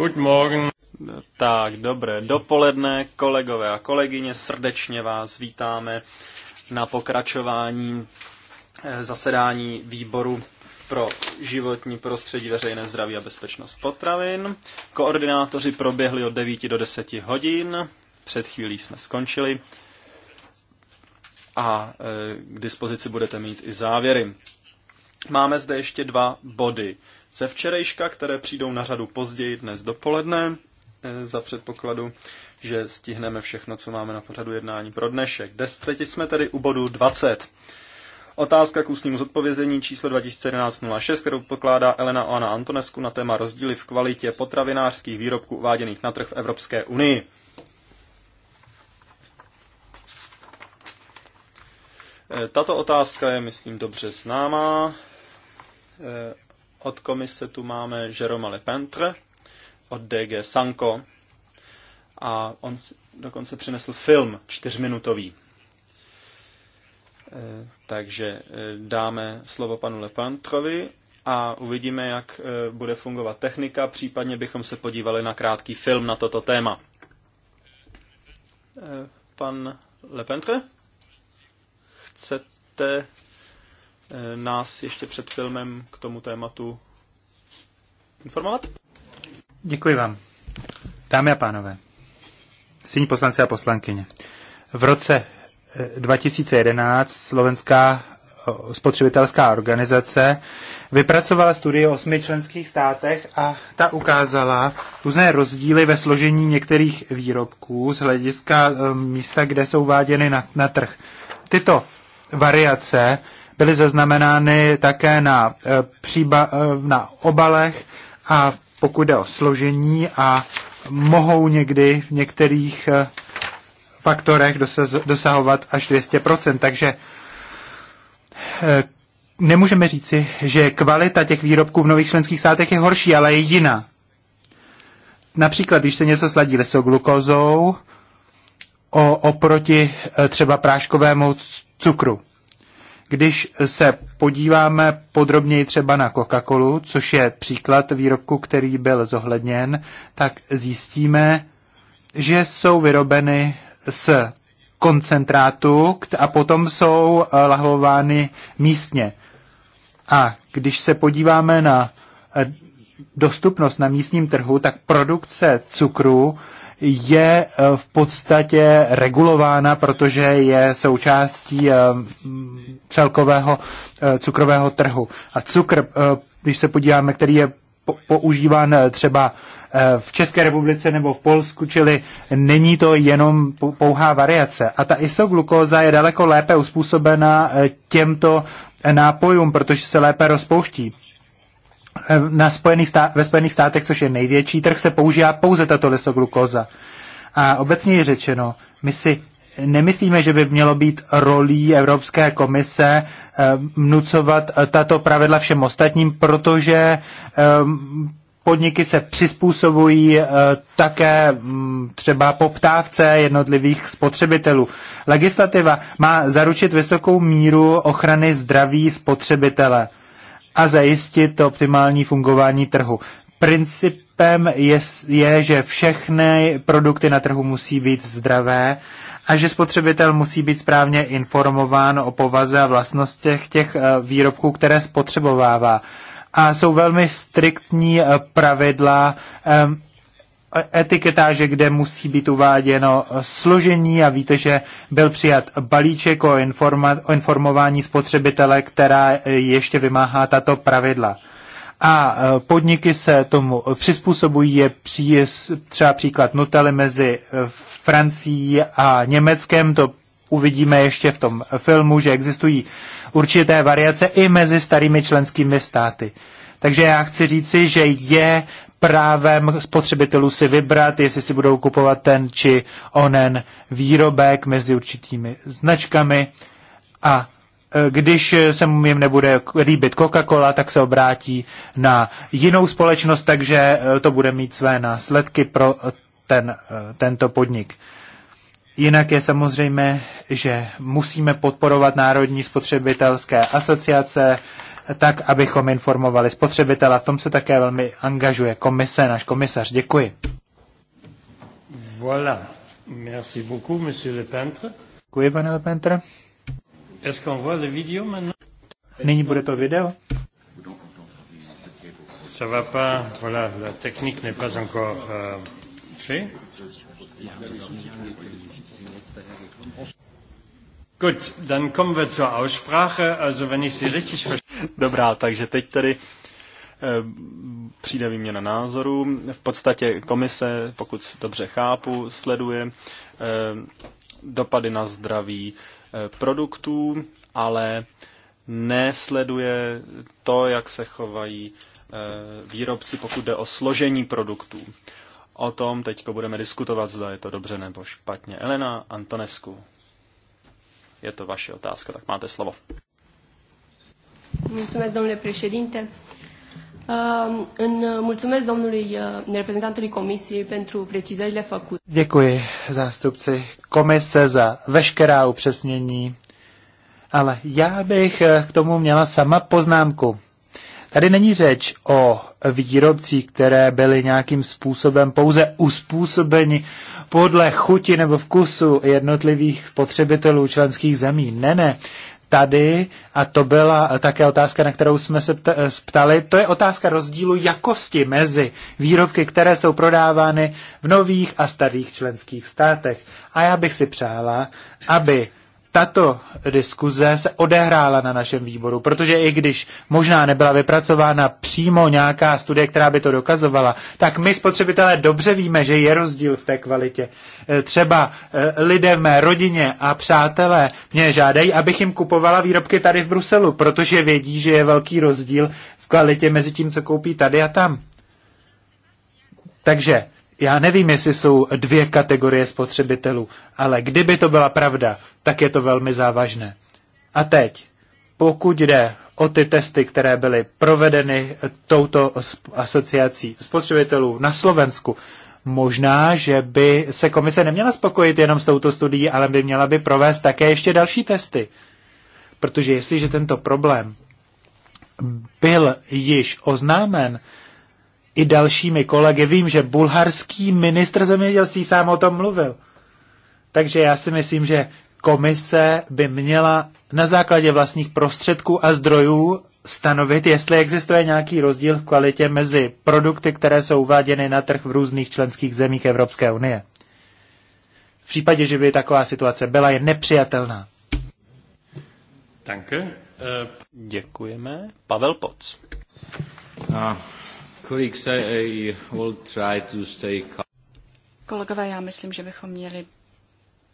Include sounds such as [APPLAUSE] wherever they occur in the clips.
Guten Morgen. Tak, dobré dopoledne, kolegové a kolegyně, srdečně vás vítáme na pokračování eh, zasedání výboru pro životní prostředí, veřejné zdraví a bezpečnost potravin. Koordinátoři proběhli od 9 do 10 hodin, před chvílí jsme skončili a eh, k dispozici budete mít i závěry. Máme zde ještě dva body ze včerejška, které přijdou na řadu později dnes dopoledne, e, za předpokladu, že stihneme všechno, co máme na pořadu jednání pro dnešek. Dnes, teď jsme tedy u bodu 20. Otázka k ústnímu zodpovězení číslo 2011-06, kterou pokládá Elena Oana Antonesku na téma rozdíly v kvalitě potravinářských výrobků uváděných na trh v Evropské unii. E, tato otázka je, myslím, dobře známá. E, od komise tu máme Le Lepentre od DG Sanko a on dokonce přinesl film čtyřminutový. E, takže e, dáme slovo panu Lepantrovi a uvidíme, jak e, bude fungovat technika, případně bychom se podívali na krátký film na toto téma. Pan Lepentre? Chcete Eh, nás ještě před filmem k tomu tématu informovat? Děkuji vám. Dámy a pánové, syní poslanci a poslankyně, v roce 2011 eh, slovenská eh, spotřebitelská organizace vypracovala studii o osmi členských státech a ta ukázala různé rozdíly ve složení některých výrobků z hlediska místa, kde jsou váděny na, na trh. Tyto variace byly zaznamenány také na, eh, příba, eh, na obalech a pokud jde o složení a mohou někdy v některých eh, faktorech dosahovat až 200%. Takže nemůžeme říci, že kvalita těch výrobků v nových členských státech je horší, ale je jiná. Například, když se něco sladí lesoglukozou o, oproti třeba práškovému cukru. Když se podíváme podrobněji třeba na Coca-Colu, což je příklad výrobku, který byl zohledněn, tak zjistíme, že jsou vyrobeny z koncentrátu a potom jsou eh, lahovány místně. A když se podíváme na eh, dostupnost na místním trhu, tak produkce cukru je eh, v podstatě regulována, protože je součástí eh, celkového eh, cukrového trhu. A cukr, když se podíváme, který je používán třeba v České republice nebo v Polsku, čili není to jenom pouhá variace. A ta isoglukóza je daleko lépe uspůsobena těmto nápojům, protože se lépe rozpouští. Eh, na Spojených stá- ve Spojených státech, což je největší trh, se používá pouze tato lisoglukoza. A obecně je řečeno, my si nemyslíme, že by mělo být rolí Evropské komise mnucovat eh, eh, tato pravidla všem ostatním, protože podniky se přizpůsobují také mm, třeba poptávce jednotlivých spotřebitelů. Legislativa má zaručit vysokou míru ochrany zdraví spotřebitele a zajistit optimální fungování trhu. Principem je, je, že všechny produkty na trhu musí být zdravé a že spotřebitel musí být správně informován o povaze a vlastnostech těch eh, výrobků, které spotřebovává. A jsou velmi striktní eh, pravidla eh, etiketáže, kde musí být uváděno eh, složení a víte, že byl přijat balíček o, informa- o informování spotřebitele, která eh, ještě vymáhá tato pravidla. A eh, podniky se tomu přizpůsobují, je příjez, třeba příklad Nutelli mezi Francií a Německem, to uvidíme ještě v tom filmu, že existují určité variace i mezi starými členskými státy. Takže já chci říci, že je právem spotřebitelů si vybrat, jestli si budou kupovat ten či onen výrobek mezi určitými značkami a e, když se mu jim nebude líbit Coca-Cola, tak se obrátí na jinou společnost, takže e, to bude mít své následky pro ten, e, tento podnik. Jinak je samozřejmé, že musíme podporovat národní spotřebitelské asociace, tak abychom informovali spotřebitele. V tom se také velmi angažuje komise, náš komisař. Děkuji. Voilà. Merci beaucoup, monsieur Lepintre. Děkuji, pane Lepintre. Est-ce qu'on voit le vidéo maintenant? Nyní bude to video. Ça va pas, voilà, la technique n'est pas encore euh, faite. Gut, dann kommen wir zur Aussprache. Also, wenn ich Sie richtig Dobrá, takže teď tedy eh, přijde výměna názorů. V podstatě komise, pokud dobře chápu, sleduje eh, dopady na zdraví eh, produktů, ale nesleduje to, jak se chovají výrobci, pokud jde o složení produktů. O tom teď budeme diskutovat, zda je to dobře nebo špatně. Elena Antonescu. Je to vaše otázka, tak máte slovo. Mulțumesc, domnule președinte. Um, mulțumesc domnului uh, reprezentantului Comisiei pentru precizările făcute. Děkuji zástupci komise za veškerá upřesnění, ale já bych eh, k tomu měla sama poznámku. Tady není řeč o výrobcích, které byly nějakým způsobem pouze uspůsobeni podle chuti nebo vkusu jednotlivých spotřebitelů členských zemí. Ne, ne. Tady, a to byla také otázka, na kterou jsme se ptali, to je otázka rozdílu jakosti mezi výrobky, které jsou prodávány v nových a starých členských státech. A já bych si přála, aby tato diskuze se odehrála na našem výboru, protože i když možná nebyla vypracována přímo nějaká studie, která by to dokazovala, tak my spotřebitelé dobře víme, že je rozdíl v té kvalitě. Eh, třeba eh, lidé v mé rodině a přátelé mě žádají, abych jim kupovala výrobky tady v Bruselu, protože vědí, že je velký rozdíl v kvalitě mezi tím, co koupí tady a tam. Takže já nevím, jestli jsou dvě kategorie spotřebitelů, ale kdyby to byla pravda, tak je to velmi závažné. A teď, pokud jde o ty testy, které byly provedeny touto asociací spotřebitelů na Slovensku, možná, že by se komise neměla spokojit jenom s touto studií, ale by měla by provést také ještě další testy. Protože jestliže tento problém byl již oznámen, i dalšími kolegy. Vím, že bulharský ministr zemědělství sám o tom mluvil. Takže já si myslím, že komise by měla na základě vlastních prostředků a zdrojů stanovit, jestli existuje nějaký rozdíl v kvalitě mezi produkty, které jsou uváděny na trh v různých členských zemích Evropské unie. V případě, že by taková situace byla, je nepřijatelná. Danke. Eh, Děkujeme. Pavel Poc. Kolegové, já myslím, že bychom měli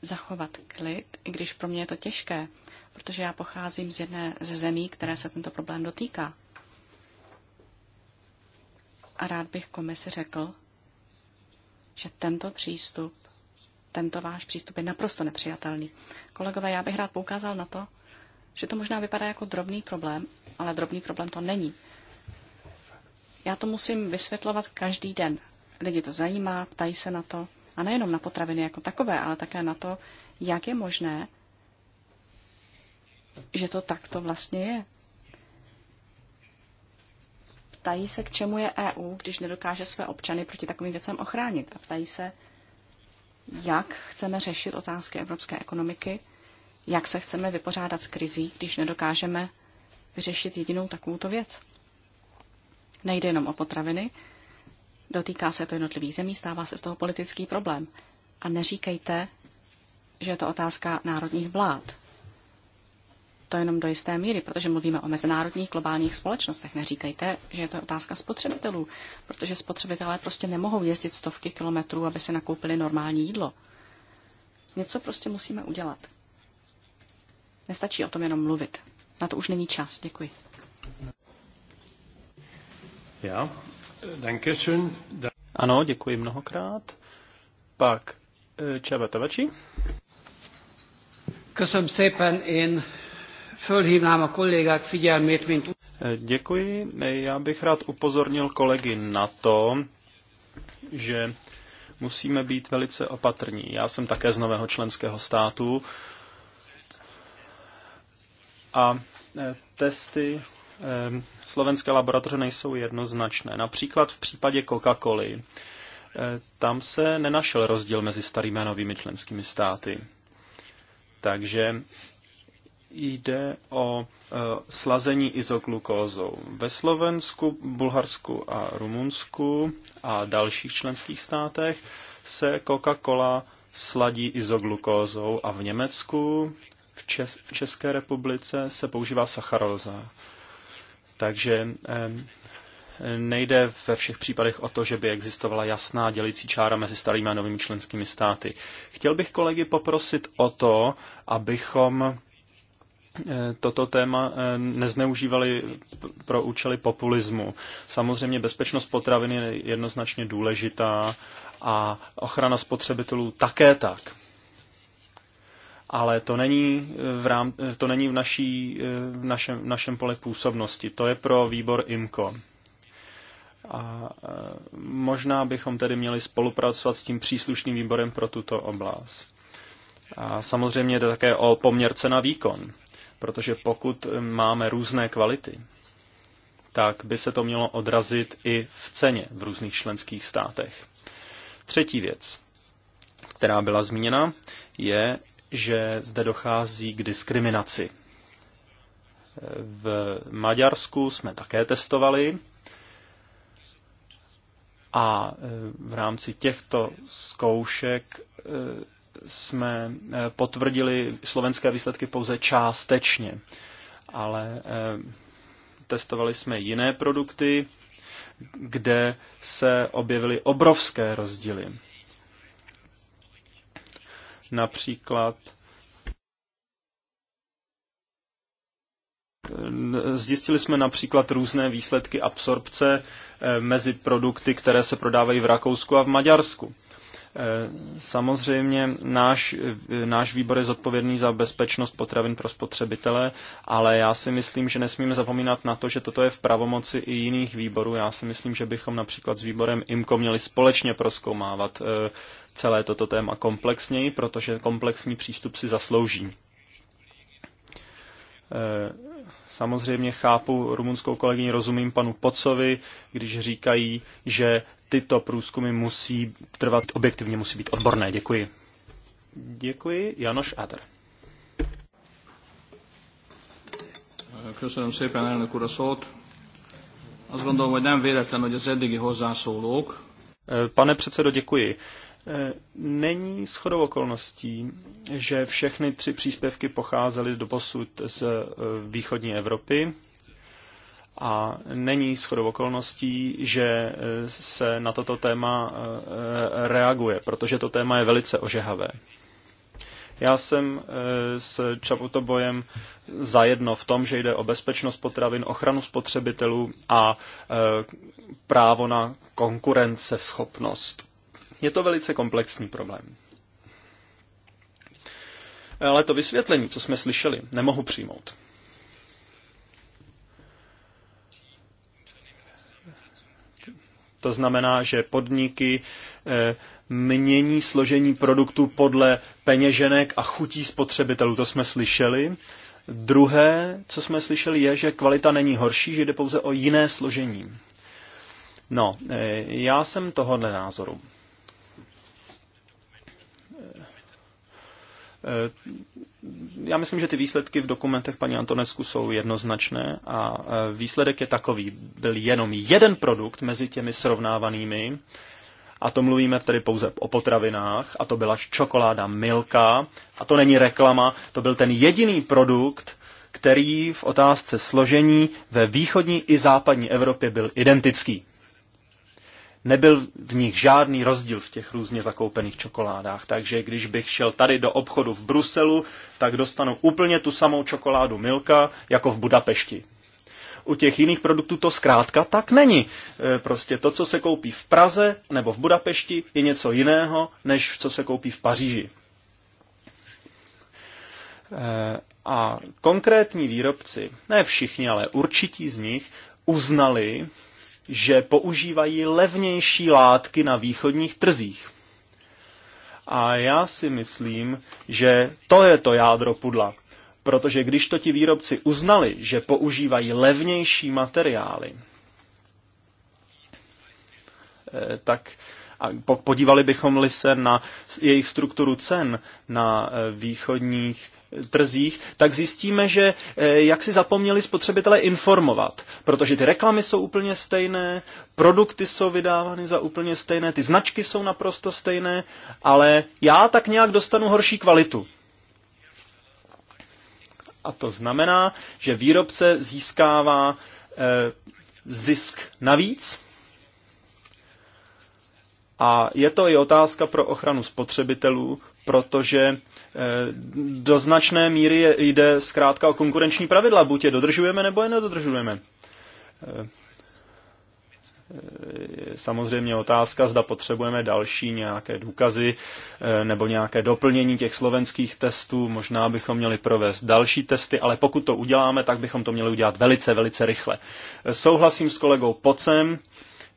zachovat klid, i když pro mě je to těžké, protože já pocházím z jedné ze zemí, které se tento problém dotýká. A rád bych komisi řekl, že tento přístup, tento váš přístup je naprosto nepřijatelný. Kolegové, já bych rád poukázal na to, že to možná vypadá jako drobný problém, ale drobný problém to není. Já to musím vysvětlovat každý den. Lidi to zajímá, ptají se na to. A nejenom na potraviny jako takové, ale také na to, jak je možné, že to takto vlastně je. Ptají se, k čemu je EU, když nedokáže své občany proti takovým věcem ochránit. A ptají se, jak chceme řešit otázky evropské ekonomiky, jak se chceme vypořádat s krizí, když nedokážeme vyřešit jedinou takovouto věc. Nejde jenom o potraviny, dotýká se to jednotlivých zemí, stává se z toho politický problém. A neříkejte, že je to otázka národních vlád. To jenom do jisté míry, protože mluvíme o mezinárodních globálních společnostech. Neříkejte, že je to otázka spotřebitelů, protože spotřebitelé prostě nemohou jezdit stovky kilometrů, aby si nakoupili normální jídlo. Něco prostě musíme udělat. Nestačí o tom jenom mluvit. Na to už není čas. Děkuji. Ja, danke schön. Da... Ano, děkuji mnohokrát. Pak eh, Csaba Tabacsi. Köszönöm szépen, én fölhívnám a kollégák figyelmét, mint... Eh, děkuji. Já bych rád upozornil kolegy na to, že musíme být velice opatrní. Já jsem také z nového členského státu a eh, testy Ehm, slovenské laboratoře nejsou jednoznačné. Například v případě Coca-Coly eh, tam se nenašel rozdíl mezi starými a novými členskými státy. Takže jde o eh, slazení izoglukózou. Ve Slovensku, Bulharsku a Rumunsku a dalších členských státech se Coca-Cola sladí izoglukózou a v Německu, v, Čes- v České republice se používá sacharóza. Takže nejde ve všech případech o to, že by existovala jasná dělicí čára mezi starými a novými členskými státy. Chtěl bych kolegy poprosit o to, abychom eh, toto téma eh, nezneužívali pro účely populismu. Samozřejmě bezpečnost potravin je jednoznačně důležitá a ochrana spotřebitelů také tak ale to není eh, v, rám, eh, to není v, naší, eh, v, našem, v našem pole působnosti. To je pro výbor IMCO. A možná bychom tedy měli spolupracovat s tím příslušným výborem pro tuto oblast. A samozřejmě jde také o poměrce na výkon, protože pokud máme různé kvality, tak by se to mělo odrazit i v ceně v různých členských státech. Třetí věc, která byla zmíněna, je že zde dochází k diskriminaci. V Maďarsku jsme také testovali a e, v rámci těchto zkoušek e, jsme e, potvrdili slovenské výsledky pouze částečně, ale testovali jsme jiné produkty, kde se objevily obrovské rozdíly například Zjistili jsme například různé výsledky absorpce eh, mezi produkty, které se prodávají v Rakousku a v Maďarsku. Eh, samozřejmě náš, eh, náš výbor je zodpovědný za bezpečnost potravin pro spotřebitele, ale já si myslím, že nesmíme zapomínat na to, že toto je v pravomoci i jiných výborů. Já si myslím, že bychom například s výborem IMKO měli společně proskoumávat eh, celé toto téma komplexněji, protože komplexní přístup si zaslouží Samozřejmě chápu rumunskou kolegyni, rozumím panu Pocovi, když říkají, že tyto průzkumy musí trvat objektivně, musí být odborné. Děkuji. Děkuji. Janoš Adar. Köszönöm szépen, elnök úr, a szót. Azt gondolom, hogy nem véletlen, hogy az eddigi hozzászólók. Pane předsedo, děkuji. Není shodou okolností, že všechny tři příspěvky pocházely do posud z eh, východní Evropy a není shodou okolností, že eh, se na toto téma eh, reaguje, protože to téma je velice ožehavé. Já jsem s Čaputobojem zajedno v tom, že jde o bezpečnost potravin, ochranu spotřebitelů a právo na konkurenceschopnost. Je to velice komplexní problém. Ale to vysvětlení, co jsme slyšeli, nemohu přijmout. To znamená, že podniky eh, mění složení produktu podle peněženek a chutí spotřebitelů. To jsme slyšeli. Druhé, co jsme slyšeli, je, že kvalita není horší, že jde pouze o jiné složení. No, eh, já jsem tohohle názoru. Eh, já myslím, že ty výsledky v dokumentech paní Antonesku jsou jednoznačné a eh, výsledek je takový. Byl jenom jeden produkt mezi těmi srovnávanými, a to mluvíme tedy pouze o potravinách, a to byla čokoláda Milka, a to není reklama, to byl ten jediný produkt, který v otázce složení ve východní i západní Evropě byl identický nebyl v nich žádný rozdíl v těch různě zakoupených čokoládách. Takže když bych šel tady do obchodu v Bruselu, tak dostanu úplně tu samou čokoládu Milka jako v Budapešti. U těch jiných produktů to zkrátka tak není. E, prostě to, co se koupí v Praze nebo v Budapešti, je něco jiného, než co se koupí v Paříži. E, a konkrétní výrobci, ne všichni, ale určití z nich, uznali, že používají levnější látky na východních trzích. A já si myslím, že to je to jádro pudla. Protože když to ti výrobci uznali, že používají levnější materiály, eh, tak a podívali bychom se na jejich strukturu cen na eh, východních trzích, tak zjistíme, že eh, jak si zapomněli spotřebitele informovat, protože ty reklamy jsou úplně stejné, produkty jsou vydávány za úplně stejné, ty značky jsou naprosto stejné, ale já tak nějak dostanu horší kvalitu. A to znamená, že výrobce získává eh, zisk navíc, a je to i otázka pro ochranu spotřebitelů, protože eh, do značné míry jde zkrátka o konkurenční pravidla. Buď je dodržujeme, nebo je nedodržujeme. Je eh, eh, samozřejmě otázka, zda potřebujeme další nějaké důkazy nebo nějaké doplnění těch slovenských testů. Možná bychom měli provést další testy, ale pokud to uděláme, tak bychom to měli udělat velice, velice rychle. Souhlasím s kolegou Pocem,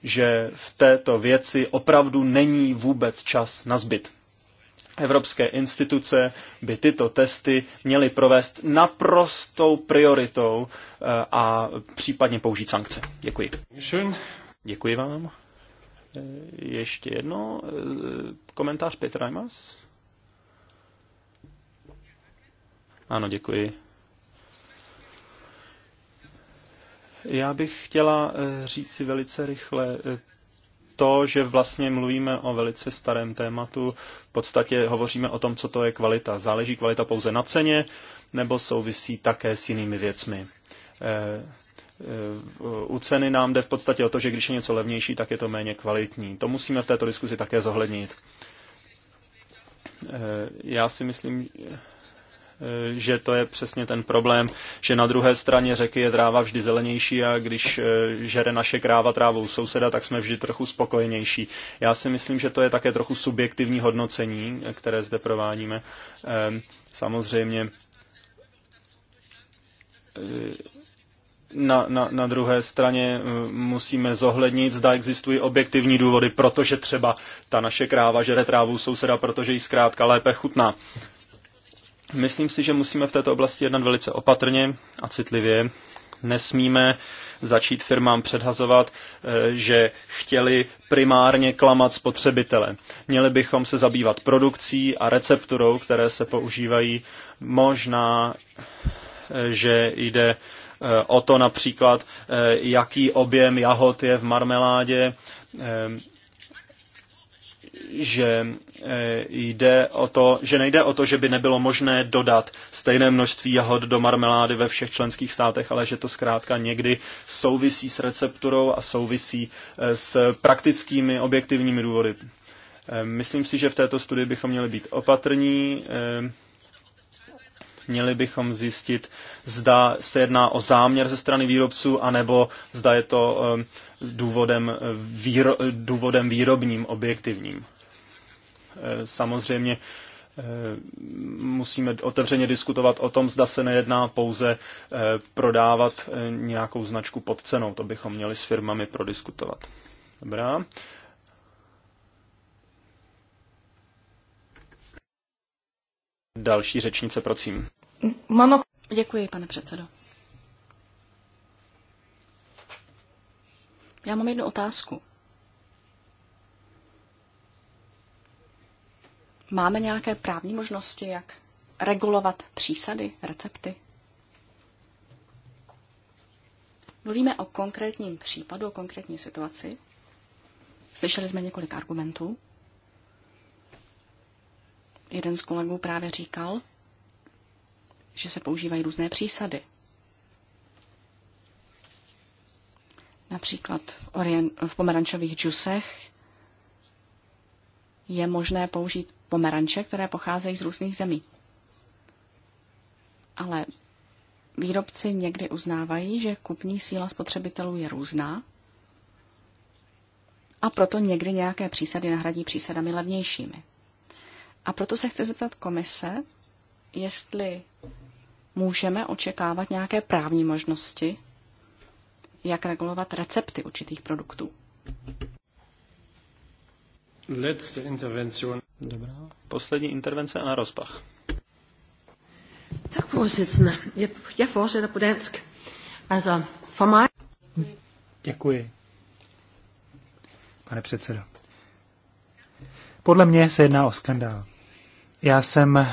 že v této věci opravdu není vůbec čas na zbyt. Evropské instituce by tyto testy měly provést naprostou prioritou eh, a případně použít sankce. Děkuji. Děkuji vám. Eh, ještě jedno. Eh, komentář Petr Reimas? Ano, děkuji. Já bych chtěla říct si velice rychle to, že vlastně mluvíme o velice starém tématu. V podstatě hovoříme o tom, co to je kvalita. Záleží kvalita pouze na ceně, nebo souvisí také s jinými věcmi. Eh, eh, u ceny nám jde v podstatě o to, že když je něco levnější, tak je to méně kvalitní. To musíme v této diskuzi také zohlednit. Eh, já si myslím, že Eh, že to je přesně ten problém, že na druhé straně řeky je tráva vždy zelenější a když eh, žere naše kráva trávou souseda, tak jsme vždy trochu spokojenější. Já si myslím, že to je také trochu subjektivní hodnocení, které zde provádíme. Ehm, samozřejmě eh, na, na, na druhé straně musíme zohlednit, zda existují objektivní důvody, protože třeba ta naše kráva žere trávu souseda, protože jí zkrátka lépe chutná. Myslím si, že musíme v této oblasti jednat velice opatrně a citlivě. Nesmíme začít firmám předhazovat, eh, že chtěli primárně klamat spotřebitele. Měli bychom se zabývat produkcí a recepturou, které se používají. Možná, eh, že jde eh, o to například, jaký objem jahod je v marmeládě, že eh, jde o to, že nejde o to, že by nebylo možné dodat stejné množství jahod do marmelády ve všech členských státech, ale že to zkrátka někdy souvisí s recepturou a souvisí eh, s praktickými objektivními důvody. Eh, myslím si, že v této studii bychom měli být opatrní měli bychom zjistit, zda se jedná o záměr ze strany výrobců, anebo zda je to důvodem, výro, důvodem výrobním, objektivním. Eh, samozřejmě eh, musíme otevřeně diskutovat o tom, zda se nejedná pouze eh, prodávat nějakou značku pod cenou. To bychom měli s firmami prodiskutovat. Dobrá. Další řečnice, prosím. Mano, Děkuji, pane předsedo. Já mám jednu otázku. Máme nějaké právní možnosti, jak regulovat přísady, recepty? Mluvíme o konkrétním případu, o konkrétní situaci. Slyšeli jsme několik argumentů. Jeden z kolegů právě říkal, že se používají různé přísady. Například v, orien- v pomerančových džusech je možné použít pomeranče, které pocházejí z různých zemí. Ale výrobci někdy uznávají, že kupní síla spotřebitelů je různá a proto někdy nějaké přísady nahradí přísadami levnějšími. A proto se chce zeptat komise, jestli můžeme očekávat nějaké právní možnosti, jak regulovat recepty určitých produktů letzte Intervention. Dobrá. Poslední intervence na rozpach. Tak, vorsitzende. já, já, fortsætter på dansk. Altså, for Děkuji. Pane předsedo. Podle mě se jedná o skandál. Já jsem eh,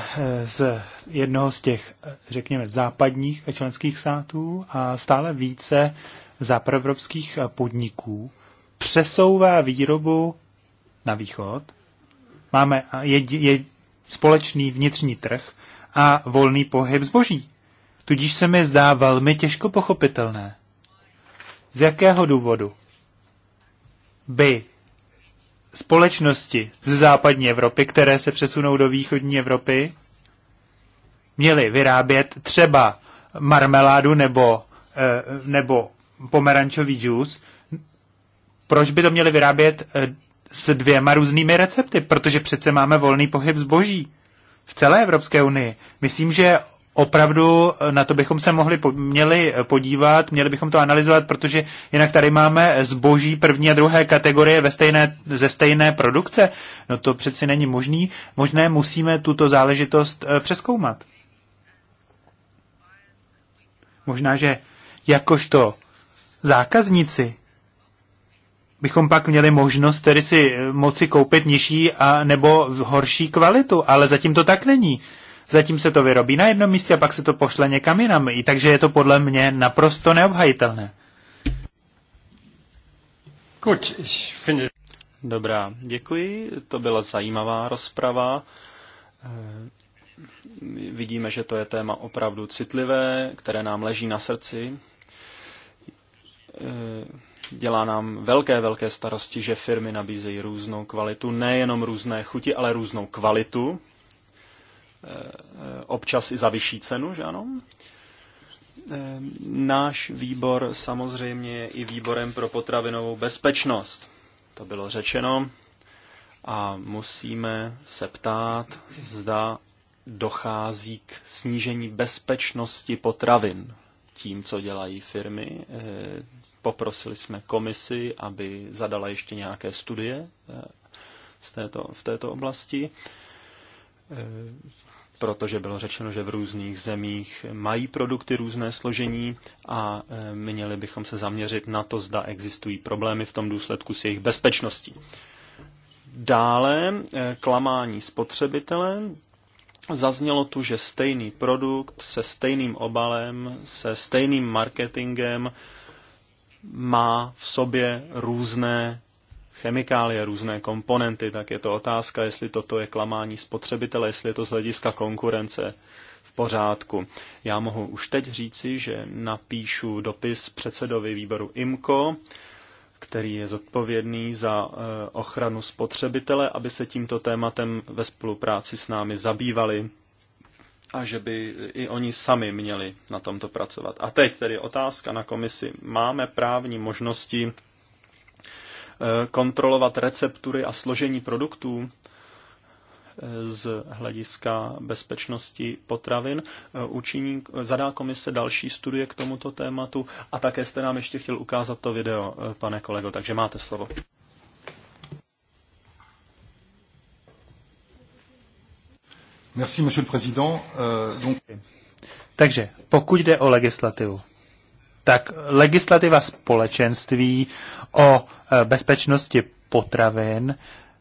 z jednoho z těch, eh, řekněme, západních členských států a stále více západoevropských eh, podniků přesouvá výrobu na východ, máme je, je společný vnitřní trh a volný pohyb zboží. Tudíž se mi zdá velmi těžko pochopitelné. Z jakého důvodu by společnosti z západní Evropy, které se přesunou do východní Evropy, měly vyrábět třeba marmeládu nebo, eh, nebo pomerančový džus, proč by to měli vyrábět eh, s dvěma různými recepty, protože přece máme volný pohyb zboží v celé Evropské unii. Myslím, že opravdu eh, na to bychom se mohli měli eh, podívat, měli bychom to analyzovat, protože jinak tady máme zboží první a druhé kategorie ve stejné, ze stejné produkce. No to přeci není možný. Možné musíme tuto záležitost eh, přeskoumat. Možná, že jakožto zákazníci bychom pak měli možnost tedy si eh, moci koupit nižší a nebo horší kvalitu, ale zatím to tak není. Zatím se to vyrobí na jednom místě a pak se to pošle někam jinam. I takže je to podle mě naprosto neobhajitelné. Dobrá, děkuji. To byla zajímavá rozprava. Eh, vidíme, že to je téma opravdu citlivé, které nám leží na srdci eh, Dělá nám velké, velké starosti, že firmy nabízejí různou kvalitu, nejenom různé chuti, ale různou kvalitu, eh, eh, občas i za vyšší cenu, že ano? Eh, náš výbor samozřejmě je i výborem pro potravinovou bezpečnost. To bylo řečeno a musíme se ptát, zda dochází k snížení bezpečnosti potravin tím, co dělají firmy, Poprosili jsme komisi, aby zadala ještě nějaké studie eh, z této, v této oblasti, eh, protože bylo řečeno, že v různých zemích mají produkty různé složení a eh, měli bychom se zaměřit na to, zda existují problémy v tom důsledku s jejich bezpečností. Dále klamání spotřebitele. Zaznělo tu, že stejný produkt se stejným obalem, se stejným marketingem má v sobě různé chemikálie, různé komponenty, tak je to otázka, jestli toto je klamání spotřebitele, jestli je to z hlediska konkurence v pořádku. Já mohu už teď říci, že napíšu dopis předsedovi výboru IMCO, který je zodpovědný za eh, ochranu spotřebitele, aby se tímto tématem ve spolupráci s námi zabývali a že by i oni sami měli na tomto pracovat. A teď tedy otázka na komisi. Máme právní možnosti eh, kontrolovat receptury a složení produktů eh, z hlediska bezpečnosti potravin. Eh, učiní, zadá komise další studie k tomuto tématu a také jste nám ještě chtěl ukázat to video, pane kolego, takže máte slovo. Merci, monsieur le président. Euh, donc... Takže pokud jde o legislativu, tak legislativa společenství o e, bezpečnosti potravin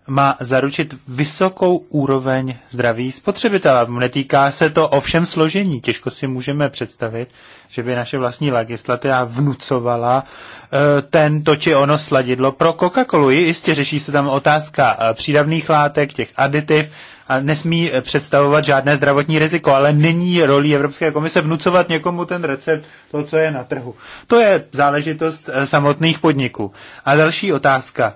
má zaručit vysokou úroveň zdraví spotřebitele. Netýká se to ovšem složení. Těžko si můžeme představit, že by naše vlastní legislativa vnucovala e, tento či ono sladidlo pro Coca-Colu. Jistě řeší se tam otázka e, přídavných látek, těch aditiv, a nesmí představovat žádné zdravotní riziko, ale není rolí Evropské komise vnucovat někomu ten recept, to, co je na trhu. To je záležitost eh, samotných podniků. A další otázka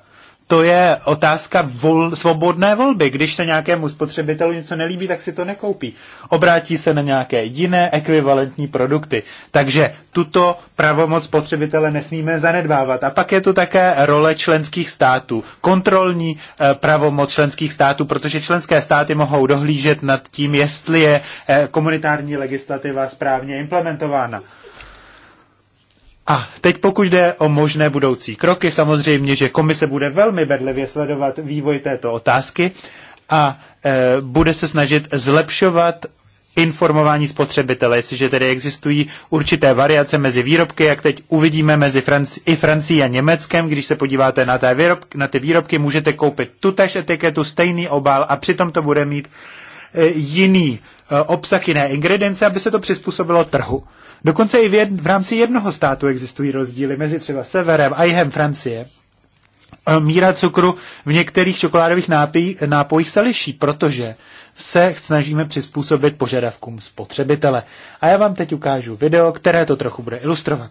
to je otázka vol, svobodné volby. Když se nějakému spotřebitelu něco nelíbí, tak si to nekoupí. Obrátí se na nějaké jiné ekvivalentní produkty. Takže tuto pravomoc spotřebitele nesmíme zanedbávat. A pak je tu také role členských států. Kontrolní eh, pravomoc členských států, protože členské státy mohou dohlížet nad tím, jestli je eh, komunitární legislativa správně implementována. A teď pokud jde o možné budoucí kroky, samozřejmě, že komise bude velmi bedlivě sledovat vývoj této otázky a e, bude se snažit zlepšovat informování spotřebitele, jestliže tedy existují určité variace mezi výrobky, jak teď uvidíme mezi Franci- i Francií a Německem, když se podíváte na, té výrobky, na ty výrobky, můžete koupit tutéž etiketu, stejný obal a přitom to bude mít e, jiný Eh, obsah jiné ingredience, aby se to přizpůsobilo trhu. Dokonce i v, jed, v rámci jednoho státu existují rozdíly mezi třeba severem a jihem Francie. Eh, míra cukru v některých čokoládových nápij, nápojích se liší, protože se snažíme přizpůsobit požadavkům spotřebitele. A já vám teď ukážu video, které to trochu bude ilustrovat.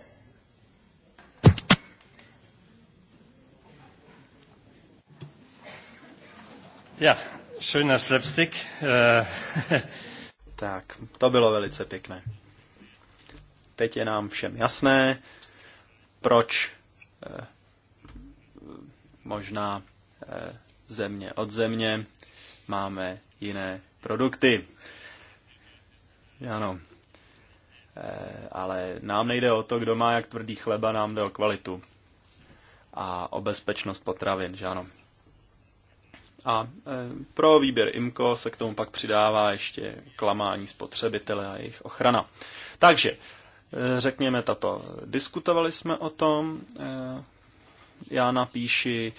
Ja, schöner slapstick. Äh. [LAUGHS] tak, to bylo velice pěkné. Teď je nám všem jasné, proč eh, možná eh, země od země máme jiné produkty. Ano. Eh, ale nám nejde o to, kdo má jak tvrdý chleba, nám jde o kvalitu a o bezpečnost potravin, že ano. A e, pro výběr IMCO se k tomu pak přidává ještě klamání spotřebitele a jejich ochrana. Takže, e, řekněme tato, diskutovali jsme o tom, e, já napíši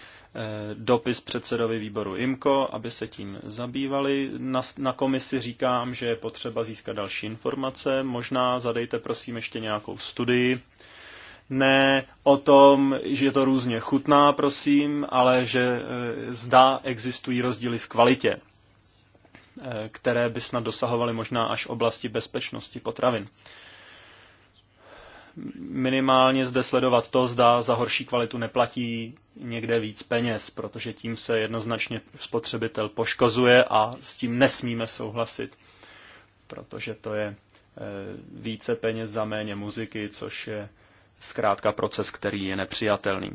dopis předsedovi výboru IMCO, aby se tím zabývali. Na, na komisi říkám, že je potřeba získat další informace. Možná zadejte prosím ještě nějakou studii, ne o tom, že to různě chutná, prosím, ale že e, zdá existují rozdíly v kvalitě, e, které by snad dosahovaly možná až oblasti bezpečnosti potravin. Minimálně zde sledovat to, zda za horší kvalitu neplatí někde víc peněz, protože tím se jednoznačně spotřebitel poškozuje a s tím nesmíme souhlasit, protože to je e, více peněz za méně muziky, což je zkrátka proces, který je nepřijatelný.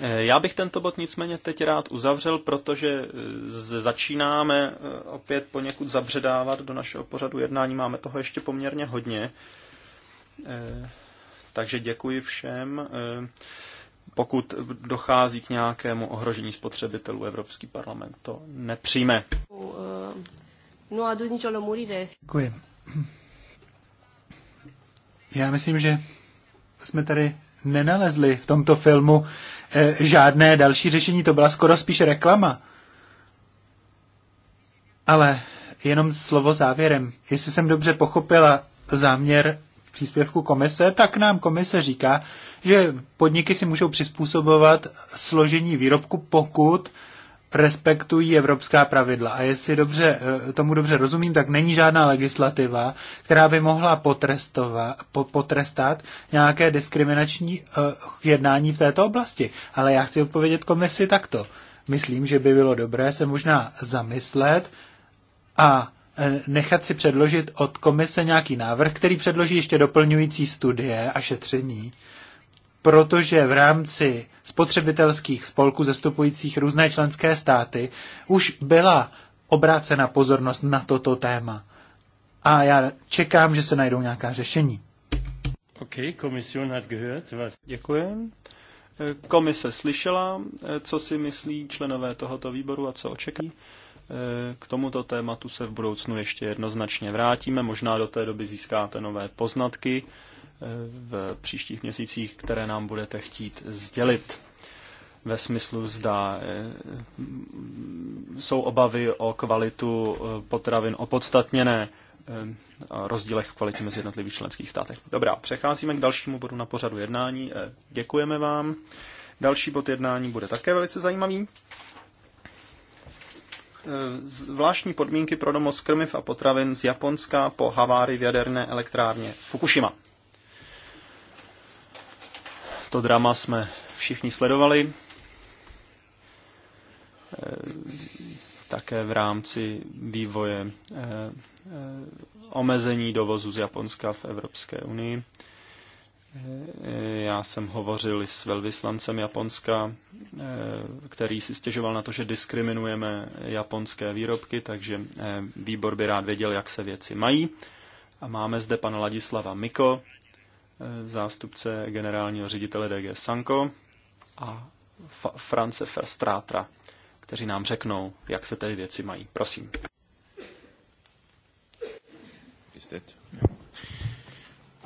Eh, já bych tento bod nicméně teď rád uzavřel, protože eh, začínáme eh, opět poněkud zabředávat do našeho pořadu jednání. Máme toho ještě poměrně hodně. Takže děkuji všem. Pokud dochází k nějakému ohrožení spotřebitelů, Evropský parlament to nepřijme. No děkuji. Já myslím, že jsme tady nenalezli v tomto filmu e, žádné další řešení, to byla skoro spíš reklama. Ale jenom slovo závěrem. Jestli jsem dobře pochopila záměr příspěvku komise, tak nám komise říká, že podniky si můžou přizpůsobovat složení výrobku, pokud respektují evropská pravidla. A jestli dobře, eh, tomu dobře rozumím, tak není žádná legislativa, která by mohla po, potrestat nějaké diskriminační uh, jednání v této oblasti. Ale já chci odpovědět komisi takto. Myslím, že by bylo dobré se možná zamyslet a eh, nechat si předložit od komise nějaký návrh, který předloží ještě doplňující studie a šetření, protože v rámci spotřebitelských spolků zastupujících různé členské státy už byla obrácena pozornost na toto téma. A já čekám, že se najdou nějaká řešení. Okay, komision hat gehört, was... Děkuji. Komise slyšela, co si myslí členové tohoto výboru a co očekají. K tomuto tématu se v budoucnu ještě jednoznačně vrátíme. Možná do té doby získáte nové poznatky v příštích měsících, které nám budete chtít sdělit. Ve smyslu zda eh, jsou obavy o kvalitu eh, potravin opodstatněné, eh, a rozdílech v kvalitě mezi jednotlivých členských státech. Dobrá, přecházíme k dalšímu bodu na pořadu jednání. Děkujeme vám. Další bod jednání bude také velice zajímavý. Zvláštní podmínky pro domov krmiv a potravin z Japonska po havárii v jaderné elektrárně Fukushima. To drama jsme všichni sledovali. E, také v rámci vývoje e, e, omezení dovozu z Japonska v Evropské unii. Já jsem hovořil s velvyslancem Japonska, který si stěžoval na to, že diskriminujeme japonské výrobky, takže výbor by rád věděl, jak se věci mají. A máme zde pana Ladislava Miko, zástupce generálního ředitele DG Sanko a France Verstrátra, kteří nám řeknou, jak se tedy věci mají. Prosím.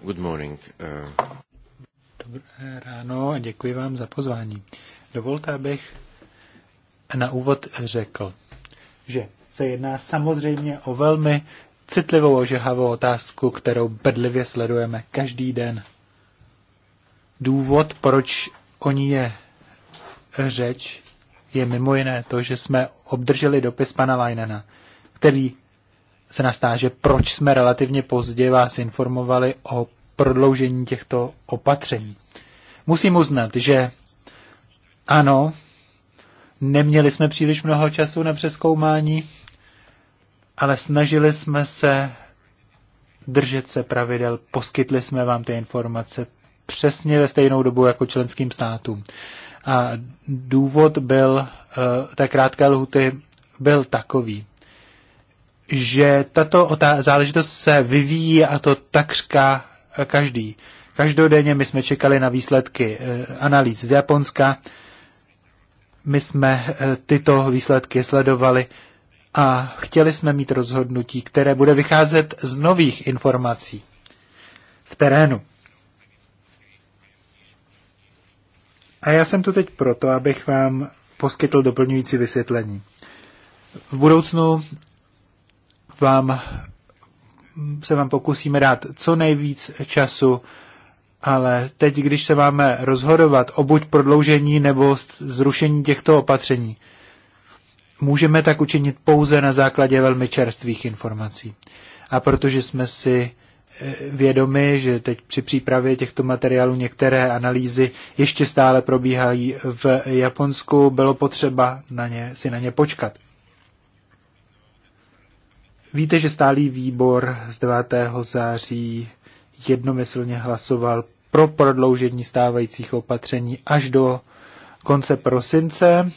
Good morning. Uh, Dobré ráno a děkuji vám za pozvání. Dovolte, abych na úvod řekl, že se jedná samozřejmě o velmi citlivou, ožehavou otázku, kterou bedlivě sledujeme každý den. Důvod, proč o ní je řeč, je mimo jiné to, že jsme obdrželi dopis pana Leinena, který se nastáže, proč jsme relativně pozdě vás informovali o prodloužení těchto opatření. Musím uznat, že ano, neměli jsme příliš mnoho času na přeskoumání ale snažili jsme se držet se pravidel, poskytli jsme vám ty informace přesně ve stejnou dobu jako členským státům. A důvod byl, eh, té krátké lhuty byl takový, že tato otá- záležitost se vyvíjí a to takřka eh, každý. Každodenně my jsme čekali na výsledky eh, analýz z Japonska, my jsme tyto výsledky sledovali a chtěli jsme mít rozhodnutí, které bude vycházet z nových informací v terénu. A já jsem tu teď proto, abych vám poskytl doplňující vysvětlení. V budoucnu vám, se vám pokusíme dát co nejvíc času, ale teď, když se máme rozhodovat o buď prodloužení nebo zrušení těchto opatření, můžeme tak učinit pouze na základě velmi čerstvých informací. A protože jsme si e, vědomi, že teď při přípravě těchto materiálů některé analýzy ještě stále probíhají v Japonsku, bylo potřeba na ně, si na ně počkat. Víte, že stálý výbor z 9. září jednomyslně hlasoval pro prodloužení stávajících opatření až do konce prosince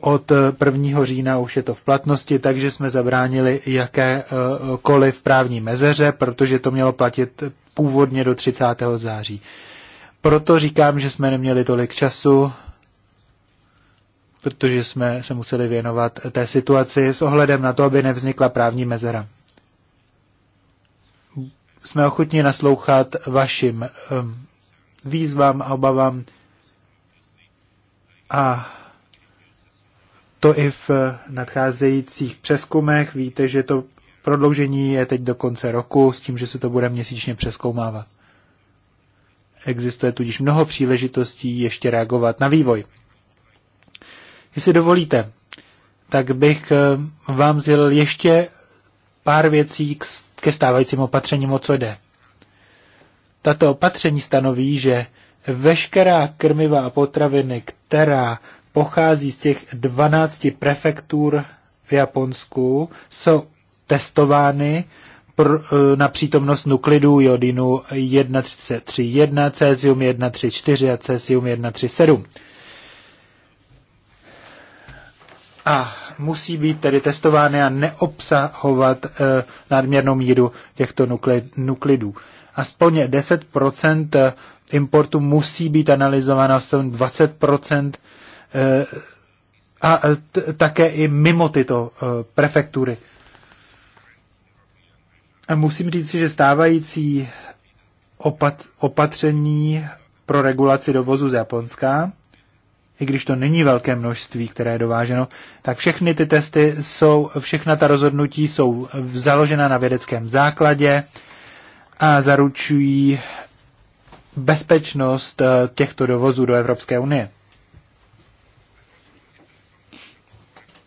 od 1. října už je to v platnosti, takže jsme zabránili jakékoliv právní mezeře, protože to mělo platit původně do 30. září. Proto říkám, že jsme neměli tolik času, protože jsme se museli věnovat té situaci s ohledem na to, aby nevznikla právní mezera. Jsme ochotni naslouchat vašim ehm, výzvám a obavám a to i v eh, nadcházejících přeskumech. Víte, že to prodloužení je teď do konce roku s tím, že se to bude měsíčně přeskoumávat. Existuje tudíž mnoho příležitostí ještě reagovat na vývoj. Jestli dovolíte, tak bych eh, vám sdělil ještě pár věcí ke stávajícím opatřením, o co jde. Tato opatření stanoví, že veškerá krmiva a potraviny, která pochází z těch 12 prefektur v Japonsku, jsou testovány pro, eh, na přítomnost nuklidů jodinu 131, cesium 134 a cesium 137. A musí být tedy testovány a neobsahovat eh, nadměrnou míru těchto nuklid, nuklidů. Aspoň 10% eh, importu musí být analyzováno, aspoň 20% Eh, a eh, také i mimo tyto eh, prefektury. A musím říct, že stávající opat, opatření pro regulaci dovozu z Japonska, i když to není velké množství, které je dováženo, tak všechny ty testy jsou, všechna ta rozhodnutí jsou založena na vědeckém základě a zaručují bezpečnost těchto dovozů do Evropské unie.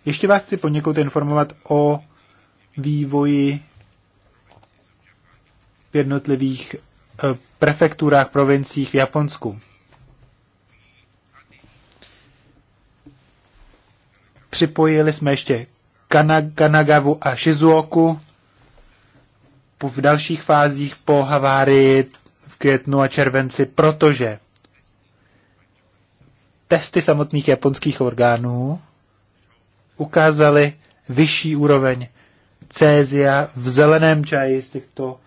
Ještě vás chci poněkud informovat o vývoji v jednotlivých e, prefekturách, provinciích v Japonsku. Připojili jsme ještě Kanagavu a Shizuoku. V dalších fázích po havárii v květnu a červenci, protože testy samotných japonských orgánů ukázali vyšší úroveň cézia v zeleném čaji z těchto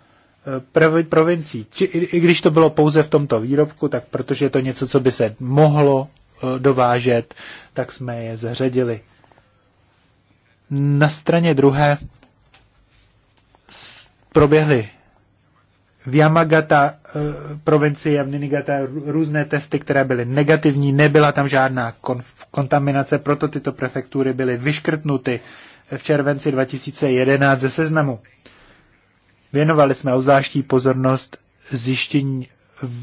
eh, provincií. Či, I když to bylo pouze v tomto výrobku, tak protože je to něco, co by se mohlo eh, dovážet, tak jsme je zařadili. Na straně druhé proběhly v Yamagata eh, provincii a v Ninigata různé testy, které byly negativní, nebyla tam žádná kontaminace, proto tyto prefektury byly vyškrtnuty v červenci 2011 ze seznamu. Věnovali jsme obzvláštní pozornost zjištění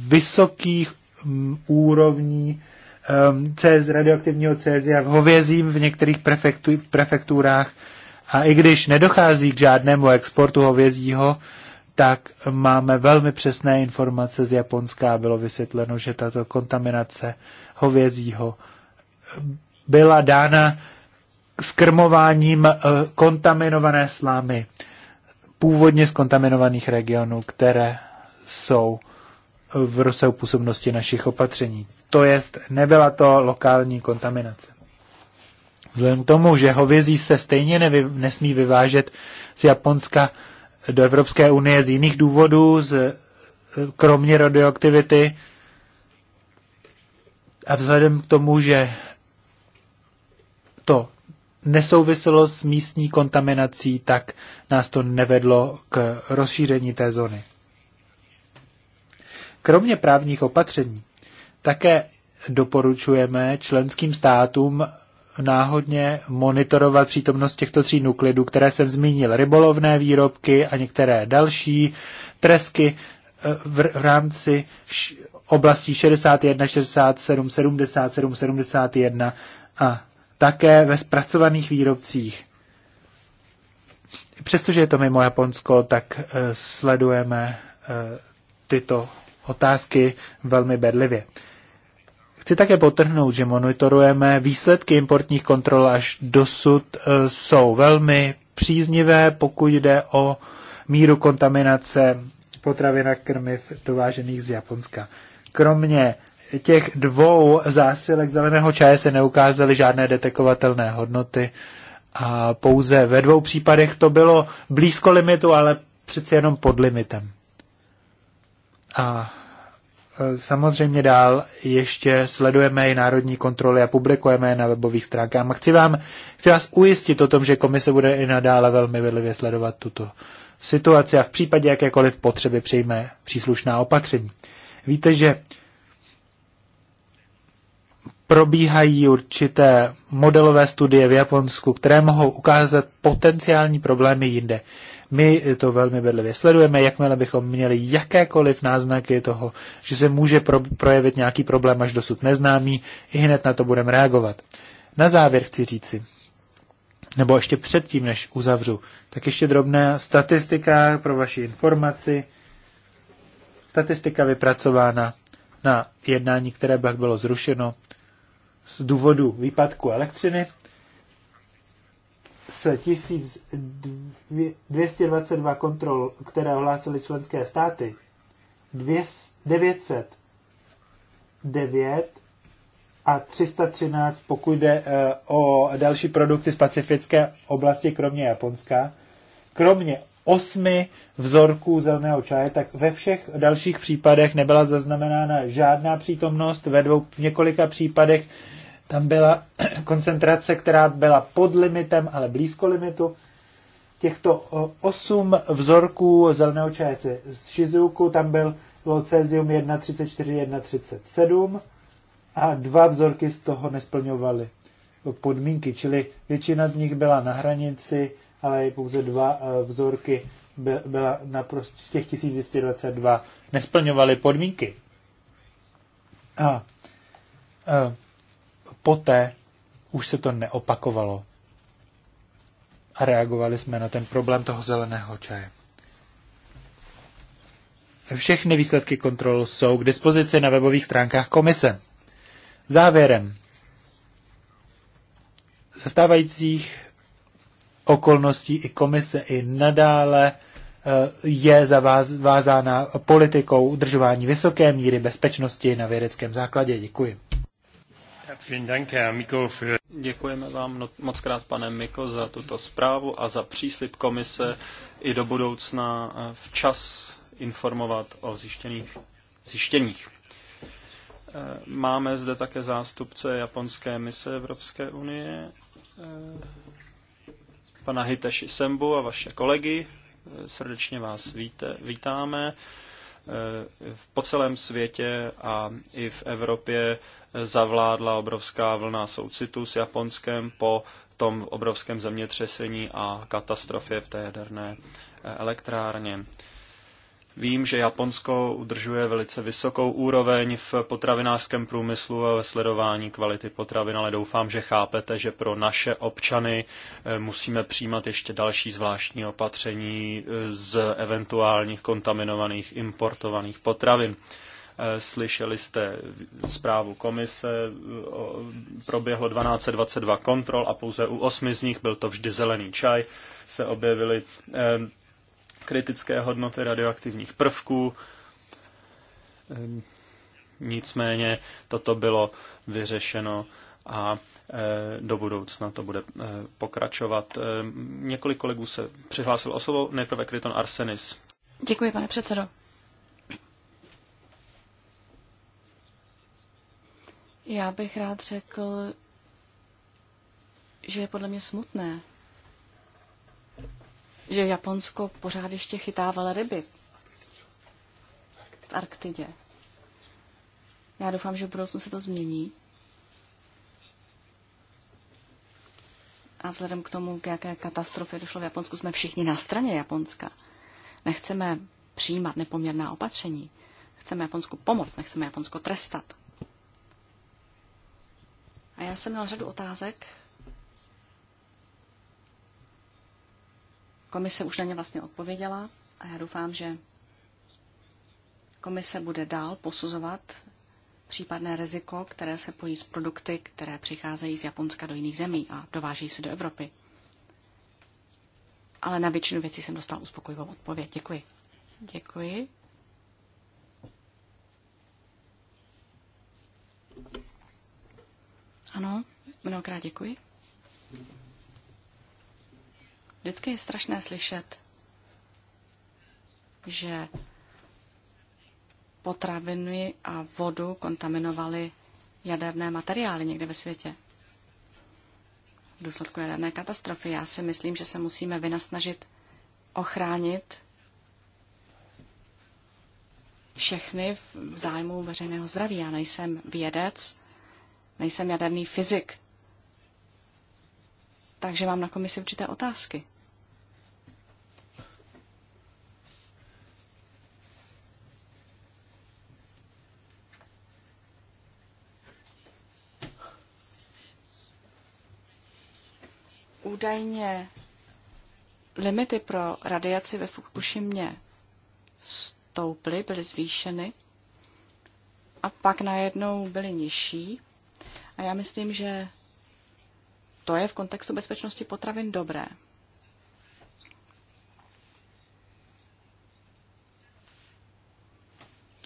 vysokých mm, úrovní ehm, cez, radioaktivního cézia v hovězím v některých prefektu, prefekturách. A i když nedochází k žádnému exportu hovězího, tak máme velmi přesné informace z Japonska a bylo vysvětleno, že tato kontaminace hovězího eh, byla dána skrmováním eh, kontaminované slámy původně z kontaminovaných regionů, které jsou v rozsahu působnosti našich opatření. To jest, nebyla to lokální kontaminace. Vzhledem k tomu, že hovězí se stejně nevy, nesmí vyvážet z Japonska, do Evropské unie z jiných důvodů, z, eh, kromě radioaktivity. A vzhledem k tomu, že to nesouviselo s místní kontaminací, tak nás to nevedlo k rozšíření té zóny. Kromě právních opatření také doporučujeme členským státům náhodně monitorovat přítomnost těchto tří nuklidů, které jsem zmínil, rybolovné výrobky a některé další tresky eh, v rámci oblastí 61, 67, 77, 71 a také ve zpracovaných výrobcích. Přestože je to mimo Japonsko, tak eh, sledujeme eh, tyto otázky velmi bedlivě. Chci také potrhnout, že monitorujeme výsledky importních kontrol až dosud eh, jsou velmi příznivé, pokud jde o míru kontaminace potravin a krmiv dovážených z Japonska. Kromě těch dvou zásilek zeleného čaje se neukázaly žádné detekovatelné hodnoty a pouze ve dvou případech to bylo blízko limitu, ale přeci jenom pod limitem. A Samozřejmě dál ještě sledujeme i národní kontroly a publikujeme je na webových stránkách. A chci, vám, chci vás ujistit o tom, že komise bude i nadále velmi vedlivě sledovat tuto situaci a v případě jakékoliv potřeby přijme příslušná opatření. Víte, že probíhají určité modelové studie v Japonsku, které mohou ukázat potenciální problémy jinde. My to velmi bedlivě sledujeme, jakmile bychom měli jakékoliv náznaky toho, že se může pro, projevit nějaký problém až dosud neznámý, i hned na to budeme reagovat. Na závěr chci říci, nebo ještě předtím, než uzavřu, tak ještě drobná statistika pro vaši informaci. Statistika vypracována na jednání, které pak bylo zrušeno z důvodu výpadku elektřiny z 1222 kontrol, které ohlásily členské státy, 909 a 313, pokud jde eh, o další produkty z pacifické oblasti, kromě Japonska, kromě osmi vzorků zeleného čaje, tak ve všech dalších případech nebyla zaznamenána žádná přítomnost, ve dvou, v několika případech tam byla [CLEARS THROAT] koncentrace, která byla pod limitem, ale blízko limitu. Těchto osm vzorků zeleného čaje z Shizuku, tam byl cesium 1,34, 1,37 a dva vzorky z toho nesplňovaly podmínky, čili většina z nich byla na hranici, ale pouze dva e, vzorky byla na z těch 1222 nesplňovaly podmínky. A, a e, poté už se to neopakovalo. A reagovali jsme na ten problém toho zeleného čaje. Všechny výsledky kontrol jsou k dispozici na webových stránkách komise. Závěrem. Zastávajících okolností i komise i nadále eh, je zavázána politikou udržování vysoké míry bezpečnosti na vědeckém základě. Děkuji. Děkujeme vám no- moc krát, pane Miko, za tuto zprávu a za příslip komise i do budoucna eh, včas informovat o zjištěných zjištěních. Eh, máme zde také zástupce japonské mise Evropské unie, eh, pana Hiteshi Sembu a vaše kolegy. Srdečně vás víte, vítáme po celém světě a i v Evropě zavládla obrovská vlna soucitu s Japonskem po tom obrovském zemětřesení a katastrofě v té jaderné eh, elektrárně. Vím, že Japonsko udržuje velice vysokou úroveň v potravinářském průmyslu a ve sledování kvality potravin, ale doufám, že chápete, že pro naše občany eh, musíme přijímat ještě další zvláštní opatření eh, z eventuálních kontaminovaných importovaných potravin. Eh, slyšeli jste zprávu komise, eh, proběhlo 1222 kontrol a pouze u osmi z nich, byl to vždy zelený čaj, se objevily eh, kritické hodnoty radioaktivních prvků. Nicméně toto bylo vyřešeno a do budoucna to bude pokračovat. Několik kolegů se přihlásil o slovo, nejprve Kryton Arsenis. Děkuji, pane předsedo. Já bych rád řekl, že je podle mě smutné, že Japonsko pořád ještě chytá ryby. v Arktidě. Já doufám, že v budoucnu se to změní. A vzhledem k tomu, k jaké katastrofě došlo v Japonsku, jsme všichni na straně Japonska. Nechceme přijímat nepoměrná opatření. Chceme Japonsku pomoct, nechceme Japonsko trestat. A já jsem měl řadu otázek. Komise už na ně vlastně odpověděla a já doufám, že komise bude dál posuzovat případné riziko, které se pojí z produkty, které přicházejí z Japonska do jiných zemí a dováží se do Evropy. Ale na většinu věcí jsem dostal uspokojivou odpověď. Děkuji. Děkuji. Ano, mnohokrát děkuji. Vždycky je strašné slyšet, že potraviny a vodu kontaminovaly jaderné materiály někde ve světě. V důsledku jaderné katastrofy já si myslím, že se musíme vynasnažit ochránit všechny v zájmu veřejného zdraví. Já nejsem vědec, Nejsem jaderný fyzik. Takže mám na komisi určité otázky. Údajně limity pro radiaci ve Fukushimě stouply, byly zvýšeny a pak najednou byly nižší. A já myslím, že to je v kontextu bezpečnosti potravin dobré.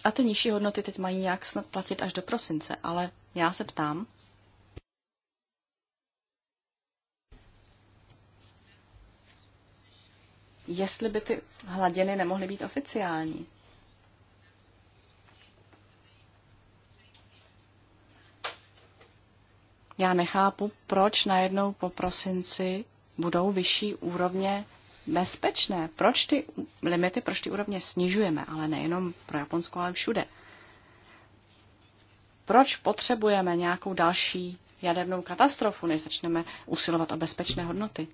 A ty nižší hodnoty teď mají nějak snad platit až do prosince, ale já se ptám, jestli by ty hladiny nemohly být oficiální. Já nechápu, proč najednou po prosinci budou vyšší úrovně bezpečné. Proč ty limity, proč ty úrovně snižujeme, ale nejenom pro Japonsko, ale všude. Proč potřebujeme nějakou další jadernou katastrofu, než začneme usilovat o bezpečné hodnoty?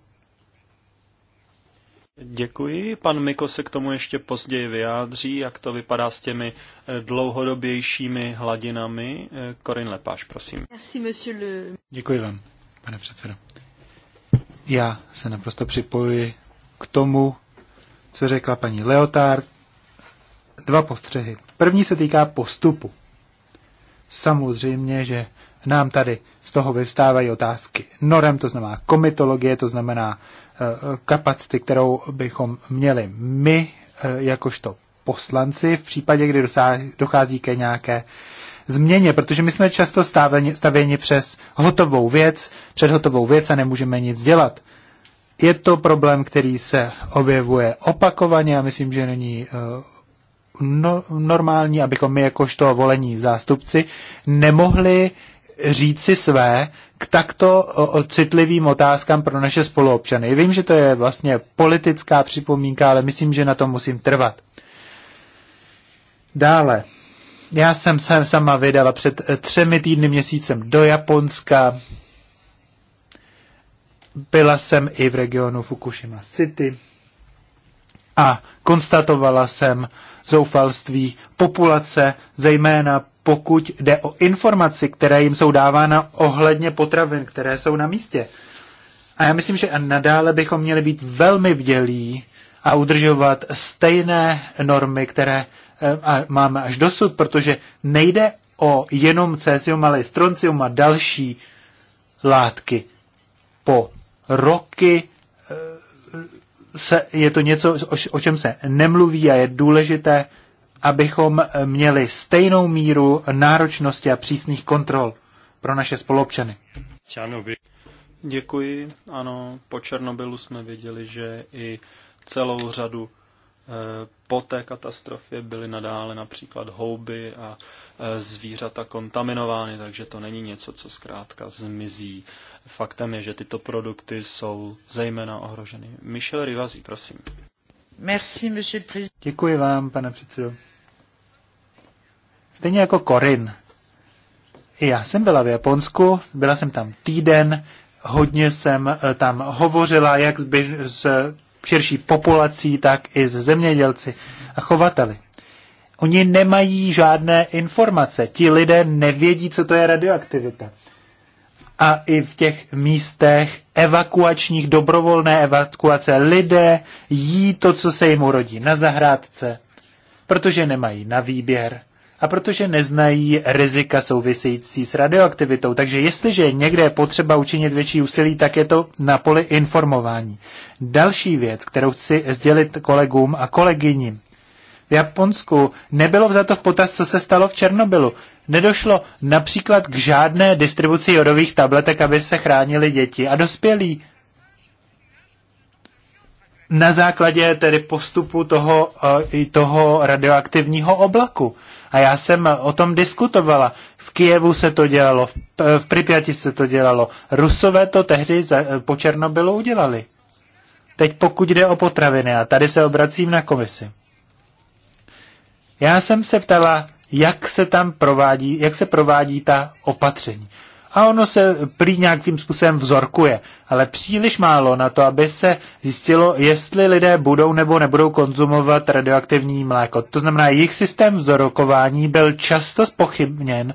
Děkuji. Pan Miko se k tomu ještě později vyjádří, jak to vypadá s těmi eh, dlouhodobějšími hladinami. Eh, Korin Lepáš, prosím. Děkuji vám, pane předsedo. Já se naprosto připojuji k tomu, co řekla paní Leotard. Dva postřehy. První se týká postupu. Samozřejmě, že nám tady z toho vyvstávají otázky norem, to znamená komitologie, to znamená eh, kapacity, kterou bychom měli my eh, jakožto poslanci v případě, kdy dochází ke nějaké změně, protože my jsme často stavěni, stavěni přes hotovou věc, před hotovou věc a nemůžeme nic dělat. Je to problém, který se objevuje opakovaně a myslím, že není eh, no, normální, abychom my jakožto volení zástupci nemohli říci své k takto citlivým otázkám pro naše spoluobčany. Vím, že to je vlastně politická připomínka, ale myslím, že na to musím trvat. Dále. Já jsem se sama vydala před eh, třemi týdny měsícem do Japonska. Byla jsem i v regionu Fukushima City a konstatovala jsem zoufalství populace, zejména pokud jde o informaci, které jim jsou dávána ohledně potravin, které jsou na místě. A já myslím, že nadále bychom měli být velmi vdělí a udržovat stejné normy, které eh, máme až dosud, protože nejde o jenom cesium, ale i stroncium a další látky. Po roky eh, se, je to něco, o čem se nemluví a je důležité abychom měli stejnou míru náročnosti a přísných kontrol pro naše spolupčany. Děkuji. Ano, po Černobylu jsme věděli, že i celou řadu eh, po té katastrofě byly nadále například houby a eh, zvířata kontaminovány, takže to není něco, co zkrátka zmizí. Faktem je, že tyto produkty jsou zejména ohroženy. Michel Rivazí, prosím. Merci, Děkuji vám, pane předsedo. Stejně jako Korin. I já jsem byla v Japonsku, byla jsem tam týden, hodně jsem eh, tam hovořila jak s, běž, s širší populací, tak i s zemědělci a chovateli. Oni nemají žádné informace. Ti lidé nevědí, co to je radioaktivita. A i v těch místech evakuačních, dobrovolné evakuace, lidé jí to, co se jim urodí na zahrádce, protože nemají na výběr a protože neznají rizika související s radioaktivitou. Takže jestliže někde je potřeba učinit větší úsilí, tak je to na poli informování. Další věc, kterou chci sdělit kolegům a kolegyním. V Japonsku nebylo vzato v potaz, co se stalo v Černobylu. Nedošlo například k žádné distribuci jodových tabletek, aby se chránili děti a dospělí na základě tedy postupu toho, eh, toho radioaktivního oblaku. A já jsem o tom diskutovala. V Kijevu se to dělalo, v Pripyati se to dělalo. Rusové to tehdy za, po Černobylu udělali. Teď pokud jde o potraviny, a tady se obracím na komisi. Já jsem se ptala, jak se tam provádí, jak se provádí ta opatření a ono se prý nějakým způsobem vzorkuje, ale příliš málo na to, aby se zjistilo, jestli lidé budou nebo nebudou konzumovat radioaktivní mléko. To znamená, jejich systém vzorkování byl často spochybněn,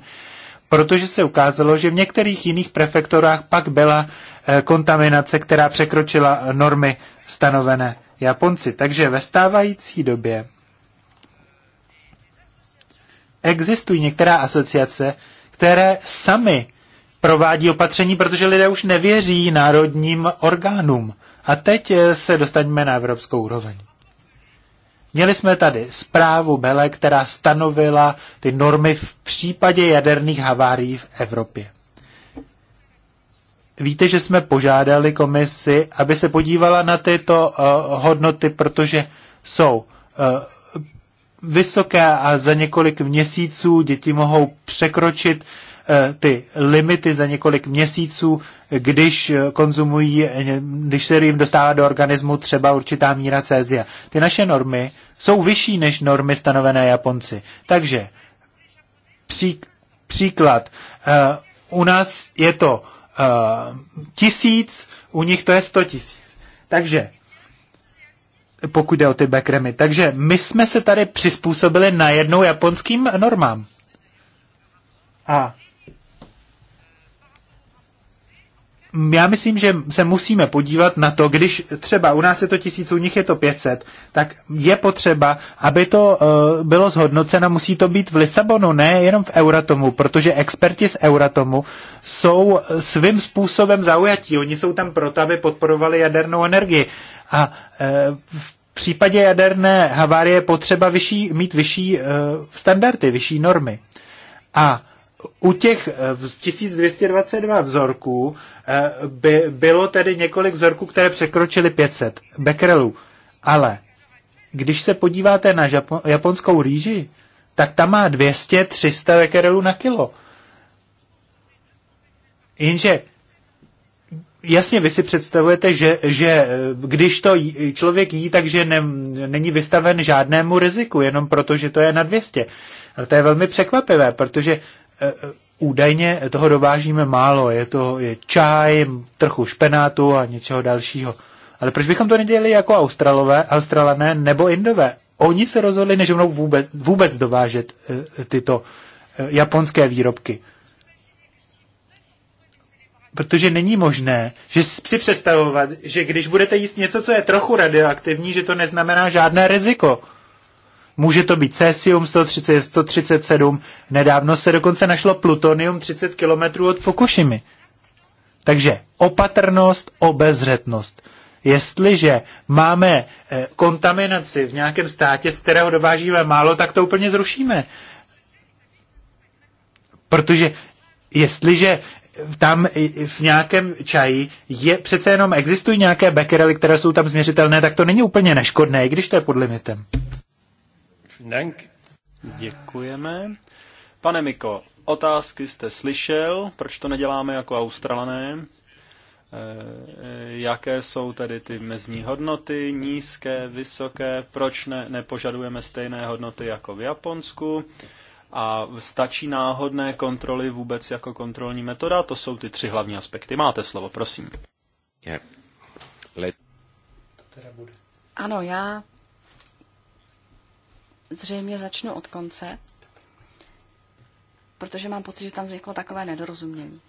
protože se ukázalo, že v některých jiných prefektorách pak byla eh, kontaminace, která překročila normy stanovené Japonci. Takže ve stávající době existují některá asociace, které sami provádí opatření, protože lidé už nevěří národním orgánům. A teď eh, se dostaňme na evropskou úroveň. Měli jsme tady zprávu Bele, která stanovila ty normy v případě jaderných havárií v Evropě. Víte, že jsme požádali komisi, aby se podívala na tyto uh, hodnoty, protože jsou uh, vysoké a za několik měsíců děti mohou překročit Eh, ty limity za několik měsíců, když eh, konzumují, eh, když se jim dostává do organismu třeba určitá míra cézia. Ty naše normy jsou vyšší než normy stanovené Japonci. Takže pří, příklad. U nás je to tisíc, u nich to je sto tisíc. Takže pokud jde o ty backremy. Takže my jsme se tady přizpůsobili najednou japonským normám. A já myslím, že se musíme podívat na to, když třeba u nás je to tisíc, u nich je to 500, tak je potřeba, aby to uh, bylo zhodnoceno, musí to být v Lisabonu, ne jenom v Euratomu, protože experti z Euratomu jsou svým způsobem zaujatí. Oni jsou tam proto, aby podporovali jadernou energii. A uh, v případě jaderné havárie je potřeba vyšší, mít vyšší uh, standardy, vyšší normy. A u těch 1222 eh, vzorků eh, by bylo tedy několik vzorků, které překročily 500 bekrelů. Ale když se podíváte na japonskou rýži, tak ta má 200-300 bekrelů na kilo. Jenže jasně vy si představujete, že, že eh, když to člověk jí, takže ne, není vystaven žádnému riziku, jenom proto, že to je na 200. Ale to je velmi překvapivé, protože Eh, eh, údajně toho dovážíme málo. Je to je čaj, trochu špenátu a něčeho dalšího. Ale proč bychom to nedělali jako Australové, Australané nebo Indové? Oni se rozhodli, než mnou vůbec, vůbec dovážet eh, tyto japonské výrobky. Protože není možné že si představovat, že když budete jíst něco, co je trochu radioaktivní, že to neznamená žádné riziko. Může to být cesium 130, 137, nedávno se dokonce našlo plutonium 30 km od Fukushimy. Takže opatrnost, obezřetnost. Jestliže máme eh, kontaminaci v nějakém státě, z kterého dovážíme málo, tak to úplně zrušíme. Protože jestliže tam v nějakém čaji je, přece jenom existují nějaké bekerely, které jsou tam změřitelné, tak to není úplně neškodné, i když to je pod limitem. Dank. Děkujeme. Pane Miko, otázky jste slyšel, proč to neděláme jako Australané? Eh, jaké jsou tedy ty mezní hodnoty, nízké, vysoké, proč ne, nepožadujeme stejné hodnoty jako v Japonsku a stačí náhodné kontroly vůbec jako kontrolní metoda, to jsou ty tři hlavní aspekty. Máte slovo, prosím. Ano, já zřejmě začnu od konce, protože mám pocit, že tam vzniklo takové nedorozumění.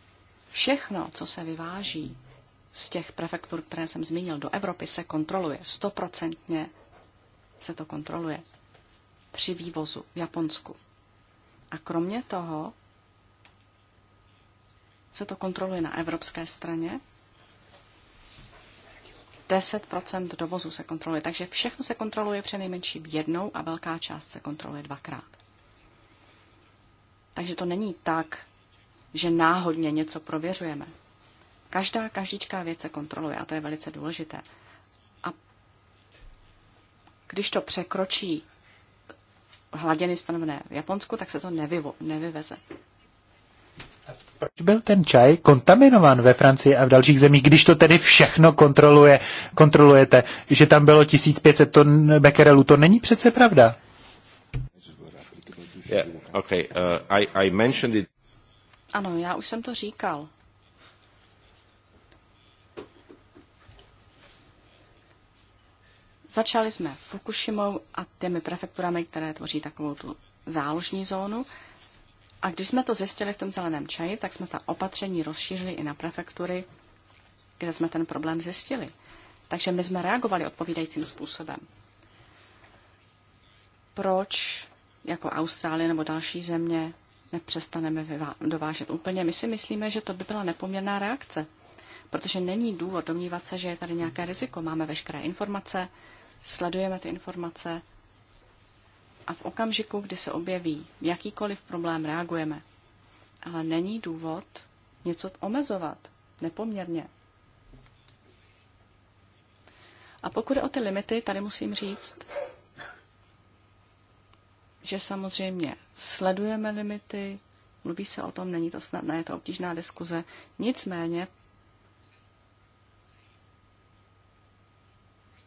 Všechno, co se vyváží z těch prefektur, které jsem zmínil, do Evropy, se kontroluje. Stoprocentně se to kontroluje při vývozu v Japonsku. A kromě toho se to kontroluje na evropské straně 10 dovozu se kontroluje. Takže všechno se kontroluje přinejmenším jednou a velká část se kontroluje dvakrát. Takže to není tak, že náhodně něco prověřujeme. Každá každičká věc se kontroluje a to je velice důležité. A když to překročí hladiny stanovené v Japonsku, tak se to nevyvo, nevyveze. Proč byl ten čaj kontaminován ve Francii a v dalších zemích, když to tedy všechno kontroluje, kontrolujete, že tam bylo 1500 ton bekerelů, to není přece pravda. Yeah, okay, uh, I, I mentioned it. Ano, já už jsem to říkal. Začali jsme Fukushimou a těmi prefekturami, které tvoří takovou tu záložní zónu. A když jsme to zjistili v tom zeleném čaji, tak jsme ta opatření rozšířili i na prefektury, kde jsme ten problém zjistili. Takže my jsme reagovali odpovídajícím způsobem. Proč jako Austrálie nebo další země nepřestaneme dovážet úplně? My si myslíme, že to by byla nepoměrná reakce, protože není důvod domnívat se, že je tady nějaké riziko. Máme veškeré informace, sledujeme ty informace a v okamžiku, kdy se objeví jakýkoliv problém, reagujeme. Ale není důvod něco omezovat nepoměrně. A pokud je o ty limity, tady musím říct, že samozřejmě sledujeme limity, mluví se o tom, není to snadné, je to obtížná diskuze. Nicméně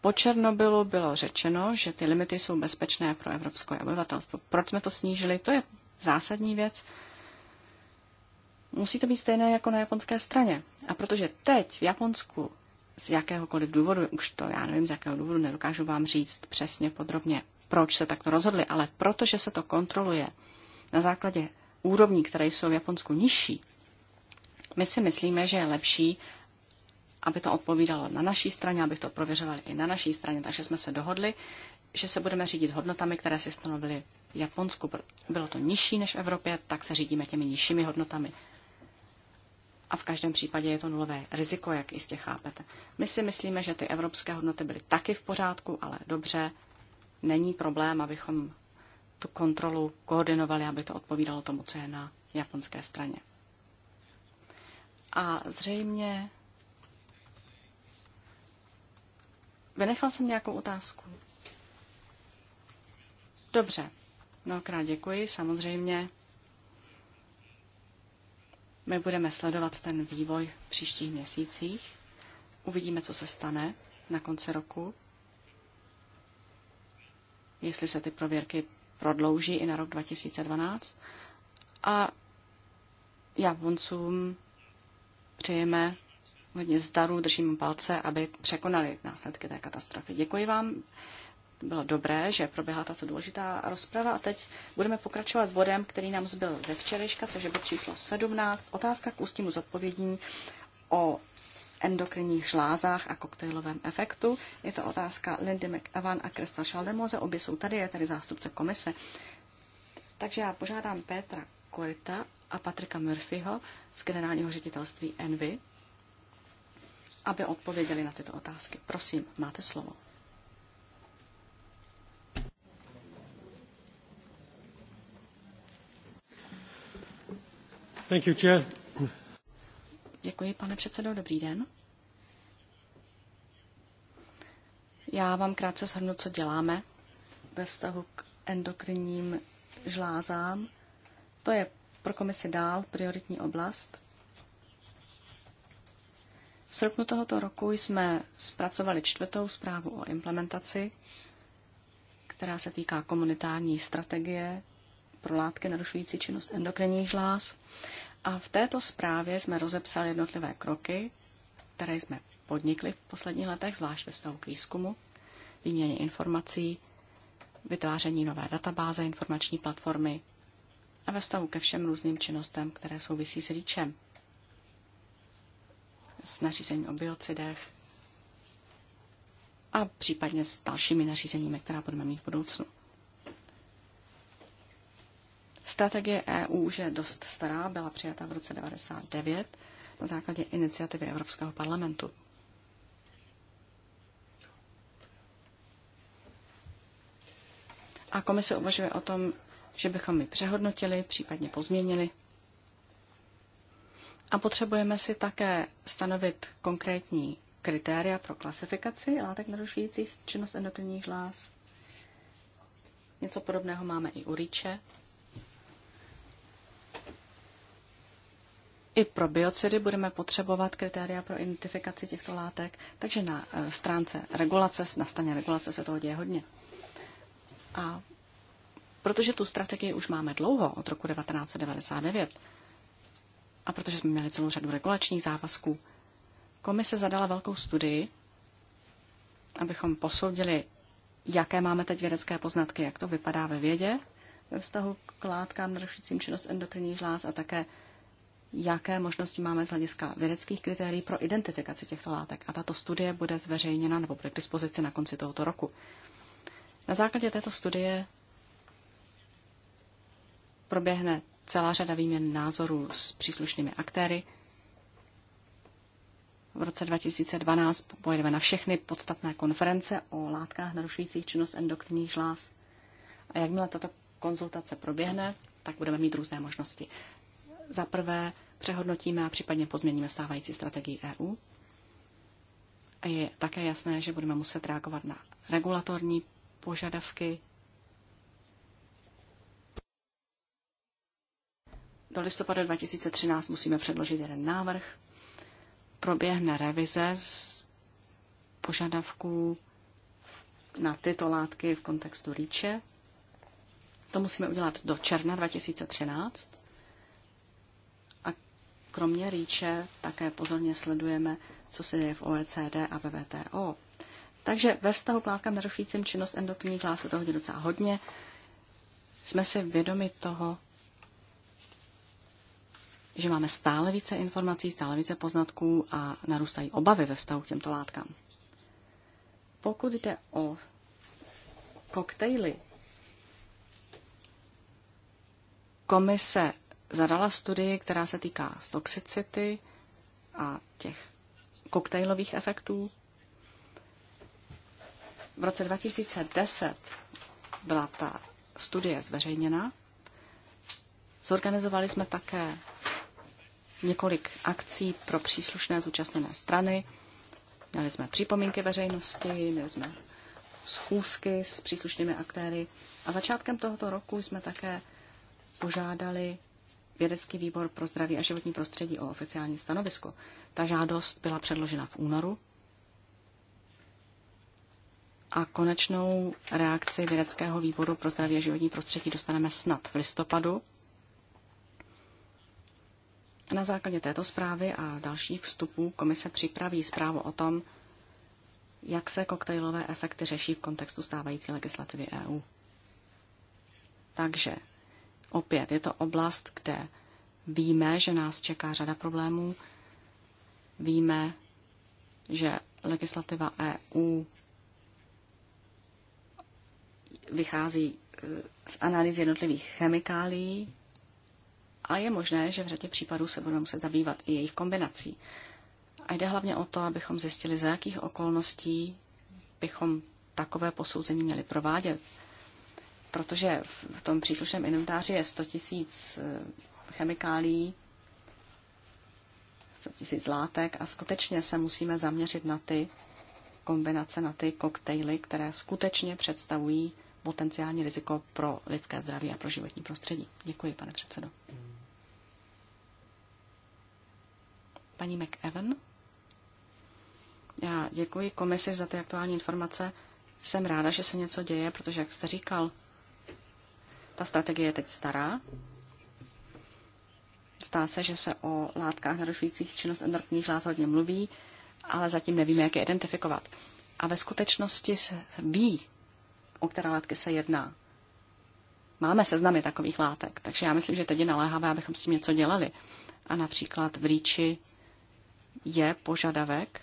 Po Černobylu bylo řečeno, že ty limity jsou bezpečné pro evropské obyvatelstvo. Proč jsme to snížili? To je zásadní věc. Musí to být stejné jako na japonské straně. A protože teď v Japonsku z jakéhokoliv důvodu, už to já nevím z jakého důvodu, nedokážu vám říct přesně podrobně, proč se takto rozhodli, ale protože se to kontroluje na základě úrovní, které jsou v Japonsku nižší, my si myslíme, že je lepší, aby to odpovídalo na naší straně, aby to prověřovali i na naší straně. Takže jsme se dohodli, že se budeme řídit hodnotami, které si stanovili v Japonsku. Bylo to nižší než v Evropě, tak se řídíme těmi nižšími hodnotami. A v každém případě je to nulové riziko, jak jistě chápete. My si myslíme, že ty evropské hodnoty byly taky v pořádku, ale dobře, není problém, abychom tu kontrolu koordinovali, aby to odpovídalo tomu, co je na japonské straně. A zřejmě Vynechal jsem nějakou otázku. Dobře. Mnohokrát děkuji, samozřejmě. My budeme sledovat ten vývoj v příštích měsících. Uvidíme, co se stane na konci roku. Jestli se ty prověrky prodlouží i na rok 2012. A Javoncům přejeme, hodně zdarů, držím palce, aby překonali následky té katastrofy. Děkuji vám. Bylo dobré, že proběhla tato důležitá rozprava a teď budeme pokračovat bodem, který nám zbyl ze včerejška, což je bod číslo 17. Otázka k ústnímu zodpovědní o endokrinních žlázách a koktejlovém efektu. Je to otázka Lindy McEvan a Krista Šaldemoze. Obě jsou tady, je tady zástupce komise. Takže já požádám Petra Korita a Patrika Murphyho z generálního ředitelství Envy, aby odpověděli na tyto otázky. Prosím, máte slovo. Thank you, Chair. Děkuji, pane předsedo. Dobrý den. Já vám krátce shrnu, co děláme ve vztahu k endokrinním žlázám. To je pro komisi dál prioritní oblast srpnu tohoto roku jsme zpracovali čtvrtou zprávu o implementaci, která se týká komunitární strategie pro látky narušující činnost endokrinních žláz. A v této zprávě jsme rozepsali jednotlivé kroky, které jsme podnikli v posledních letech, zvlášť ve vztahu k výzkumu, výměně informací, vytváření nové databáze, informační platformy a ve vztahu ke všem různým činnostem, které souvisí s říčem s nařízením o biocidech a případně s dalšími nařízeními, která budeme mít v budoucnu. Strategie EU už je dost stará, byla přijata v roce 1999 na základě iniciativy Evropského parlamentu. A komise uvažuje o tom, že bychom ji přehodnotili, případně pozměnili. A potřebujeme si také stanovit konkrétní kritéria pro klasifikaci látek narušujících činnost endokrinních žláz. Něco podobného máme i u rýče. I pro biocidy budeme potřebovat kritéria pro identifikaci těchto látek, takže na eh, stránce regulace, na straně regulace se toho děje hodně. A protože tu strategii už máme dlouho, od roku 1999, a protože jsme měli celou řadu regulačních závazků, komise zadala velkou studii, abychom posoudili, jaké máme teď vědecké poznatky, jak to vypadá ve vědě ve vztahu k látkám narušujícím činnost endokrinních žláz a také jaké možnosti máme z hlediska vědeckých kritérií pro identifikaci těchto látek. A tato studie bude zveřejněna nebo bude k dispozici na konci tohoto roku. Na základě této studie proběhne celá řada výměn názorů s příslušnými aktéry. V roce 2012 pojedeme na všechny podstatné konference o látkách narušujících činnost endokrinních žláz. A jakmile tato konzultace proběhne, tak budeme mít různé možnosti. Za prvé přehodnotíme a případně pozměníme stávající strategii EU. A je také jasné, že budeme muset reagovat na regulatorní požadavky Do listopadu 2013 musíme předložit jeden návrh. Proběhne revize z požadavků na tyto látky v kontextu rýče. To musíme udělat do června 2013. A kromě rýče také pozorně sledujeme, co se děje v OECD a ve VTO. Takže ve vztahu k látkám narušujícím činnost endokrinních látek se toho docela hodně. Jsme si vědomi toho, že máme stále více informací, stále více poznatků a narůstají obavy ve vztahu k těmto látkám. Pokud jde o koktejly, komise zadala studii, která se týká toxicity a těch koktejlových efektů. V roce 2010 byla ta studie zveřejněna. Zorganizovali jsme také několik akcí pro příslušné zúčastněné strany. Měli jsme připomínky veřejnosti, měli jsme schůzky s příslušnými aktéry a začátkem tohoto roku jsme také požádali Vědecký výbor pro zdraví a životní prostředí o oficiální stanovisko. Ta žádost byla předložena v únoru a konečnou reakci Vědeckého výboru pro zdraví a životní prostředí dostaneme snad v listopadu. A na základě této zprávy a dalších vstupů komise připraví zprávu o tom, jak se koktejlové efekty řeší v kontextu stávající legislativy EU. Takže opět je to oblast, kde víme, že nás čeká řada problémů, víme, že legislativa EU vychází eh, z analýz jednotlivých chemikálií a je možné, že v řadě případů se budeme muset zabývat i jejich kombinací. A jde hlavně o to, abychom zjistili, za jakých okolností bychom takové posouzení měli provádět. Protože v tom příslušném inventáři je 100 tisíc eh, chemikálií, 100 tisíc látek a skutečně se musíme zaměřit na ty kombinace, na ty koktejly, které skutečně představují potenciální riziko pro lidské zdraví a pro životní prostředí. Děkuji, pane předsedo. paní McEwen. Já děkuji komisi za ty aktuální informace. Jsem ráda, že se něco děje, protože, jak jste říkal, ta strategie je teď stará. Stá se, že se o látkách narušujících činnost endokrinních žláz hodně mluví, ale zatím nevíme, jak je identifikovat. A ve skutečnosti se ví, o které látky se jedná. Máme seznamy takových látek, takže já myslím, že teď je naléhavé, abychom s tím něco dělali. A například v Ríči je požadavek.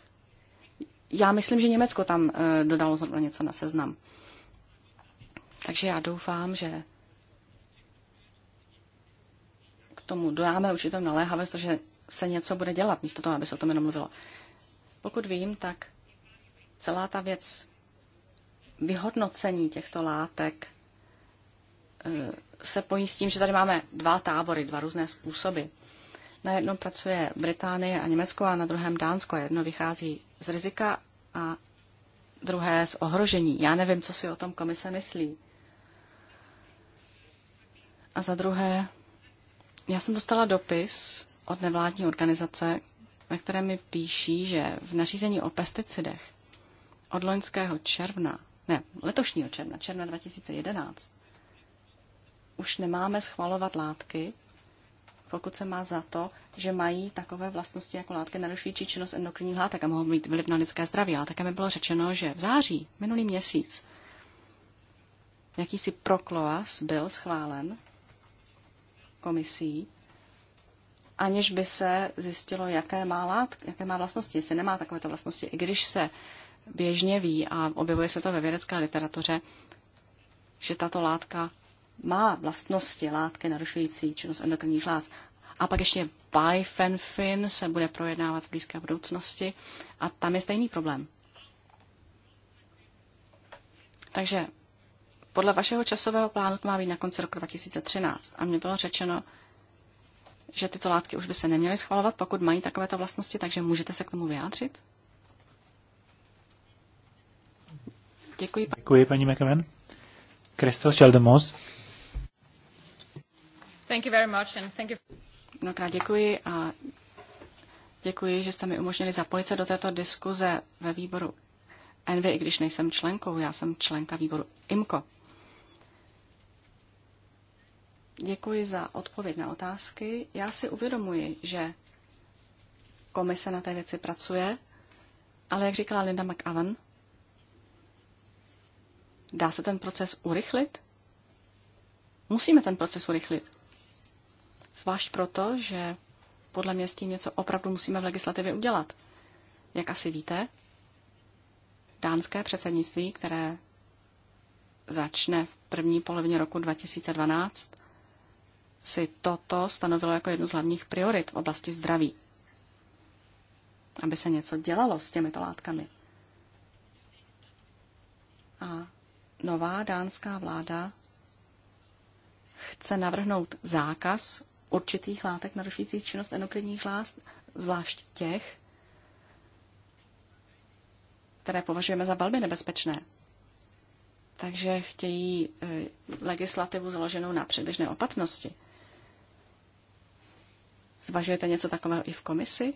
Já myslím, že Německo tam eh, dodalo zrovna něco na seznam. Takže já doufám, že k tomu dodáme určitou naléhavost, že se něco bude dělat, místo toho, aby se o tom jenom mluvilo. Pokud vím, tak celá ta věc vyhodnocení těchto látek eh, se pojí s tím, že tady máme dva tábory, dva různé způsoby. Na jednom pracuje Británie a Německo a na druhém Dánsko. Jedno vychází z rizika a druhé z ohrožení. Já nevím, co si o tom komise myslí. A za druhé, já jsem dostala dopis od nevládní organizace, ve které mi píší, že v nařízení o pesticidech od loňského června, ne, letošního června, června 2011, už nemáme schvalovat látky, pokud se má za to, že mají takové vlastnosti jako látky narušující činnost endokrinních látek a mohou mít vliv na lidské zdraví. Ale také mi bylo řečeno, že v září, minulý měsíc, jakýsi prokloas byl schválen komisí, aniž by se zjistilo, jaké má, látky, jaké má vlastnosti, jestli nemá takovéto vlastnosti, i když se běžně ví a objevuje se to ve vědecké literatuře, že tato látka má vlastnosti látky narušující činnost endokrinních žláz. A pak ještě bifenfin se bude projednávat v blízké budoucnosti a tam je stejný problém. Takže podle vašeho časového plánu to má být na konci roku 2013 a mně bylo řečeno, že tyto látky už by se neměly schvalovat, pokud mají takovéto vlastnosti, takže můžete se k tomu vyjádřit? Děkuji. pa- Děkuji, paní McEwen. Christel Šeldemos. Thank you very much and thank you. Mnohokrát děkuji a děkuji, že jste mi umožnili zapojit se do této diskuze ve výboru NV, i když nejsem členkou, já jsem členka výboru IMCO. Děkuji za odpověď na otázky. Já si uvědomuji, že komise na té věci pracuje, ale jak říkala Linda McAvan, dá se ten proces urychlit? Musíme ten proces urychlit. Zvlášť proto, že podle mě s tím něco opravdu musíme v legislativě udělat. Jak asi víte, dánské předsednictví, které začne v první polovině roku 2012, si toto stanovilo jako jednu z hlavních priorit v oblasti zdraví. Aby se něco dělalo s těmito látkami. A nová dánská vláda chce navrhnout zákaz určitých látek narušujících činnost endokrinních žláz, zvlášť těch, které považujeme za velmi nebezpečné. Takže chtějí eh, legislativu založenou na předběžné opatrnosti. Zvažujete něco takového i v komisi?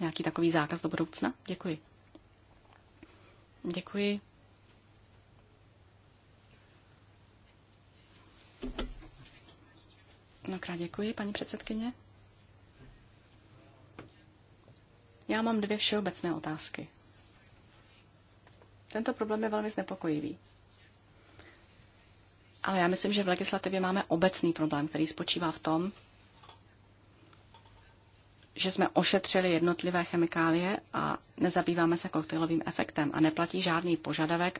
Nějaký takový zákaz do budoucna? Děkuji. Děkuji. Mnohokrát děkuji, paní předsedkyně. Já mám dvě všeobecné otázky. Tento problém je velmi znepokojivý. Ale já myslím, že v legislativě máme obecný problém, který spočívá v tom, že jsme ošetřili jednotlivé chemikálie a nezabýváme se koktejlovým efektem a neplatí žádný požadavek,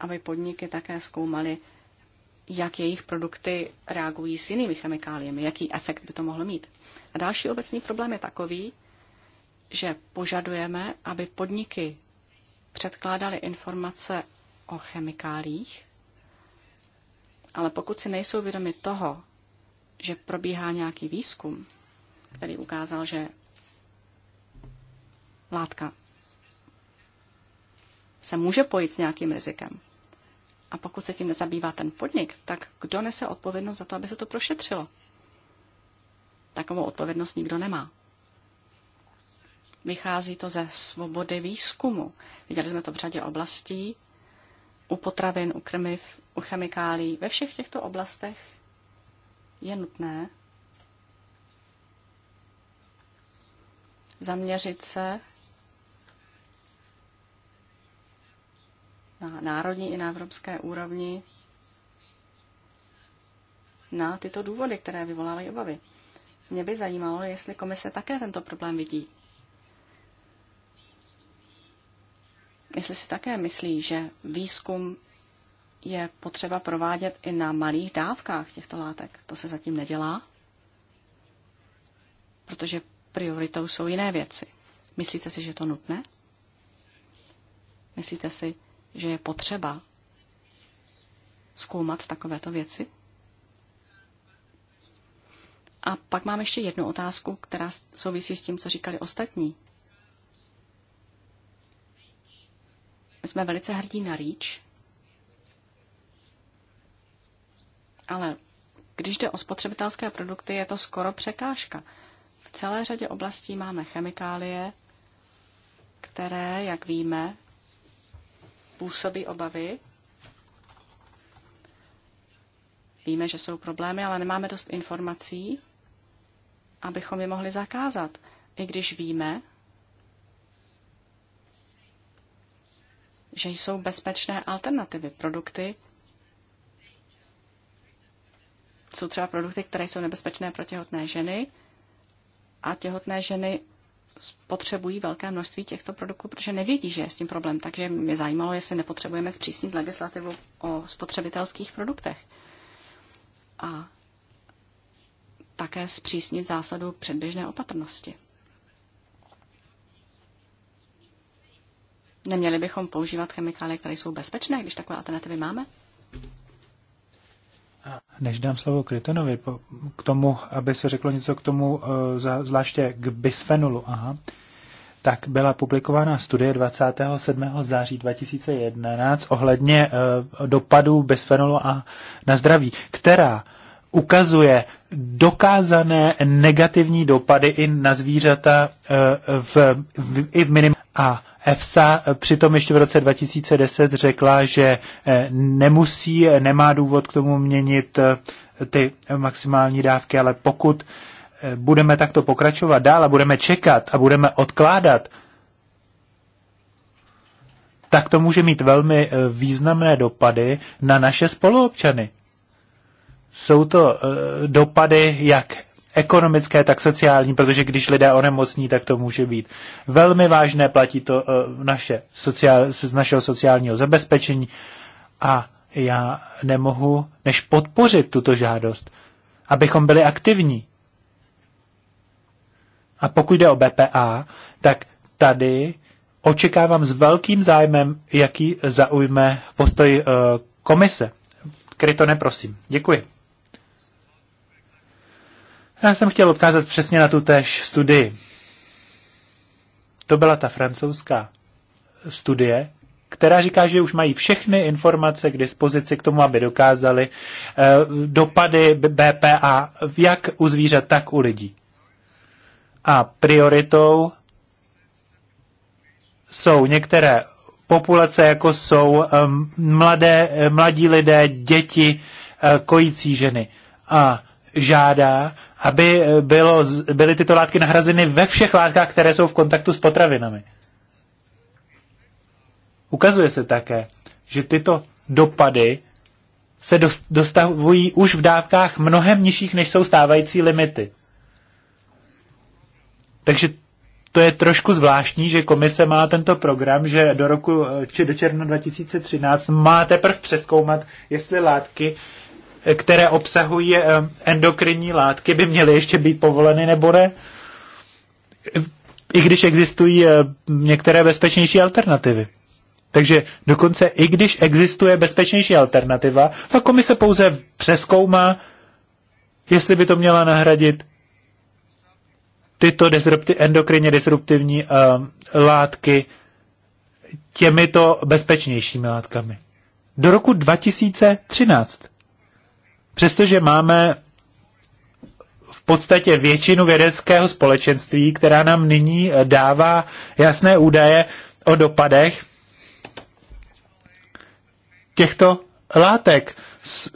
aby podniky také zkoumaly jak jejich produkty reagují s jinými chemikáliemi, jaký efekt by to mohlo mít. A další obecný problém je takový, že požadujeme, aby podniky předkládaly informace o chemikálích, ale pokud si nejsou vědomi toho, že probíhá nějaký výzkum, který ukázal, že látka se může pojít s nějakým rizikem, a pokud se tím nezabývá ten podnik, tak kdo nese odpovědnost za to, aby se to prošetřilo? Takovou odpovědnost nikdo nemá. Vychází to ze svobody výzkumu. Viděli jsme to v řadě oblastí, u potravin, u krmiv, u chemikálí. Ve všech těchto oblastech je nutné zaměřit se na národní i na evropské úrovni na tyto důvody, které vyvolávají obavy. Mě by zajímalo, jestli komise také tento problém vidí. Jestli si také myslí, že výzkum je potřeba provádět i na malých dávkách těchto látek. To se zatím nedělá, protože prioritou jsou jiné věci. Myslíte si, že to nutné? Myslíte si, že je potřeba zkoumat takovéto věci? A pak mám ještě jednu otázku, která souvisí s tím, co říkali ostatní. My jsme velice hrdí na Rýč, ale když jde o spotřebitelské produkty, je to skoro překážka. V celé řadě oblastí máme chemikálie, které, jak víme, působí obavy. Víme, že jsou problémy, ale nemáme dost informací, abychom je mohli zakázat. I když víme, že jsou bezpečné alternativy, produkty, jsou třeba produkty, které jsou nebezpečné pro těhotné ženy a těhotné ženy potřebují velké množství těchto produktů, protože nevědí, že je s tím problém. Takže mě zajímalo, jestli nepotřebujeme zpřísnit legislativu o spotřebitelských produktech. A také zpřísnit zásadu předběžné opatrnosti. Neměli bychom používat chemikálie, které jsou bezpečné, když takové alternativy máme? Než dám slovo Krytonovi, k tomu, aby se řeklo něco k tomu, eh, zvláště k bisfenolu, aha, tak byla publikována studie 27. září 2011 ohledně eh, dopadů bisfenolu A na zdraví, která ukazuje dokázané negativní dopady i na zvířata eh, v, v, i v minim. A EFSA přitom ještě v roce 2010 řekla, že eh, nemusí, eh, nemá důvod k tomu měnit eh, ty maximální dávky, ale pokud budeme takto pokračovat dál a budeme čekat a budeme odkládat, tak to může mít velmi významné dopady na naše spoluobčany. Jsou to dopady jak ekonomické, tak sociální, protože když lidé onemocní, tak to může být velmi vážné, platí to eh, naše sociál, z našeho sociálního zabezpečení a já nemohu než podpořit tuto žádost, abychom byli aktivní. A pokud jde o BPA, tak tady očekávám s velkým zájmem, jaký zaujme postoj eh, komise. Kryto neprosím. Děkuji. Já jsem chtěl odkázat přesně na tu též studii. To byla ta francouzská studie, která říká, že už mají všechny informace k dispozici k tomu, aby dokázali eh, dopady BPA jak u zvířat, tak u lidí. A prioritou jsou některé populace, jako jsou mladé, mladí lidé, děti, eh, kojící ženy. A žádá, aby eh, bylo, byly tyto látky nahrazeny ve všech látkách, které jsou v kontaktu s potravinami. Ukazuje se také, že tyto dopady se dostavují už v dávkách mnohem nižších, než jsou stávající limity. Takže to je trošku zvláštní, že komise má tento program, že do roku, eh, či do června 2013 má teprve přeskoumat, jestli látky, které obsahují eh, endokrinní látky, by měly ještě být povoleny nebo ne? I když existují eh, některé bezpečnější alternativy. Takže dokonce i když existuje bezpečnější alternativa, ta komise pouze přeskoumá, jestli by to měla nahradit tyto disrupti- endokrinně disruptivní uh, látky těmito bezpečnějšími látkami. Do roku 2013 přestože máme v podstatě většinu vědeckého společenství, která nám nyní eh, dává jasné údaje o dopadech těchto látek.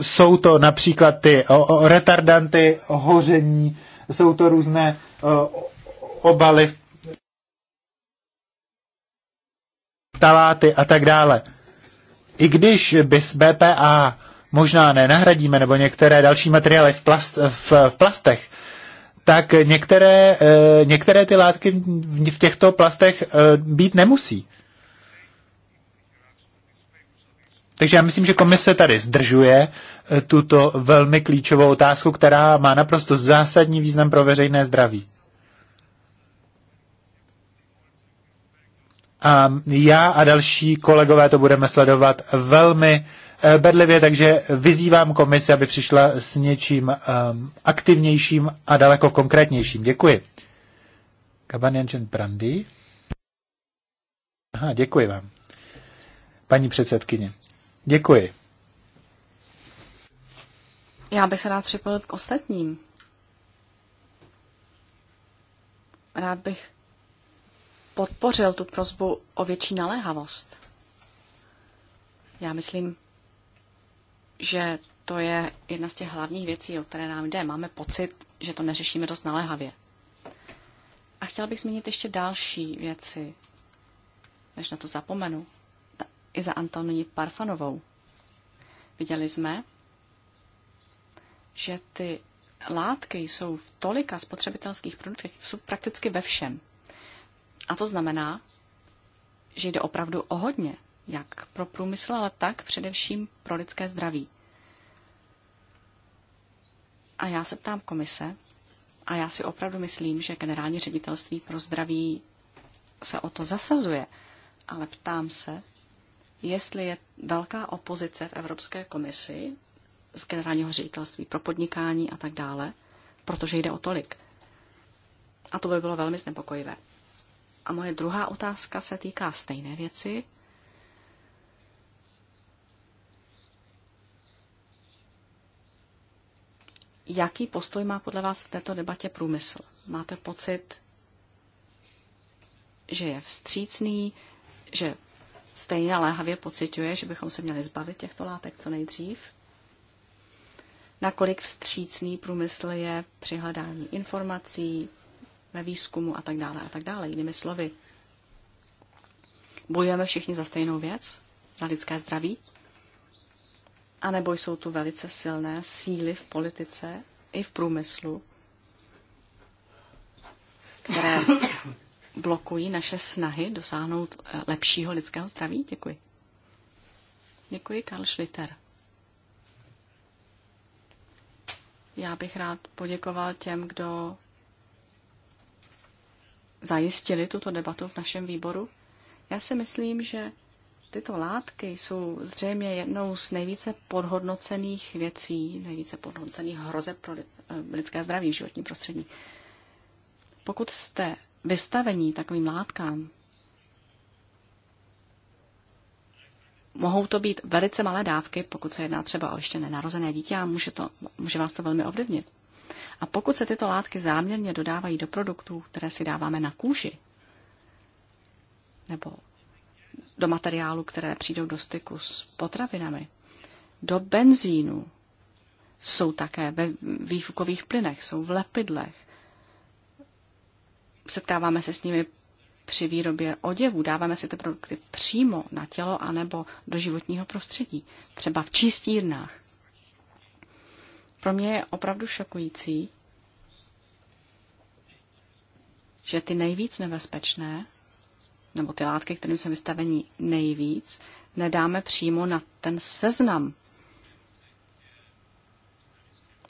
Jsou to například ty retardanty, hoření, jsou to různé eh, obaly taláty a tak dále. I když bys BPA možná nenahradíme, nebo některé další materiály v, plast, v, v plastech, tak některé, eh, některé ty látky v těchto plastech eh, být nemusí. Takže já myslím, že komise tady zdržuje eh, tuto velmi klíčovou otázku, která má naprosto zásadní význam pro veřejné zdraví. A já a další kolegové to budeme sledovat velmi Eh, bedlivě, takže vyzývám komisi, aby přišla s něčím um, aktivnějším a daleko konkrétnějším. Děkuji. Kabaniančen Brandy. Aha, děkuji vám. Paní předsedkyně, děkuji. Já bych se rád připojil k ostatním. Rád bych podpořil tu prozbu o větší naléhavost. Já myslím, že to je jedna z těch hlavních věcí, o které nám jde. Máme pocit, že to neřešíme dost naléhavě. A chtěla bych zmínit ještě další věci, než na to zapomenu. Ta, I za Antonii Parfanovou. Viděli jsme, že ty látky jsou v tolika spotřebitelských produktech, jsou prakticky ve všem. A to znamená, že jde opravdu o hodně jak pro průmysl, ale tak především pro lidské zdraví. A já se ptám komise, a já si opravdu myslím, že generální ředitelství pro zdraví se o to zasazuje, ale ptám se, jestli je velká opozice v Evropské komisi z generálního ředitelství pro podnikání a tak dále, protože jde o tolik. A to by bylo velmi znepokojivé. A moje druhá otázka se týká stejné věci, Jaký postoj má podle vás v této debatě průmysl? Máte pocit, že je vstřícný, že stejně léhavě pociťuje, že bychom se měli zbavit těchto látek co nejdřív? Nakolik vstřícný průmysl je při hledání informací, ve výzkumu a tak dále a tak dále. Jinými slovy, bojujeme všichni za stejnou věc, za lidské zdraví? anebo jsou tu velice silné síly v politice i v průmyslu, které blokují naše snahy dosáhnout eh, lepšího lidského zdraví? Děkuji. Děkuji, Karl Schlitter. Já bych rád poděkoval těm, kdo zajistili tuto debatu v našem výboru. Já si myslím, že Tyto látky jsou zřejmě jednou z nejvíce podhodnocených věcí, nejvíce podhodnocených hrozeb pro eh, lidské zdraví v životním prostředí. Pokud jste vystavení takovým látkám, mohou to být velice malé dávky, pokud se jedná třeba o ještě nenarozené dítě a může, to, může vás to velmi ovlivnit. A pokud se tyto látky záměrně dodávají do produktů, které si dáváme na kůži, nebo do materiálu, které přijdou do styku s potravinami, do benzínu, jsou také ve výfukových plynech, jsou v lepidlech. Setkáváme se s nimi při výrobě oděvu, dáváme si ty produkty přímo na tělo anebo do životního prostředí, třeba v čistírnách. Pro mě je opravdu šokující, že ty nejvíc nebezpečné nebo ty látky, kterým jsme vystaveni nejvíc, nedáme přímo na ten seznam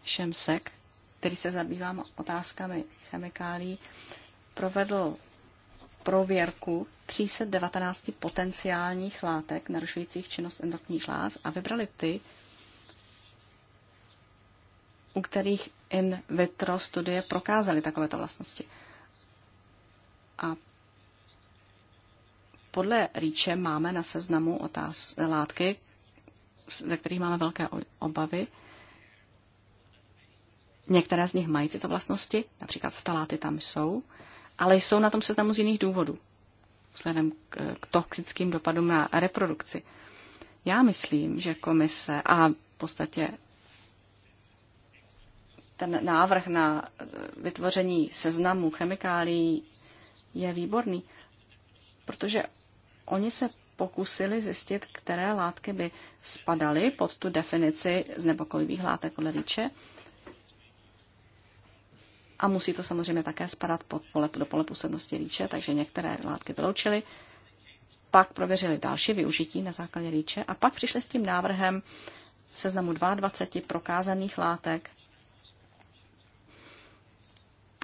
Šemsek, který se zabývá otázkami chemikálí, provedl prověrku 319 potenciálních látek narušujících činnost endokrinních žláz a vybrali ty, u kterých in vitro studie prokázaly takovéto vlastnosti. A podle Ríče máme na seznamu otáz, látky, ze kterých máme velké obavy. Některé z nich mají tyto vlastnosti, například vtaláty tam jsou, ale jsou na tom seznamu z jiných důvodů, vzhledem k toxickým dopadům na reprodukci. Já myslím, že komise a v podstatě ten návrh na vytvoření seznamu chemikálií je výborný, protože Oni se pokusili zjistit, které látky by spadaly pod tu definici z znepokojivých látek podle Ríče. A musí to samozřejmě také spadat pod pole, do pole působnosti Ríče, takže některé látky vyloučili. Pak prověřili další využití na základě Ríče a pak přišli s tím návrhem seznamu 22 prokázaných látek,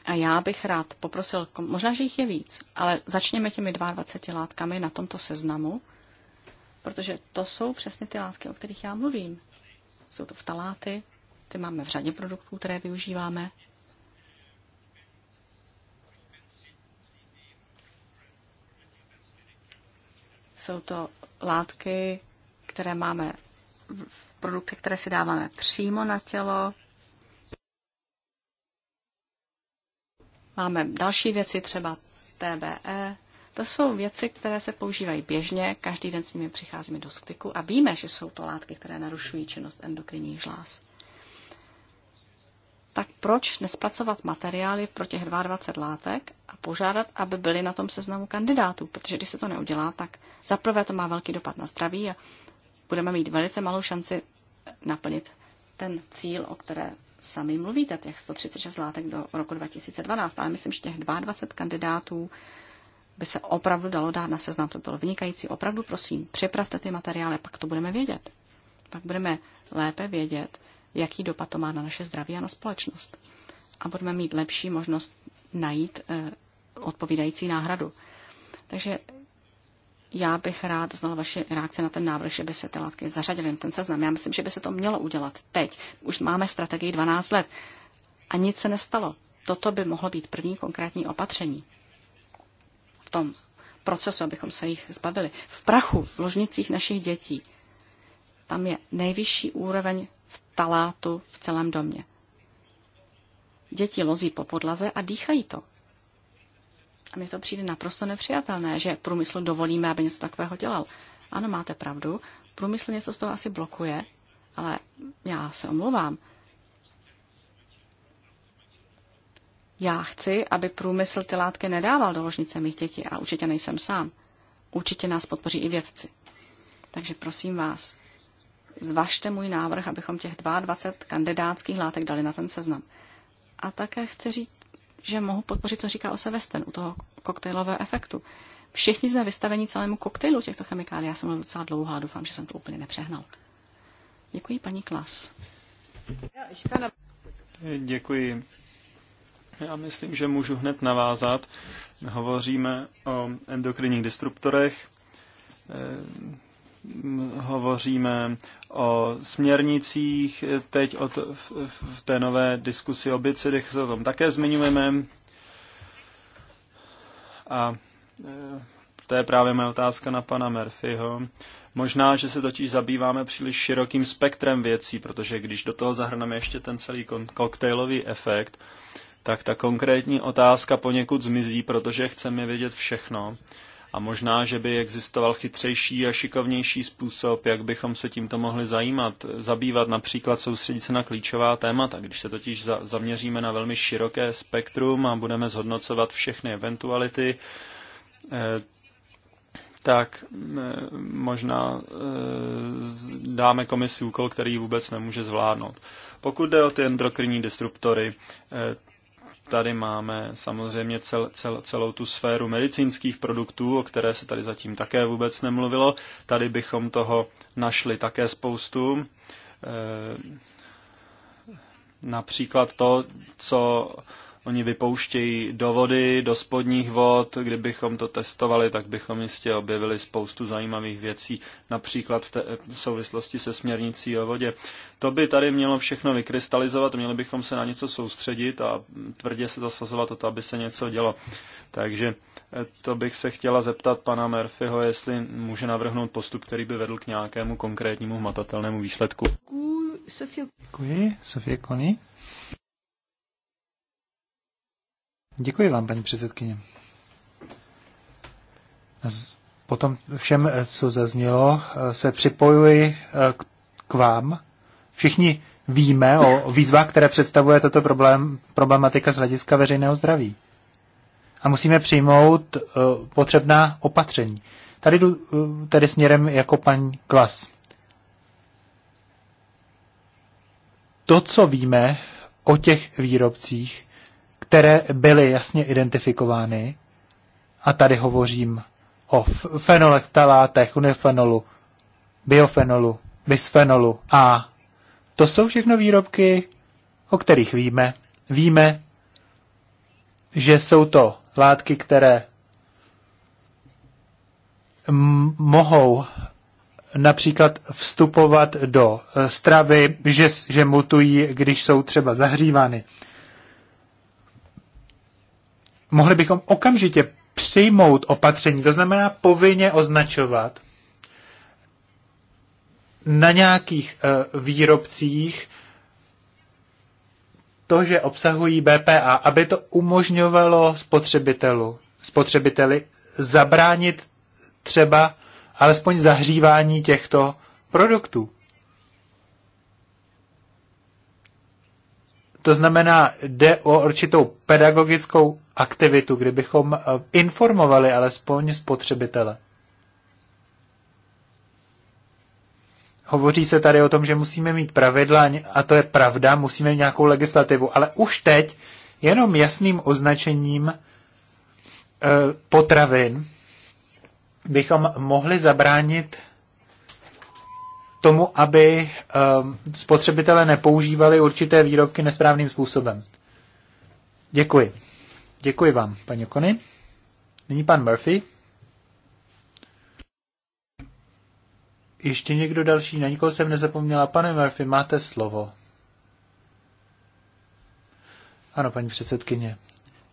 a já bych rád poprosil, možná, že jich je víc, ale začněme těmi 22 látkami na tomto seznamu, protože to jsou přesně ty látky, o kterých já mluvím. Jsou to vtaláty, ty máme v řadě produktů, které využíváme. Jsou to látky, které máme v produktech, které si dáváme přímo na tělo, Máme další věci, třeba TBE. To jsou věci, které se používají běžně, každý den s nimi přicházíme do styku a víme, že jsou to látky, které narušují činnost endokrinních žláz. Tak proč nespracovat materiály pro těch 22 látek a požádat, aby byly na tom seznamu kandidátů? Protože když se to neudělá, tak zaprvé to má velký dopad na zdraví a budeme mít velice malou šanci naplnit ten cíl, o které sami mluvíte, těch 136 látek do roku 2012, ale myslím, že těch 22 kandidátů by se opravdu dalo dát na seznam. To bylo vynikající. Opravdu prosím, připravte ty materiály, pak to budeme vědět. Pak budeme lépe vědět, jaký dopad to má na naše zdraví a na společnost. A budeme mít lepší možnost najít eh, odpovídající náhradu. Takže já bych rád znal vaše reakce na ten návrh, že by se ty látky zařadily ten seznam. Já myslím, že by se to mělo udělat teď. Už máme strategii 12 let a nic se nestalo. Toto by mohlo být první konkrétní opatření v tom procesu, abychom se jich zbavili. V prachu, v ložnicích našich dětí, tam je nejvyšší úroveň v talátu v celém domě. Děti lozí po podlaze a dýchají to. A mně to přijde naprosto nepřijatelné, že průmysl dovolíme, aby něco takového dělal. Ano, máte pravdu, průmysl něco z toho asi blokuje, ale já se omlouvám. Já chci, aby průmysl ty látky nedával do ložnice mých dětí a určitě nejsem sám. Určitě nás podpoří i vědci. Takže prosím vás, zvažte můj návrh, abychom těch 22 kandidátských látek dali na ten seznam. A také chci říct že mohu podpořit, co říká o Sevesten u toho koktejlového efektu. Všichni jsme vystaveni celému koktejlu těchto chemikálí. Já jsem mluvil docela dlouho a doufám, že jsem to úplně nepřehnal. Děkuji, paní Klas. Děkuji. Já myslím, že můžu hned navázat. Hovoříme o endokrinních disruptorech hovoříme o směrnicích, teď o v, v té nové diskusi o bicidech se o tom také zmiňujeme. A e, to je právě moje otázka na pana Murphyho. Možná, že se totiž zabýváme příliš širokým spektrem věcí, protože když do toho zahrneme ještě ten celý koktejlový efekt, tak ta konkrétní otázka poněkud zmizí, protože chceme vědět všechno a možná, že by existoval chytřejší a šikovnější způsob, jak bychom se tímto mohli zajímat, zabývat, například soustředit se na klíčová témata. Když se totiž za, zaměříme na velmi široké spektrum a budeme zhodnocovat všechny eventuality, e, tak eh, možná eh, dáme komisi úkol, který vůbec nemůže zvládnout. Pokud jde o ty endokrinní disruptory, Tady máme samozřejmě cel, cel, celou tu sféru medicínských produktů, o které se tady zatím také vůbec nemluvilo. Tady bychom toho našli také spoustu. E, například to, co Oni vypouštějí do vody, do spodních vod. Kdybychom to testovali, tak bychom jistě objevili spoustu zajímavých věcí, například v, té, v souvislosti se směrnicí o vodě. To by tady mělo všechno vykrystalizovat, měli bychom se na něco soustředit a tvrdě se zasazovat o to, aby se něco dělo. Takže eh, to bych se chtěla zeptat pana Murphyho, jestli může navrhnout postup, který by vedl k nějakému konkrétnímu hmatatelnému výsledku. Děkuji, Sofie Kony. Děkuji vám, paní předsedkyně. Potom všem, eh, co zaznělo, eh, se připojuji eh, k vám. Všichni víme o výzvách, které představuje tato problém, problematika z hlediska veřejného zdraví. A musíme přijmout potřebná opatření. Tady jdu tedy směrem jako paní Klas. To, co víme o těch výrobcích, které byly jasně identifikovány, a tady hovořím o fenolektalátech, unifenolu, biofenolu, bisfenolu A. To jsou všechno výrobky, o kterých víme. Víme, že jsou to látky, které mohou například vstupovat do eh, stravy, že, že mutují, když jsou třeba zahřívány mohli bychom okamžitě přijmout opatření, to znamená povinně označovat na nějakých eh, výrobcích to, že obsahují BPA, aby to umožňovalo spotřebitelu, spotřebiteli zabránit třeba alespoň zahřívání těchto produktů. To znamená, jde o určitou pedagogickou aktivitu, kdybychom eh, informovali alespoň spotřebitele. Hovoří se tady o tom, že musíme mít pravidla, a to je pravda, musíme mít nějakou legislativu, ale už teď jenom jasným označením eh, potravin bychom mohli zabránit tomu, aby eh, spotřebitele nepoužívali určité výrobky nesprávným způsobem. Děkuji. Děkuji vám, paní Kony. Nyní pan Murphy. Ještě někdo další? Na nikoho jsem nezapomněla. Pane Murphy, máte slovo. Ano, paní předsedkyně.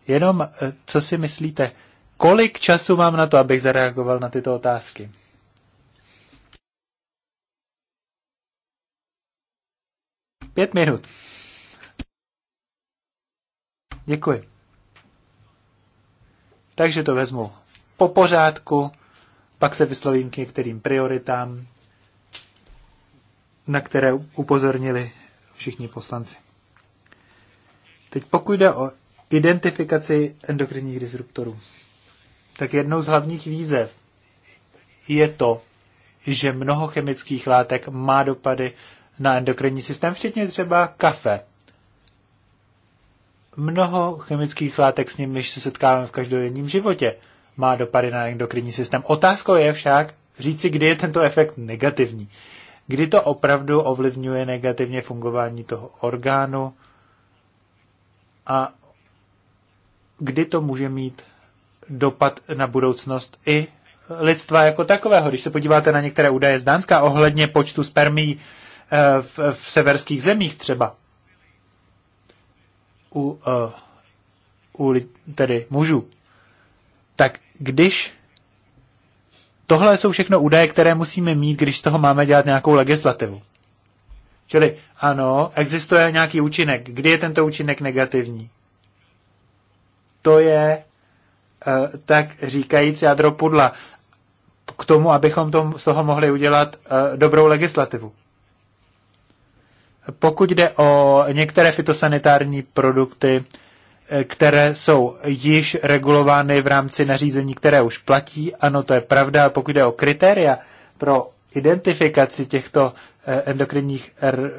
Jenom, eh, co si myslíte, kolik času mám na to, abych zareagoval na tyto otázky? Pět minut. Děkuji. Takže to vezmu po pořádku, pak se vyslovím k některým prioritám, na které upozornili všichni poslanci. Teď pokud jde o identifikaci endokrinních disruptorů, tak jednou z hlavních výzev je to, že mnoho chemických látek má dopady na endokrinní systém, včetně třeba kafe. Mnoho chemických látek s nimiž se setkáváme v každodenním životě má dopady na endokrinní systém. Otázkou je však říci, kdy je tento efekt negativní. Kdy to opravdu ovlivňuje negativně fungování toho orgánu a kdy to může mít dopad na budoucnost i lidstva jako takového. Když se podíváte na některé údaje z Dánska ohledně počtu spermí Eh, v, v severských zemích třeba. U, eh, u tedy mužů. Tak když tohle jsou všechno údaje, které musíme mít, když z toho máme dělat nějakou legislativu. Čili ano, existuje nějaký účinek. Kdy je tento účinek negativní? To je eh, tak říkajíc jádro pudla k tomu, abychom tom, z toho mohli udělat dobrou legislativu. Pokud jde o některé fitosanitární produkty, eh, které jsou již regulovány v rámci nařízení, které už platí, ano, to je pravda. Pokud jde o kritéria pro identifikaci těchto eh, endokrinních er,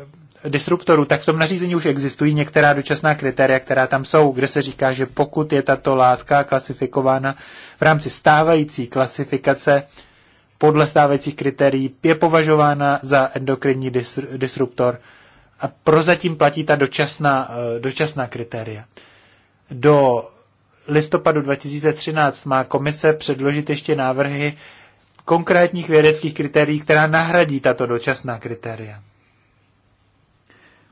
disruptorů, tak v tom nařízení už existují některá dočasná kritéria, která tam jsou, kde se říká, že pokud je tato látka klasifikována v rámci stávající klasifikace podle stávajících kritérií, je považována za endokrinní disruptor a prozatím platí ta dočasná, eh, dočasná kritéria. Do listopadu 2013 má komise předložit ještě návrhy konkrétních vědeckých kritérií, která nahradí tato dočasná kritéria.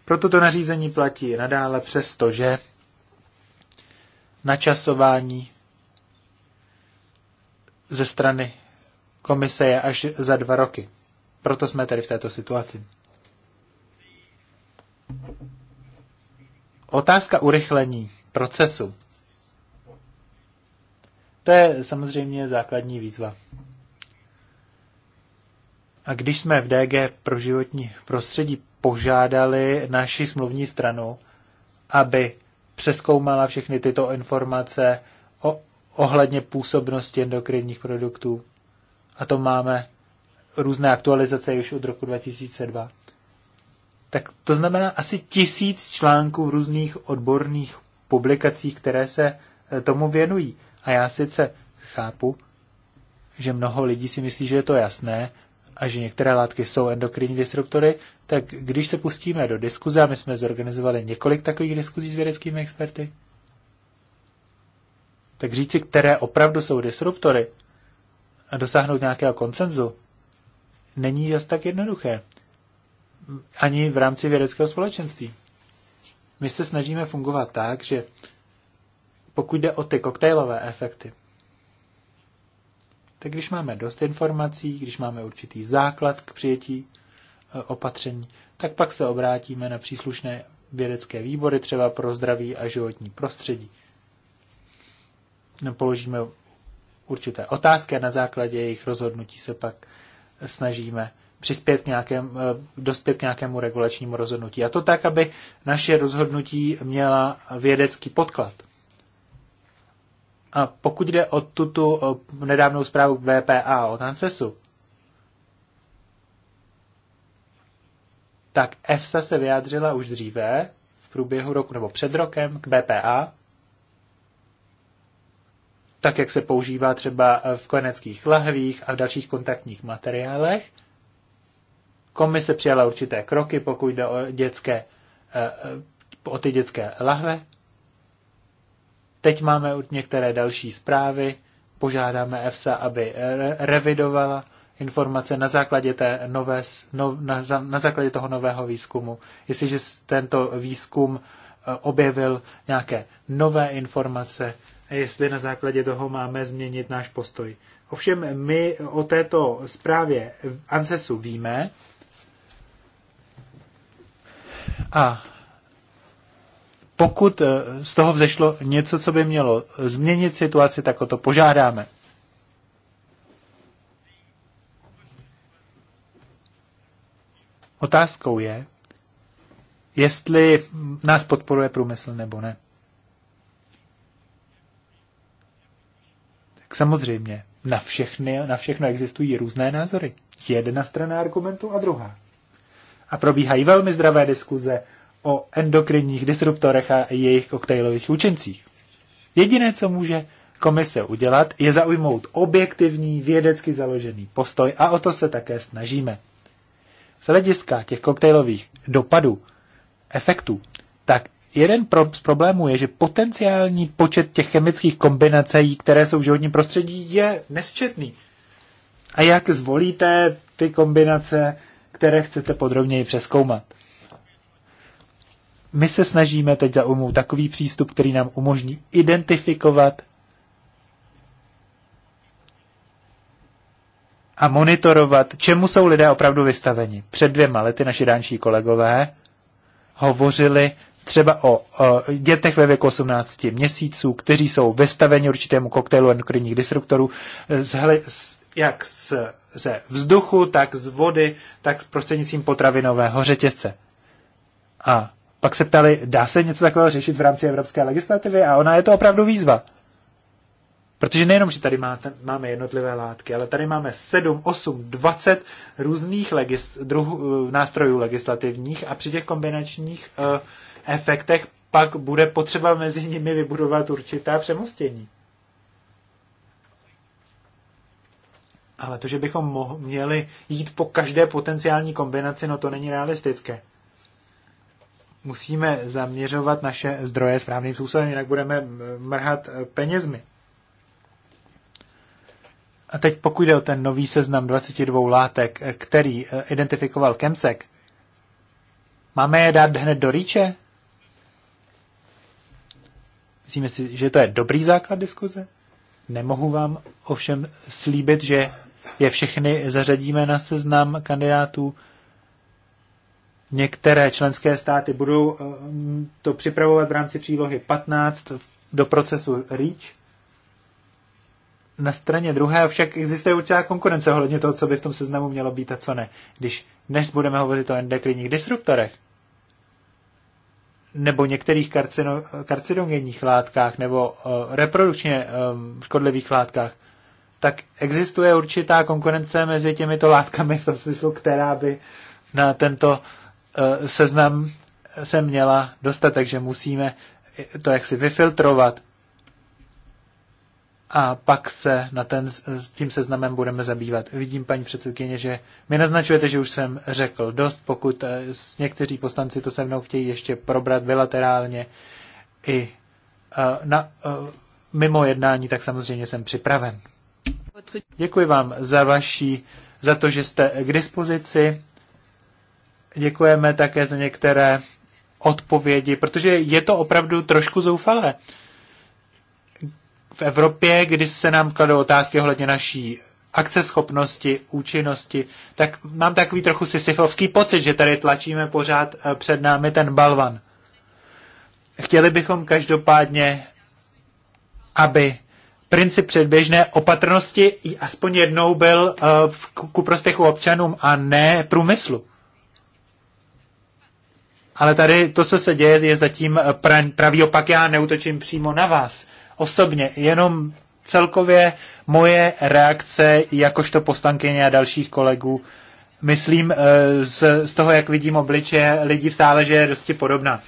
Proto to nařízení platí nadále přesto, že načasování ze strany komise je až za dva roky. Proto jsme tady v této situaci. Otázka urychlení procesu. To je samozřejmě základní výzva. A když jsme v DG pro životní prostředí požádali naši smluvní stranu, aby přeskoumala všechny tyto informace o, ohledně působnosti endokrinních produktů, a to máme různé aktualizace již od roku 2002, tak to znamená asi tisíc článků v různých odborných publikacích, které se e, tomu věnují. A já sice chápu, že mnoho lidí si myslí, že je to jasné a že některé látky jsou endokrinní disruptory, tak když se pustíme do diskuze, a my jsme zorganizovali několik takových diskuzí s vědeckými experty, tak říci, které opravdu jsou disruptory a dosáhnout nějakého koncenzu, není zas tak jednoduché ani v rámci vědeckého společenství. My se snažíme fungovat tak, že pokud jde o ty koktejlové efekty, tak když máme dost informací, když máme určitý základ k přijetí e, opatření, tak pak se obrátíme na příslušné vědecké výbory, třeba pro zdraví a životní prostředí. No, položíme určité otázky a na základě jejich rozhodnutí se pak snažíme přispět k nějakém, eh, dospět k nějakému regulačnímu rozhodnutí. A to tak, aby naše rozhodnutí měla vědecký podklad. A pokud jde o tuto eh, nedávnou zprávu VPA o Nansesu, tak EFSA se vyjádřila už dříve, v průběhu roku nebo před rokem, k BPA, tak jak se používá třeba v koneckých lahvích a v dalších kontaktních materiálech – Komise přijala určité kroky, pokud jde o, dětské, eh, eh, o ty dětské lahve. Teď máme některé další zprávy. Požádáme EFSA, aby revidovala informace na základě, té nové, no, na, na základě toho nového výzkumu. Jestliže tento výzkum eh, objevil nějaké nové informace, jestli na základě toho máme změnit náš postoj. Ovšem my o této zprávě ANSESu víme, a pokud eh, z toho vzešlo něco, co by mělo změnit situaci, tak o to požádáme. Otázkou je, jestli nás podporuje průmysl nebo ne. Tak samozřejmě, na, všechny, na všechno existují různé názory. Jedna strana argumentu a druhá a probíhají velmi zdravé diskuze o endokrinních disruptorech a jejich koktejlových účincích. Jediné, co může komise udělat, je zaujmout objektivní, vědecky založený postoj a o to se také snažíme. Z hlediska těch koktejlových dopadů, efektů, tak jeden pro, z problémů je, že potenciální počet těch chemických kombinací, které jsou v životním prostředí, je nesčetný. A jak zvolíte ty kombinace, které chcete podrobněji přeskoumat. My se snažíme teď zaujmout takový přístup, který nám umožní identifikovat a monitorovat, čemu jsou lidé opravdu vystaveni. Před dvěma lety naši dánští kolegové hovořili třeba o, o dětech ve věku 18 měsíců, kteří jsou vystaveni určitému koktejlu endokrinních disruptorů, eh, z, jak z ze vzduchu, tak z vody, tak prostřednictvím potravinového řetězce. A pak se ptali, dá se něco takového řešit v rámci evropské legislativy a ona je to opravdu výzva. Protože nejenom, že tady máte, máme jednotlivé látky, ale tady máme 7, 8, 20 různých legis, druh, eh, nástrojů legislativních a při těch kombinačních uh, efektech pak bude potřeba mezi nimi vybudovat určitá přemostění. Ale to, že bychom měli jít po každé potenciální kombinaci, no to není realistické. Musíme zaměřovat naše zdroje správným způsobem, jinak budeme mrhat e, penězmi. A teď pokud jde o ten nový seznam 22 látek, e, který e, identifikoval Kemsek, máme je dát hned do rýče? Myslíme si, že to je dobrý základ diskuze? Nemohu vám ovšem slíbit, že je všechny zařadíme na seznam kandidátů. Některé členské státy budou eh, to připravovat v rámci přílohy 15 do procesu REACH. Na straně druhé však existuje určitá konkurence ohledně toho, co by v tom seznamu mělo být a co ne. Když dnes budeme hovořit o endokrinních disruptorech, nebo některých karcino, karcinogenních látkách nebo uh, reprodukčně um, škodlivých látkách, tak existuje určitá konkurence mezi těmito látkami v tom smyslu, která by na tento eh, seznam se měla dostat, takže musíme to jaksi vyfiltrovat a pak se na ten, tím seznamem budeme zabývat. Vidím, paní předsedkyně, že mi naznačujete, že už jsem řekl dost, pokud eh, někteří poslanci to se mnou chtějí ještě probrat bilaterálně i eh, na, mimo jednání, tak samozřejmě jsem připraven. Děkuji vám za vaši, za to, že jste k dispozici. Děkujeme také za některé odpovědi, protože je to opravdu trošku zoufalé. V Evropě, když se nám kladou otázky ohledně naší akceschopnosti, účinnosti, tak mám takový trochu sisyfovský pocit, že tady tlačíme pořád eh, před námi ten balvan. Chtěli bychom každopádně, aby princip předběžné opatrnosti aspoň jednou byl eh, ku prospěchu občanům a ne průmyslu. Ale tady to, co se děje, je zatím eh, pravý opak. Já neutočím přímo na vás osobně, jenom celkově moje reakce jakožto poslankyně a dalších kolegů. Myslím eh, z, z toho, jak vidím obliče lidí v sále, že je dosti podobná.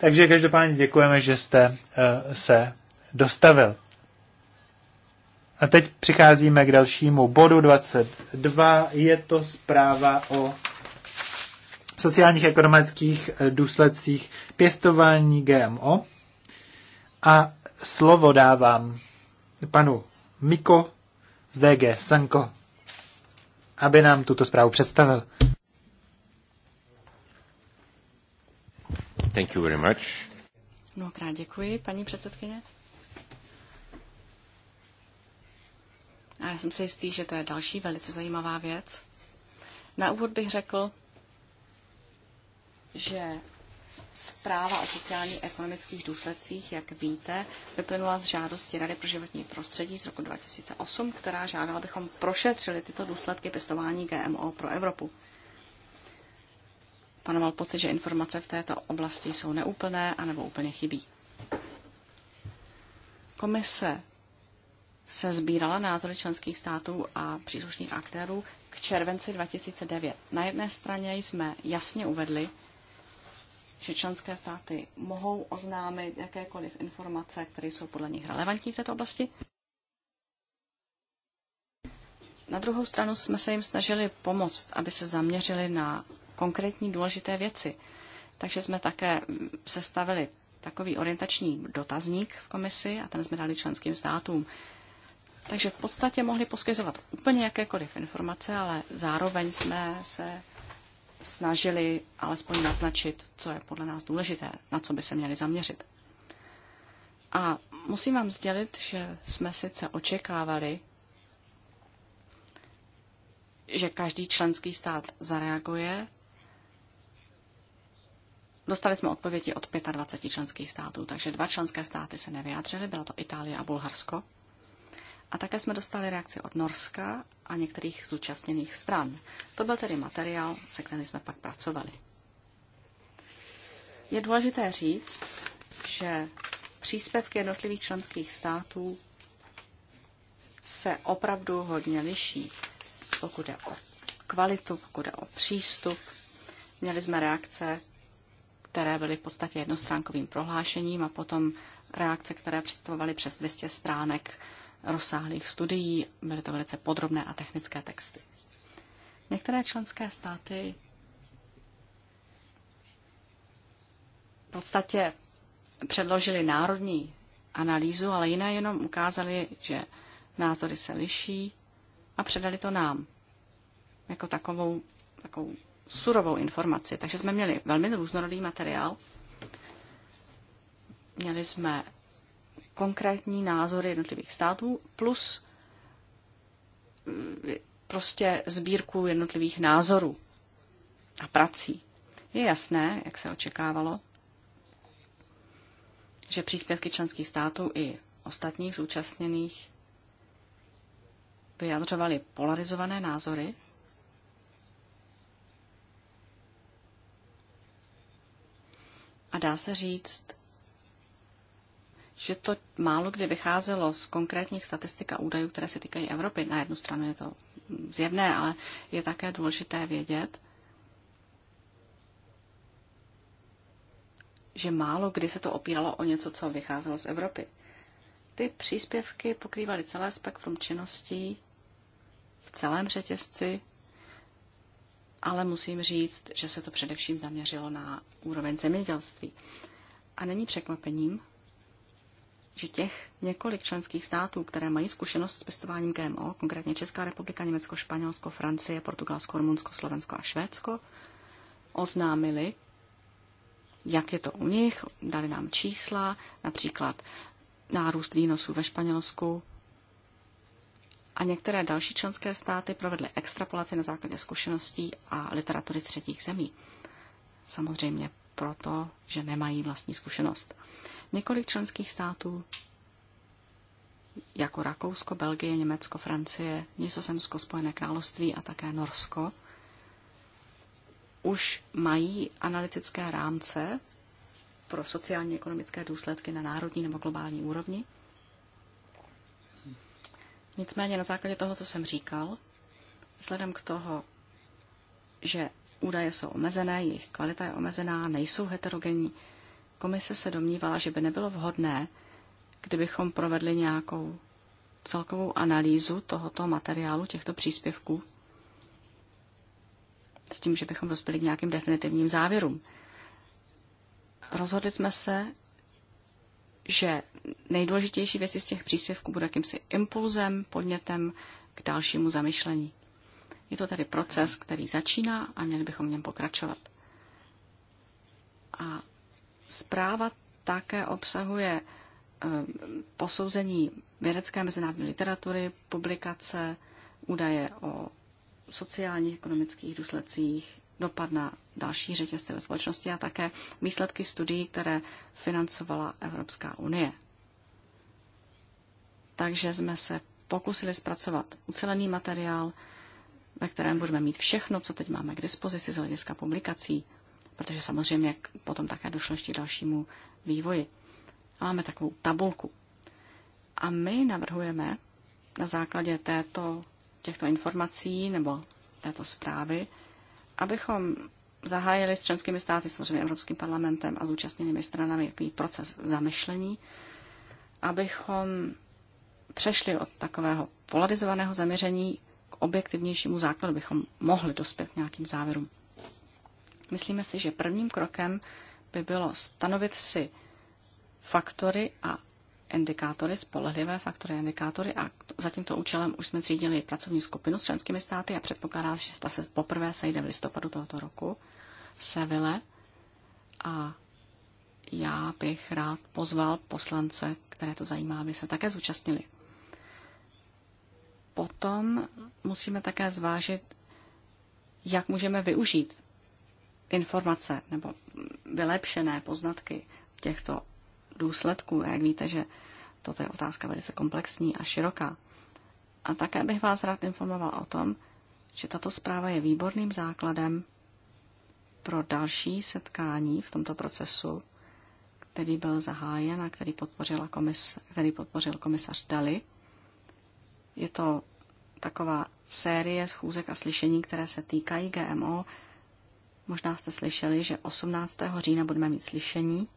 Takže každopádně děkujeme, že jste se dostavil. A teď přicházíme k dalšímu bodu 22. Je to zpráva o sociálních ekonomických eh, důsledcích pěstování GMO. A slovo dávám panu Miko z DG Sanko, aby nám tuto zprávu představil. Thank you very much. Mnohokrát děkuji, paní předsedkyně. A já jsem si jistý, že to je další velice zajímavá věc. Na úvod bych řekl, že zpráva o sociálně ekonomických důsledcích, jak víte, vyplynula z žádosti Rady pro životní prostředí z roku 2008, která žádala, abychom prošetřili tyto důsledky pěstování GMO pro Evropu. Panoval pocit, že informace v této oblasti jsou neúplné anebo úplně chybí. Komise se sbírala názory členských států a příslušných aktérů k červenci 2009. Na jedné straně jsme jasně uvedli, že členské státy mohou oznámit jakékoliv informace, které jsou podle nich relevantní v této oblasti. Na druhou stranu jsme se jim snažili pomoct, aby se zaměřili na konkrétní důležité věci. Takže jsme také sestavili takový orientační dotazník v komisi a ten jsme dali členským státům, takže v podstatě mohli poskytovat úplně jakékoliv informace, ale zároveň jsme se snažili alespoň naznačit, co je podle nás důležité, na co by se měli zaměřit. A musím vám sdělit, že jsme sice očekávali, že každý členský stát zareaguje. Dostali jsme odpovědi od 25 členských států, takže dva členské státy se nevyjádřily, byla to Itálie a Bulharsko. A také jsme dostali reakci od Norska a některých zúčastněných stran. To byl tedy materiál, se kterým jsme pak pracovali. Je důležité říct, že příspěvky jednotlivých členských států se opravdu hodně liší, pokud je o kvalitu, pokud je o přístup. Měli jsme reakce, které byly v podstatě jednostránkovým prohlášením a potom reakce, které představovaly přes 200 stránek rozsáhlých studií, byly to velice podrobné a technické texty. Některé členské státy v podstatě předložili národní analýzu, ale jiné jenom ukázali, že názory se liší a předali to nám jako takovou, takovou surovou informaci. Takže jsme měli velmi různorodý materiál. Měli jsme konkrétní názory jednotlivých států plus mm, prostě sbírku jednotlivých názorů a prací. Je jasné, jak se očekávalo, že příspěvky členských států i ostatních zúčastněných vyjadřovaly polarizované názory. A dá se říct, že to málo kdy vycházelo z konkrétních statistik a údajů, které se týkají Evropy. Na jednu stranu je to zjevné, ale je také důležité vědět, že málo kdy se to opíralo o něco, co vycházelo z Evropy. Ty příspěvky pokrývaly celé spektrum činností v celém řetězci, ale musím říct, že se to především zaměřilo na úroveň zemědělství. A není překvapením, že těch několik členských států, které mají zkušenost s pěstováním GMO, konkrétně Česká republika, Německo, Španělsko, Francie, Portugalsko, Rumunsko, Slovensko a Švédsko, oznámili, jak je to u nich, dali nám čísla, například nárůst výnosů ve Španělsku, a některé další členské státy provedly extrapolaci na základě zkušeností a literatury z třetích zemí. Samozřejmě proto, že nemají vlastní zkušenost. Několik členských států, jako Rakousko, Belgie, Německo, Francie, Nizozemsko, Spojené království a také Norsko, už mají analytické rámce pro sociálně ekonomické důsledky na národní nebo globální úrovni. Nicméně na základě toho, co jsem říkal, vzhledem k toho, že Údaje jsou omezené, jejich kvalita je omezená, nejsou heterogenní. Komise se domnívala, že by nebylo vhodné, kdybychom provedli nějakou celkovou analýzu tohoto materiálu, těchto příspěvků, s tím, že bychom dospěli k nějakým definitivním závěrům. Rozhodli jsme se, že nejdůležitější věci z těch příspěvků bude jakýmsi impulzem, podnětem k dalšímu zamyšlení. Je to tedy proces, který začíná a měli bychom v něm pokračovat. A zpráva také obsahuje eh, posouzení vědecké mezinárodní literatury, publikace, údaje o sociálních, ekonomických důsledcích, dopad na další řetězce ve společnosti a také výsledky studií, které financovala Evropská unie. Takže jsme se pokusili zpracovat ucelený materiál, ve kterém budeme mít všechno, co teď máme k dispozici z hlediska publikací, protože samozřejmě potom také došlo ještě dalšímu vývoji. A máme takovou tabulku. A my navrhujeme na základě této, těchto informací nebo této zprávy, abychom zahájili s členskými státy, samozřejmě Evropským parlamentem a zúčastněnými stranami proces zamyšlení, abychom přešli od takového polarizovaného zaměření objektivnějšímu základu bychom mohli dospět k nějakým závěrům. Myslíme si, že prvním krokem by bylo stanovit si faktory a indikátory, spolehlivé faktory a indikátory a za tímto účelem už jsme zřídili pracovní skupinu s členskými státy a předpokládá, že ta se poprvé sejde v listopadu tohoto roku v Seville a já bych rád pozval poslance, které to zajímá, aby se také zúčastnili potom musíme také zvážit, jak můžeme využít informace nebo vylepšené poznatky těchto důsledků. A jak víte, že toto je otázka velice komplexní a široká. A také bych vás rád informoval o tom, že tato zpráva je výborným základem pro další setkání v tomto procesu, který byl zahájen a který podpořila komis, který podpořil komisař Dali je to taková série schůzek a slyšení, které se týkají GMO. Možná jste slyšeli, že 18. října budeme mít slyšení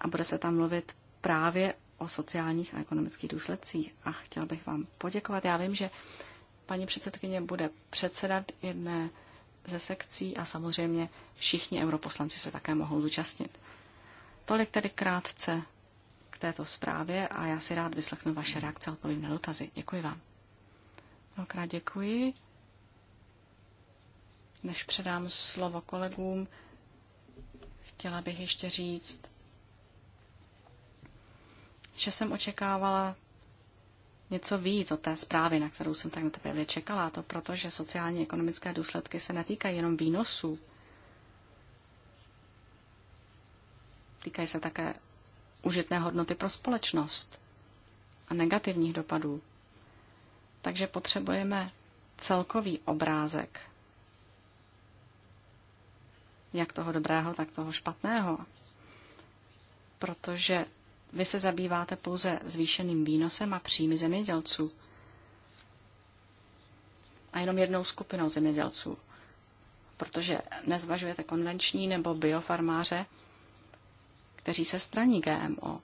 a bude se tam mluvit právě o sociálních a ekonomických důsledcích. A chtěl bych vám poděkovat. Já vím, že paní předsedkyně bude předsedat jedné ze sekcí a samozřejmě všichni europoslanci se také mohou zúčastnit. Tolik tedy krátce této zprávě a já si rád vyslechnu vaše reakce a odpovím na dotazy. Děkuji vám. Mnohokrát děkuji. Než předám slovo kolegům, chtěla bych ještě říct, že jsem očekávala něco víc od té zprávy, na kterou jsem tak netrpělivě čekala. A to proto, že sociální ekonomické důsledky se netýkají jenom výnosů. Týkají se také užitné hodnoty pro společnost a negativních dopadů. Takže potřebujeme celkový obrázek jak toho dobrého, tak toho špatného. Protože vy se zabýváte pouze zvýšeným výnosem a příjmy zemědělců. A jenom jednou skupinou zemědělců. Protože nezvažujete konvenční nebo biofarmáře, kteří se straní GMO.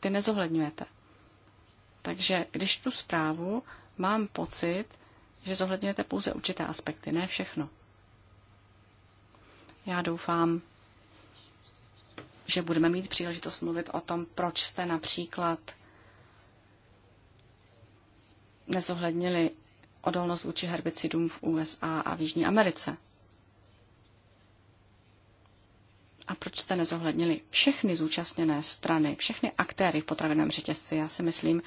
Ty nezohledňujete. Takže když tu zprávu, mám pocit, že zohledňujete pouze určité aspekty, ne všechno. Já doufám, že budeme mít příležitost mluvit o tom, proč jste například nezohlednili odolnost vůči herbicidům v USA a v Jižní Americe. A proč jste nezohlednili všechny zúčastněné strany, všechny aktéry v potravinovém řetězci? Já si myslím,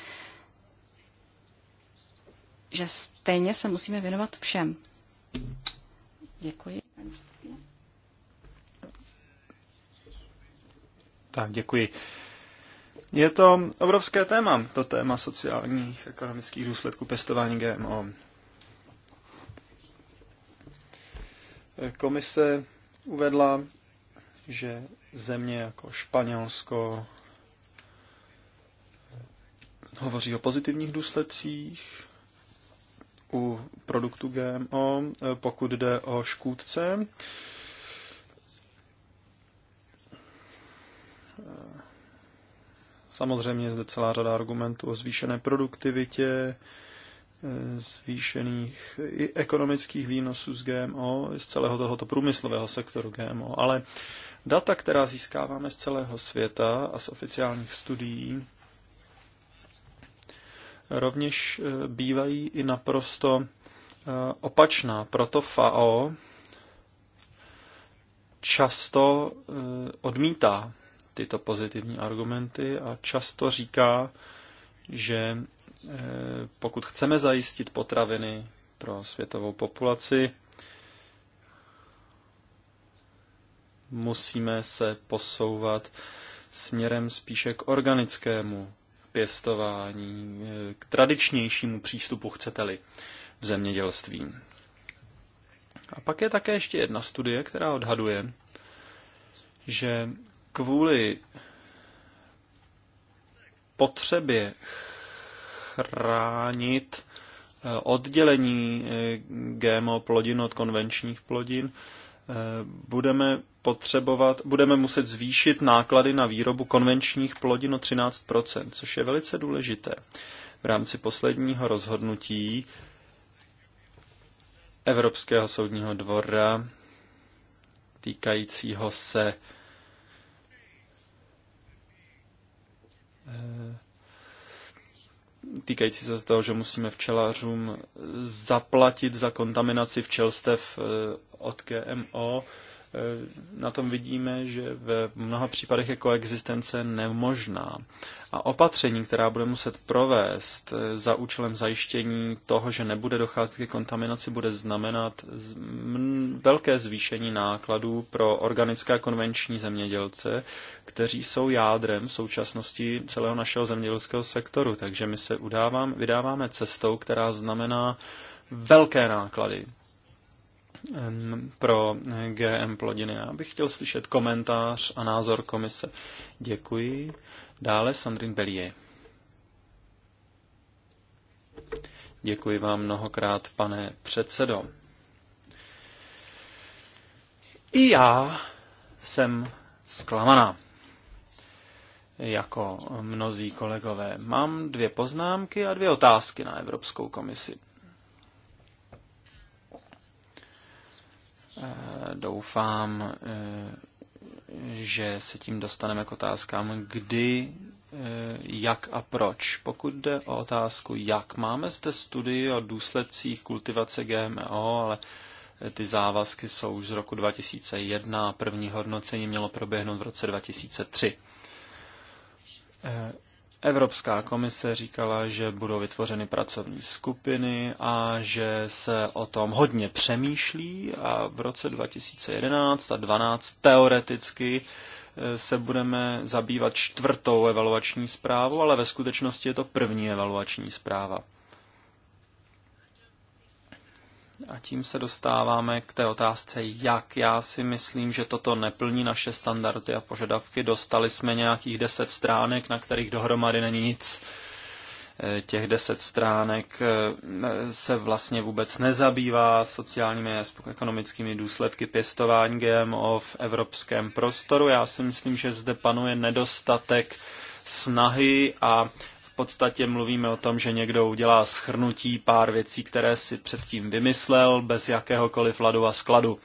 že stejně se musíme věnovat všem. Děkuji. Tak, děkuji. Je to obrovské téma, to téma sociálních, ekonomických důsledků pestování GMO. Komise uvedla že země jako Španělsko hovoří o pozitivních důsledcích u produktu GMO, pokud jde o škůdce. Samozřejmě je zde celá řada argumentů o zvýšené produktivitě, zvýšených i ekonomických výnosů z GMO, z celého tohoto průmyslového sektoru GMO, ale Data, která získáváme z celého světa a z oficiálních studií, rovněž eh, bývají i naprosto eh, opačná. Proto FAO často eh, odmítá tyto pozitivní argumenty a často říká, že pokud chceme zajistit potraviny pro světovou populaci, musíme se posouvat směrem spíše k organickému pěstování, eh, k tradičnějšímu přístupu, chcete-li, v zemědělství. A pak je také ještě jedna studie, která odhaduje, že kvůli potřebě chránit eh, oddělení eh, GMO plodin od konvenčních plodin Eh, budeme potřebovat, budeme muset zvýšit náklady na výrobu konvenčních plodin o 13%, což je velice důležité. V rámci posledního rozhodnutí Evropského soudního dvora týkajícího se eh, týkající se toho, že musíme včelařům zaplatit za kontaminaci včelstev eh, od GMO Eh, na tom vidíme, že v mnoha případech je koexistence nemožná. A opatření, která bude muset provést eh, za účelem zajištění toho, že nebude docházet ke kontaminaci, bude znamenat velké zvýšení nákladů pro organické a konvenční zemědělce, kteří jsou jádrem v současnosti celého našeho zemědělského sektoru. Takže my se udávám, vydáváme cestou, která znamená velké náklady pro eh, GM plodiny. Já bych chtěl slyšet komentář a názor komise. Děkuji. Dále Sandrine Bellier. Děkuji vám mnohokrát, pane předsedo. I já jsem zklamaná, jako mnozí kolegové. Mám dvě poznámky a dvě otázky na Evropskou komisi. Eh, doufám, eh, že se tím dostaneme k otázkám, kdy, eh, jak a proč. Pokud jde o otázku, jak, máme zde studii o důsledcích kultivace GMO, ale ty závazky jsou už z roku 2001 a první hodnocení mělo proběhnout v roce 2003. Evropská komise říkala, že budou vytvořeny pracovní skupiny a že se o tom hodně přemýšlí a v roce 2011 a 2012 teoreticky eh, se budeme zabývat čtvrtou evaluační zprávou, ale ve skutečnosti je to první evaluační zpráva. A tím se dostáváme k té otázce, jak. Já si myslím, že toto neplní naše standardy a požadavky. Dostali jsme nějakých deset stránek, na kterých dohromady není nic. E, těch deset stránek e, se vlastně vůbec nezabývá sociálními a ekonomickými důsledky pěstování GMO v evropském prostoru. Já si myslím, že zde panuje nedostatek snahy a podstatě mluvíme o tom, že někdo udělá schrnutí pár věcí, které si předtím vymyslel, bez jakéhokoliv ladu a skladu.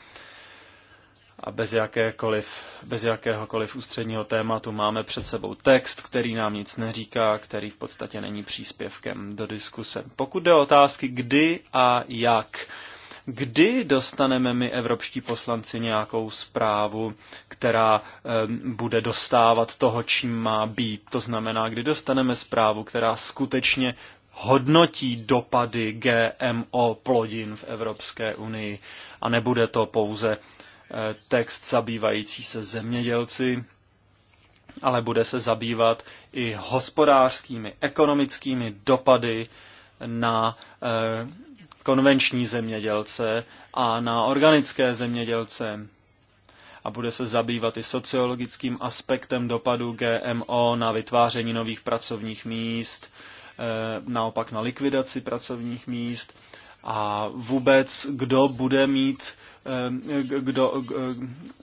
A bez, jakékoliv, bez jakéhokoliv ústředního tématu máme před sebou text, který nám nic neříká, který v podstatě není příspěvkem do diskuse. Pokud jde o otázky kdy a jak, Kdy dostaneme my, evropští poslanci, nějakou zprávu, která bude dostávat toho, čím má být? To znamená, kdy dostaneme zprávu, která skutečně hodnotí dopady GMO plodin v Evropské unii a nebude to pouze eh, text zabývající se zemědělci, ale bude se zabývat i hospodářskými, ekonomickými dopady na eh, konvenční zemědělce a na organické zemědělce. A bude se zabývat i sociologickým aspektem dopadu GMO na vytváření nových pracovních míst, eh, naopak na likvidaci pracovních míst a vůbec, kdo bude mít Ehm, kdo,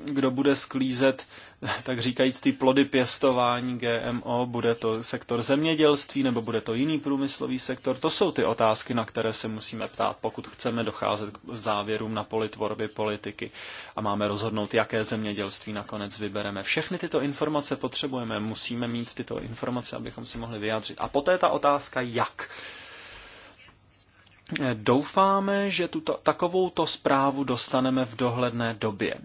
kdo bude sklízet, [LAUGHS] tak říkajíc, ty plody pěstování GMO, bude to sektor zemědělství nebo bude to jiný průmyslový sektor? To jsou ty otázky, na které se musíme ptát, pokud chceme docházet k závěrům na poli tvorby politiky a máme rozhodnout, jaké zemědělství nakonec vybereme. Všechny tyto informace potřebujeme, musíme mít tyto informace, abychom si mohli vyjádřit. A poté ta otázka, jak Doufáme, že tuto, takovouto zprávu dostaneme v dohledné době.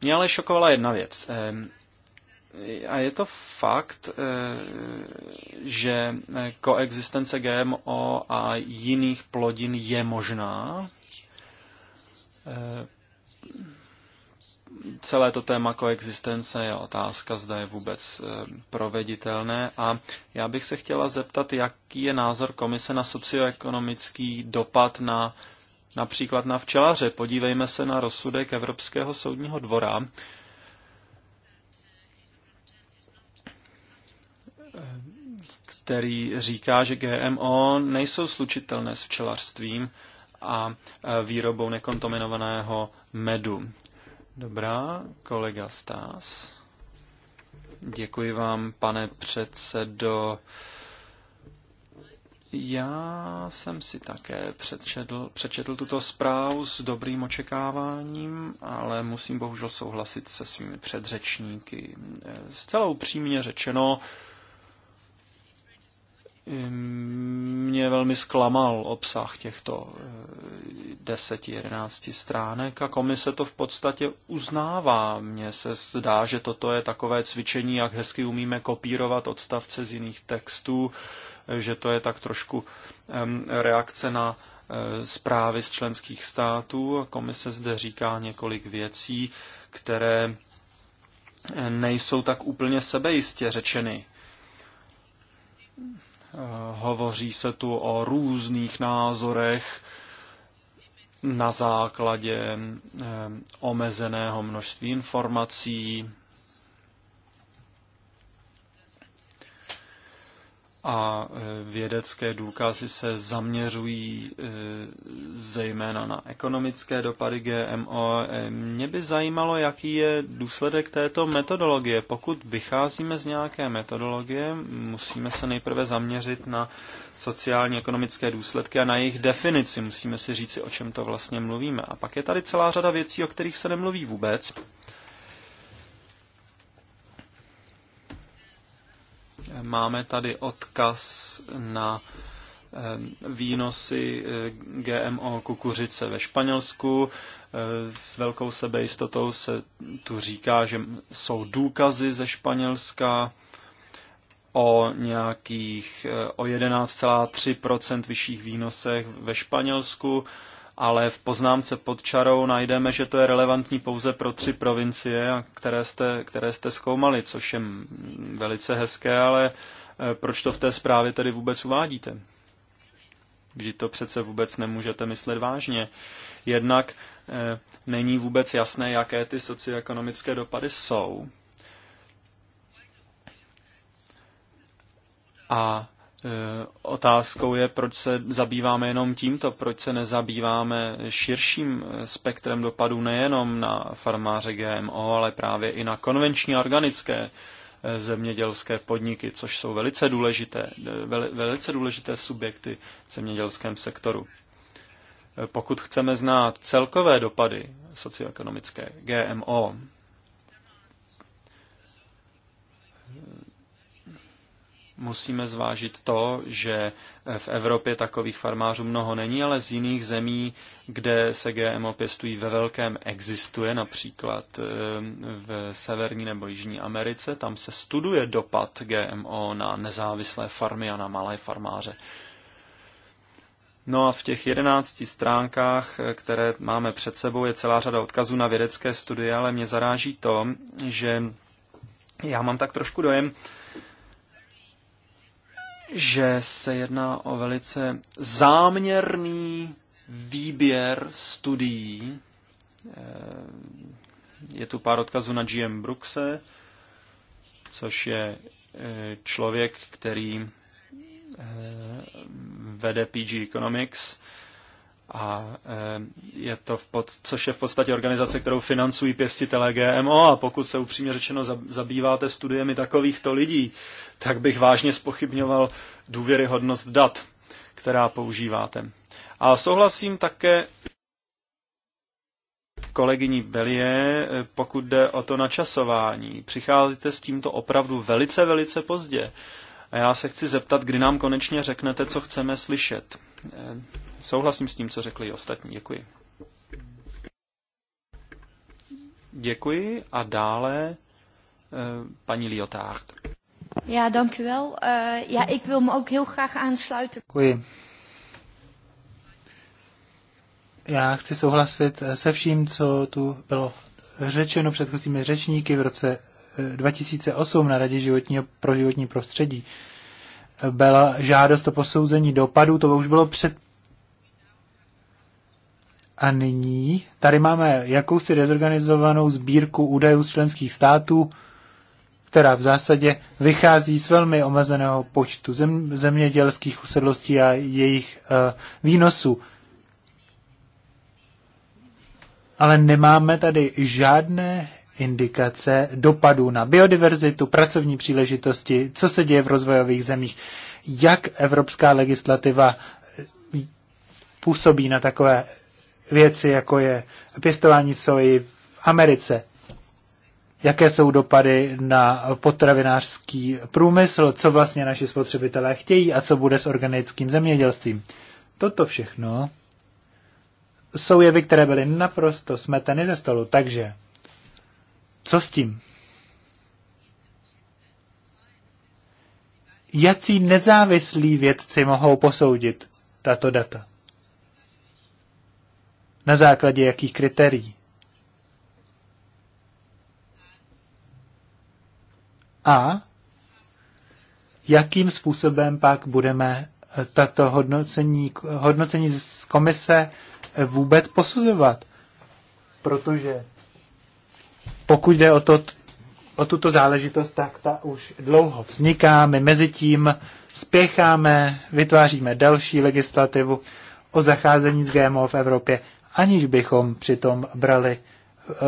Mě ale šokovala jedna věc. A je to fakt, eh, že koexistence GMO a jiných plodin je možná. Eh, celé to téma koexistence je otázka, zda je vůbec eh, proveditelné. A já bych se chtěla zeptat, jaký je názor komise na socioekonomický dopad na například na včelaře. Podívejme se na rozsudek Evropského soudního dvora. který říká, že GMO nejsou slučitelné s včelařstvím a eh, výrobou nekontaminovaného medu. Dobrá, kolega Stás. Děkuji vám, pane předsedo. Já jsem si také přečetl, přečetl tuto zprávu s dobrým očekáváním, ale musím bohužel souhlasit se svými předřečníky. E, zcela upřímně řečeno, mě velmi zklamal obsah těchto 10-11 eh, stránek a komise to v podstatě uznává. Mně se zdá, že toto je takové cvičení, jak hezky umíme kopírovat odstavce z jiných textů, eh, že to je tak trošku reakce na eh, zprávy z členských států. Komise zde říká několik věcí, které nejsou tak úplně sebejistě řečeny Eh, hovoří se tu o různých názorech na základě eh, omezeného množství informací, a e, vědecké důkazy se zaměřují e, zejména na ekonomické dopady GMO. E, mě by zajímalo, jaký je důsledek této metodologie. Pokud vycházíme z nějaké metodologie, musíme se nejprve zaměřit na sociálně ekonomické důsledky a na jejich definici. Musíme si říci, o čem to vlastně mluvíme. A pak je tady celá řada věcí, o kterých se nemluví vůbec Máme tady odkaz na eh, výnosy eh, GMO kukuřice ve Španělsku. Eh, s velkou sebejistotou se tu říká, že jsou důkazy ze Španělska o nějakých o 11,3% vyšších výnosech ve Španělsku ale v poznámce pod čarou najdeme, že to je relevantní pouze pro tři provincie, které jste, které jste zkoumali, což je velice hezké, ale e, proč to v té zprávě tedy vůbec uvádíte? Vždyť to přece vůbec nemůžete myslet vážně. Jednak e, není vůbec jasné, jaké ty socioekonomické dopady jsou. A Eh, otázkou je, proč se zabýváme jenom tímto, proč se nezabýváme širším eh, spektrem dopadů nejenom na farmáře GMO, ale právě i na konvenční organické eh, zemědělské podniky, což jsou velice důležité, velice důležité subjekty v zemědělském sektoru. Pokud chceme znát celkové dopady socioekonomické GMO, musíme zvážit to, že eh, v Evropě takových farmářů mnoho není, ale z jiných zemí, kde se GMO pěstují ve velkém, existuje například eh, v Severní nebo Jižní Americe. Tam se studuje dopad GMO na nezávislé farmy a na malé farmáře. No a v těch jedenácti stránkách, eh, které máme před sebou, je celá řada odkazů na vědecké studie, ale mě zaráží to, že já mám tak trošku dojem, že se jedná o velice záměrný výběr studií. Eh, je tu pár odkazů na GM Brookse, což je eh, člověk, který eh, vede PG Economics a eh, je to v pod, což je v podstatě organizace, kterou financují pěstitelé GMO a pokud se upřímně řečeno zabýváte studiemi takovýchto lidí, tak bych vážně spochybňoval důvěryhodnost dat, která používáte. A souhlasím také kolegyní Belie, eh, pokud jde o to načasování. Přicházíte s tímto opravdu velice, velice pozdě. A já se chci zeptat, kdy nám konečně řeknete, co chceme slyšet. Eh, souhlasím s tím, co řekli ostatní. Děkuji. Děkuji a dále eh, paní Liotard. Ja, dank wel. Uh, ja, ik wil me ook heel graag aansluiten. Děkuji. Já chci souhlasit se vším, co tu bylo řečeno předchozími řečníky v roce 2008 na Radě životního, pro životní prostředí eh, byla žádost o posouzení dopadů, to už bylo před. A nyní tady máme jakousi dezorganizovanou sbírku údajů z členských států, která v zásadě vychází z velmi omezeného počtu zem, zemědělských usedlostí a jejich uh, výnosů. Ale nemáme tady žádné indikace dopadů na biodiverzitu, pracovní příležitosti, co se děje v rozvojových zemích, jak evropská legislativa eh, působí na takové věci, jako je pěstování soji v Americe, jaké jsou dopady na potravinářský průmysl, co vlastně naši spotřebitelé chtějí a co bude s organickým zemědělstvím. Toto všechno jsou jevy, které byly naprosto smeteny ze stolu. Takže co s tím? Jací nezávislí vědci mohou posoudit tato data? Na základě jakých kritérií? A jakým způsobem pak budeme eh, tato hodnocení, hodnocení z komise eh, vůbec posuzovat? Protože pokud jde o, to, o tuto záležitost, tak ta už dlouho vzniká. My mezi tím spěcháme, vytváříme další legislativu o zacházení s GMO v Evropě, aniž bychom přitom brali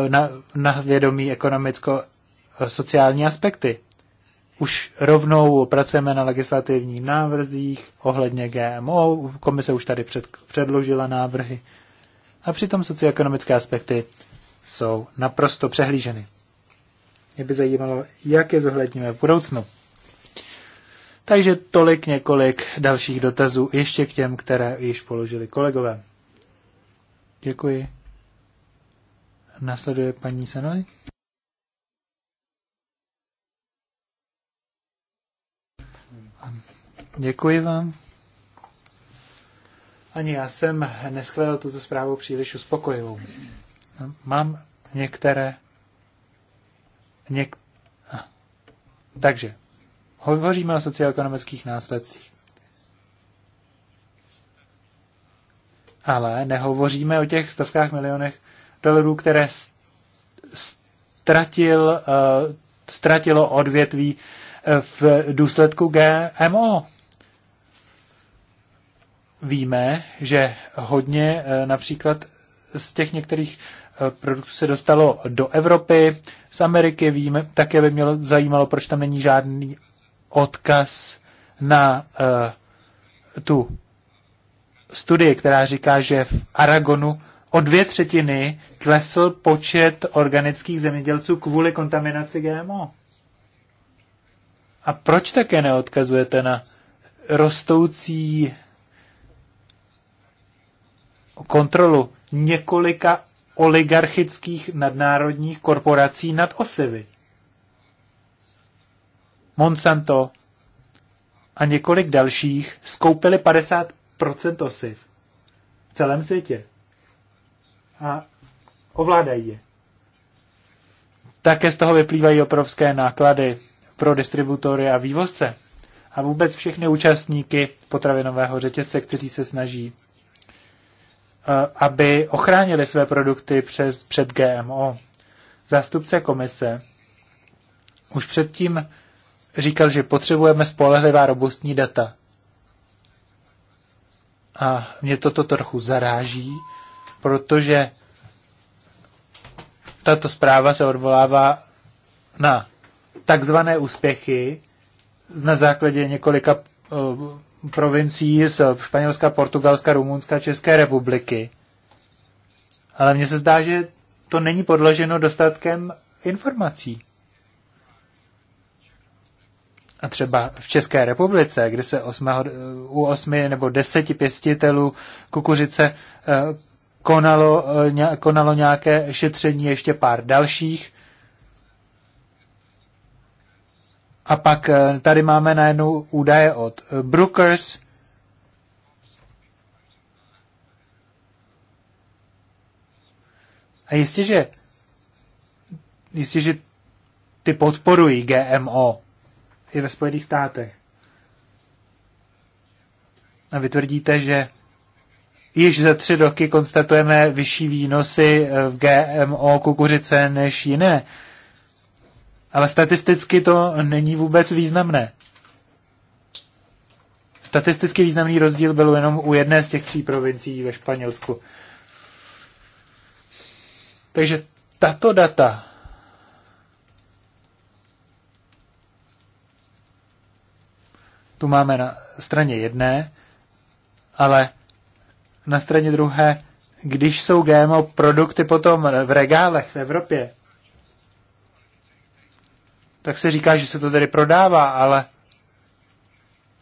eh, na, na vědomí ekonomicko-sociální eh, aspekty. Už rovnou pracujeme na legislativních návrzích ohledně GMO, komise už tady před, předložila návrhy. A přitom socioekonomické aspekty jsou naprosto přehlíženy. Mě by zajímalo, jak je zohledníme v budoucnu. Takže tolik několik dalších dotazů ještě k těm, které již položili kolegové. Děkuji. Nasleduje paní Senoj. Děkuji vám. Ani já jsem neschledal tuto zprávu příliš uspokojivou. Mám některé... Něk... Takže, hovoříme o socioekonomických následcích. Ale nehovoříme o těch stovkách milionech dolarů, které ztratil, uh, ztratilo odvětví eh, v důsledku GMO. Víme, že hodně eh, například z těch některých produktů se dostalo do Evropy, z Ameriky víme, také by mě zajímalo, proč tam není žádný odkaz na uh, tu studii, která říká, že v Aragonu o dvě třetiny klesl počet organických zemědělců kvůli kontaminaci GMO. A proč také neodkazujete na rostoucí kontrolu několika oligarchických nadnárodních korporací nad osivy. Monsanto a několik dalších skoupili 50% osiv v celém světě a ovládají je. Také z toho vyplývají obrovské náklady pro distributory a vývozce a vůbec všechny účastníky potravinového řetězce, kteří se snaží Eh, aby ochránili své produkty přes, před GMO. Zástupce komise už předtím říkal, že potřebujeme spolehlivá robustní data. A mě toto trochu zaráží, protože tato zpráva se odvolává na takzvané úspěchy na základě několika eh, provincií z Španělska, Portugalska, Rumunska, České republiky. Ale mně se zdá, že to není podloženo dostatkem informací. A třeba v České republice, kde se osma, u osmi nebo deseti pěstitelů kukuřice eh, konalo, eh, konalo nějaké šetření ještě pár dalších, A pak eh, tady máme najednou údaje od eh, Brookers, A jistě, že, jistě, že ty podporují GMO i ve Spojených státech. A vy tvrdíte, že již za tři roky konstatujeme vyšší výnosy eh, v GMO kukuřice než jiné. Ale statisticky to není vůbec významné. Statisticky významný rozdíl byl jenom u jedné z těch tří provincií ve Španělsku. Takže tato data tu máme na straně jedné, ale na straně druhé, když jsou GMO produkty potom v regálech v Evropě, tak se říká, že se to tedy prodává, ale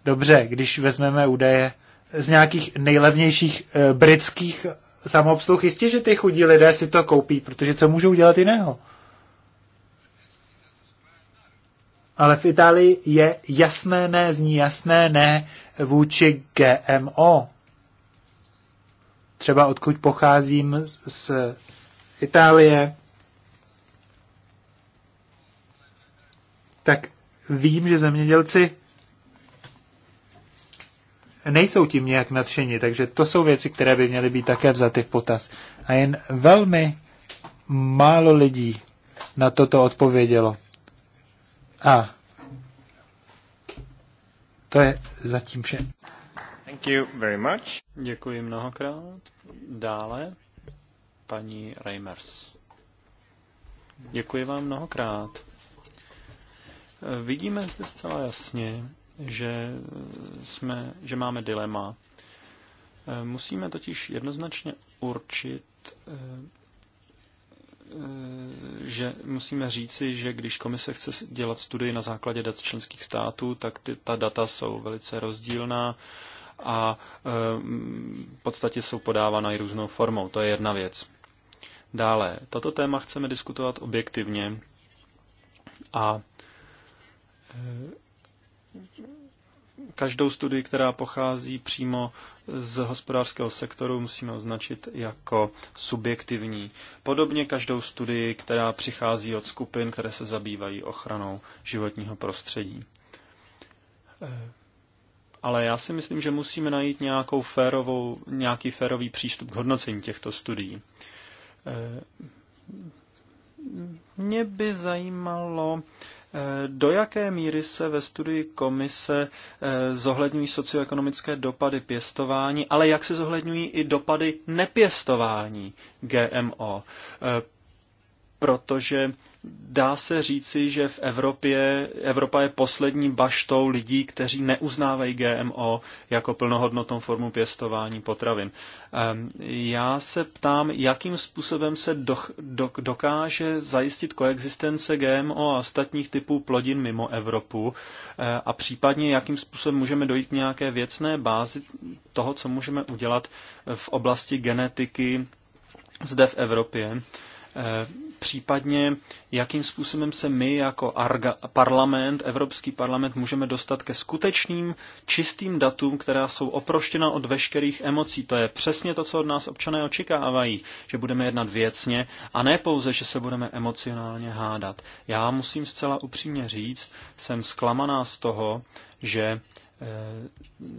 dobře, když vezmeme údaje z nějakých nejlevnějších e, britských samoobsluh, jistě, že ty chudí lidé si to koupí, protože co můžou dělat jiného? Ale v Itálii je jasné ne, zní jasné ne vůči GMO. Třeba odkud pocházím z Itálie, tak vím, že zemědělci nejsou tím nějak nadšení, takže to jsou věci, které by měly být také vzaty v potaz. A jen velmi málo lidí na toto odpovědělo. A to je zatím vše. Thank you very much. Děkuji mnohokrát. Dále paní Reimers. Děkuji vám mnohokrát. Vidíme zde zcela jasně, že, jsme, že máme dilema. Musíme totiž jednoznačně určit, eh, že musíme říci, že když komise chce dělat studii na základě dat členských států, tak ty, ta data jsou velice rozdílná a eh, v podstatě jsou podávána i různou formou. To je jedna věc. Dále, toto téma chceme diskutovat objektivně a Každou studii, která pochází přímo z hospodářského sektoru, musíme označit jako subjektivní. Podobně každou studii, která přichází od skupin, které se zabývají ochranou životního prostředí. Ale já si myslím, že musíme najít nějakou férovou, nějaký férový přístup k hodnocení těchto studií. Mě by zajímalo, Eh, do jaké míry se ve studii komise eh, zohledňují socioekonomické dopady pěstování, ale jak se zohledňují i dopady nepěstování GMO? Eh, protože Dá se říci, že v Evropě Evropa je poslední baštou lidí, kteří neuznávají GMO jako plnohodnotnou formu pěstování potravin. Ehm, já se ptám, jakým způsobem se do, do, dokáže zajistit koexistence GMO a ostatních typů plodin mimo Evropu eh, a případně jakým způsobem můžeme dojít k nějaké věcné bázi toho, co můžeme udělat v oblasti genetiky zde v Evropě ehm, případně jakým způsobem se my jako Arga, parlament, Evropský parlament, můžeme dostat ke skutečným čistým datům, která jsou oproštěna od veškerých emocí. To je přesně to, co od nás občané očekávají, že budeme jednat věcně a ne pouze, že se budeme emocionálně hádat. Já musím zcela upřímně říct, jsem zklamaná z toho, že eh,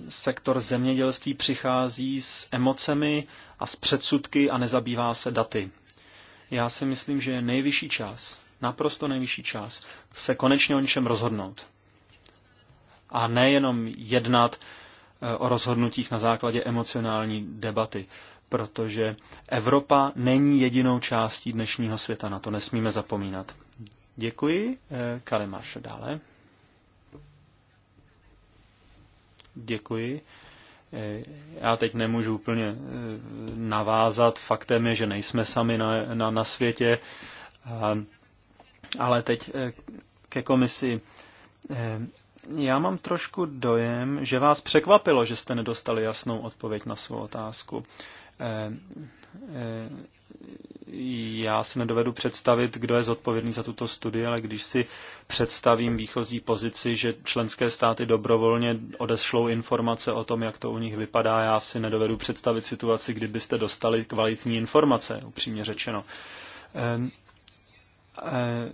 sektor zemědělství přichází s emocemi a s předsudky a nezabývá se daty. Já si myslím, že je nejvyšší čas, naprosto nejvyšší čas, se konečně o něčem rozhodnout. A nejenom jednat e, o rozhodnutích na základě emocionální debaty, protože Evropa není jedinou částí dnešního světa, na to nesmíme zapomínat. Děkuji. E, Kalimáš dále. Děkuji. Eh, já teď nemůžu úplně eh, navázat. Faktem je, že nejsme sami na, na, na světě. Eh, ale teď ke komisi. Já mám trošku dojem, že vás překvapilo, že jste nedostali jasnou odpověď na svou otázku já si nedovedu představit, kdo je zodpovědný za tuto studii, ale když si představím výchozí pozici, že členské státy dobrovolně odešlou informace o tom, jak to u nich vypadá, já si nedovedu představit situaci, kdybyste dostali kvalitní informace, upřímně řečeno. Ehm, e,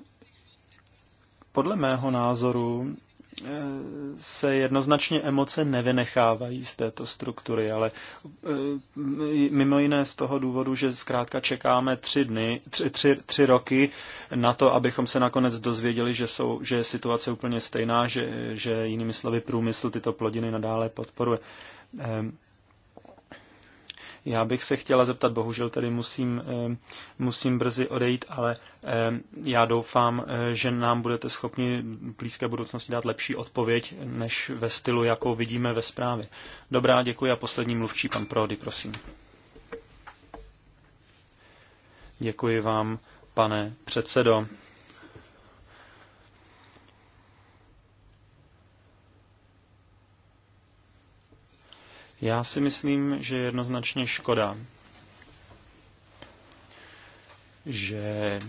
podle mého názoru se jednoznačně emoce nevynechávají z této struktury, ale e, mimo jiné z toho důvodu, že zkrátka čekáme tři, dny, tři, tři, tři roky na to, abychom se nakonec dozvěděli, že, jsou, že je situace úplně stejná, že, že jinými slovy průmysl tyto plodiny nadále podporuje. Ehm, já bych se chtěla zeptat, bohužel tady musím, eh, musím brzy odejít, ale eh, já doufám, eh, že nám budete schopni v blízké budoucnosti dát lepší odpověď, než ve stylu, jakou vidíme ve zprávě. Dobrá, děkuji a poslední mluvčí, pan Prody, prosím. Děkuji vám, pane předsedo. Já si myslím, že je jednoznačně škoda, že eh,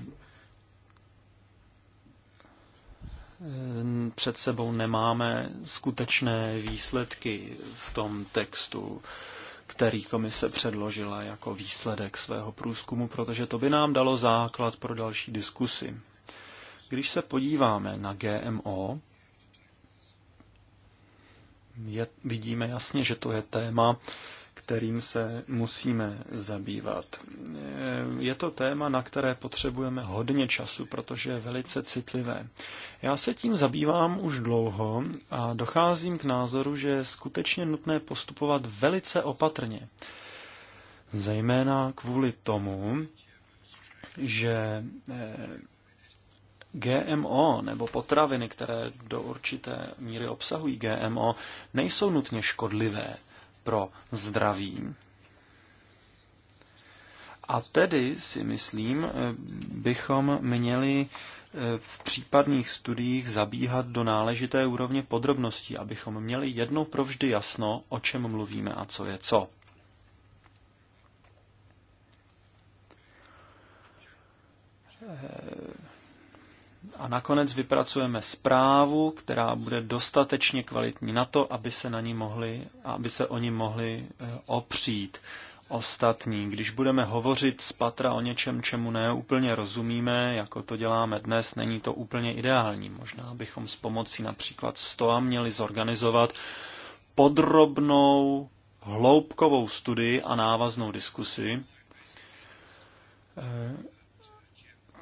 před sebou nemáme skutečné výsledky v tom textu, který komise předložila jako výsledek svého průzkumu, protože to by nám dalo základ pro další diskusy. Když se podíváme na GMO, je, vidíme jasně, že to je téma, kterým se musíme zabývat. Eh, je to téma, na které potřebujeme hodně času, protože je velice citlivé. Já se tím zabývám už dlouho a docházím k názoru, že je skutečně nutné postupovat velice opatrně. Zejména kvůli tomu, že eh, GMO nebo potraviny, které do určité míry obsahují GMO, nejsou nutně škodlivé pro zdraví. A tedy si myslím, eh, bychom měli eh, v případných studiích zabíhat do náležité úrovně podrobností, abychom měli jedno provždy jasno, o čem mluvíme a co je co. Eh, a nakonec vypracujeme zprávu, která bude dostatečně kvalitní na to, aby se, na ní mohli, aby se oni mohli eh, opřít ostatní. Když budeme hovořit z patra o něčem, čemu neúplně rozumíme, jako to děláme dnes, není to úplně ideální. Možná bychom s pomocí například STOA měli zorganizovat podrobnou hloubkovou studii a návaznou diskusi, eh,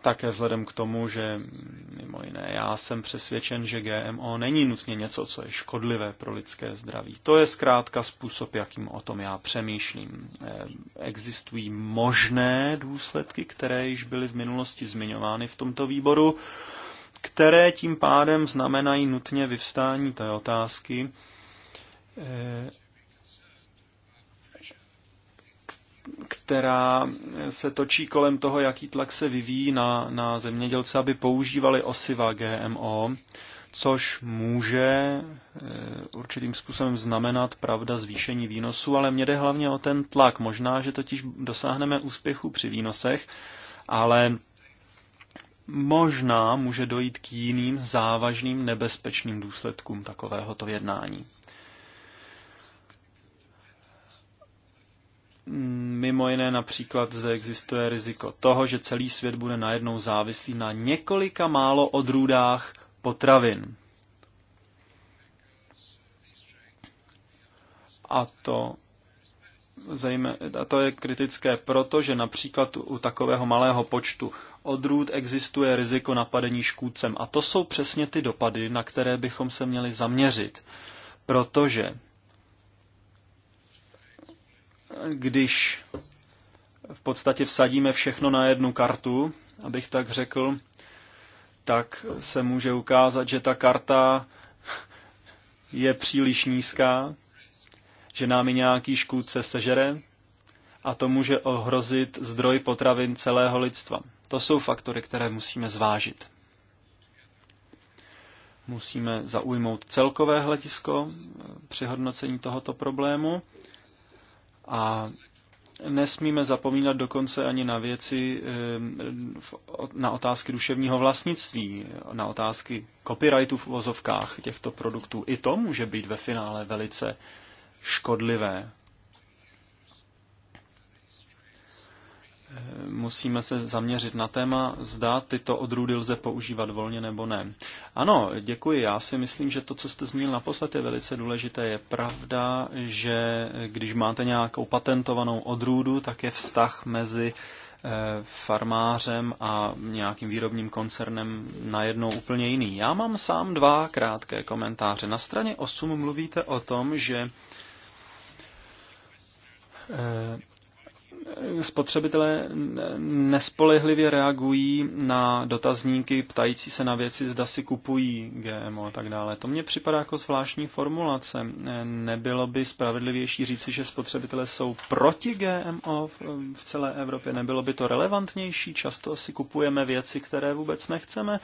také vzhledem k tomu, že mimo jiné já jsem přesvědčen, že GMO není nutně něco, co je škodlivé pro lidské zdraví. To je zkrátka způsob, jakým o tom já přemýšlím. Eh, existují možné důsledky, které již byly v minulosti zmiňovány v tomto výboru, které tím pádem znamenají nutně vyvstání té otázky, eh, která se točí kolem toho, jaký tlak se vyvíjí na, na zemědělce, aby používali osiva GMO, což může eh, určitým způsobem znamenat, pravda, zvýšení výnosu, ale mě jde hlavně o ten tlak. Možná, že totiž dosáhneme úspěchu při výnosech, ale možná může dojít k jiným závažným nebezpečným důsledkům takovéhoto jednání. Mimo jiné například zde existuje riziko toho, že celý svět bude najednou závislý na několika málo odrůdách potravin. A to, zejmé, a to je kritické proto, že například u takového malého počtu odrůd existuje riziko napadení škůdcem. A to jsou přesně ty dopady, na které bychom se měli zaměřit. Protože když v podstatě vsadíme všechno na jednu kartu, abych tak řekl, tak se může ukázat, že ta karta je příliš nízká, že nám i nějaký škůdce sežere a to může ohrozit zdroj potravin celého lidstva. To jsou faktory, které musíme zvážit. Musíme zaujmout celkové hledisko při hodnocení tohoto problému a nesmíme zapomínat dokonce ani na věci, na otázky duševního vlastnictví, na otázky copyrightu v vozovkách těchto produktů. I to může být ve finále velice škodlivé musíme se zaměřit na téma, zda tyto odrůdy lze používat volně nebo ne. Ano, děkuji. Já si myslím, že to, co jste zmínil naposled, je velice důležité. Je pravda, že když máte nějakou patentovanou odrůdu, tak je vztah mezi eh, farmářem a nějakým výrobním koncernem najednou úplně jiný. Já mám sám dva krátké komentáře. Na straně 8 mluvíte o tom, že eh, spotřebitelé nespolehlivě reagují na dotazníky ptající se na věci, zda si kupují GMO a tak dále. To mně připadá jako zvláštní formulace. Nebylo by spravedlivější říci, že spotřebitelé jsou proti GMO v celé Evropě? Nebylo by to relevantnější? Často si kupujeme věci, které vůbec nechceme,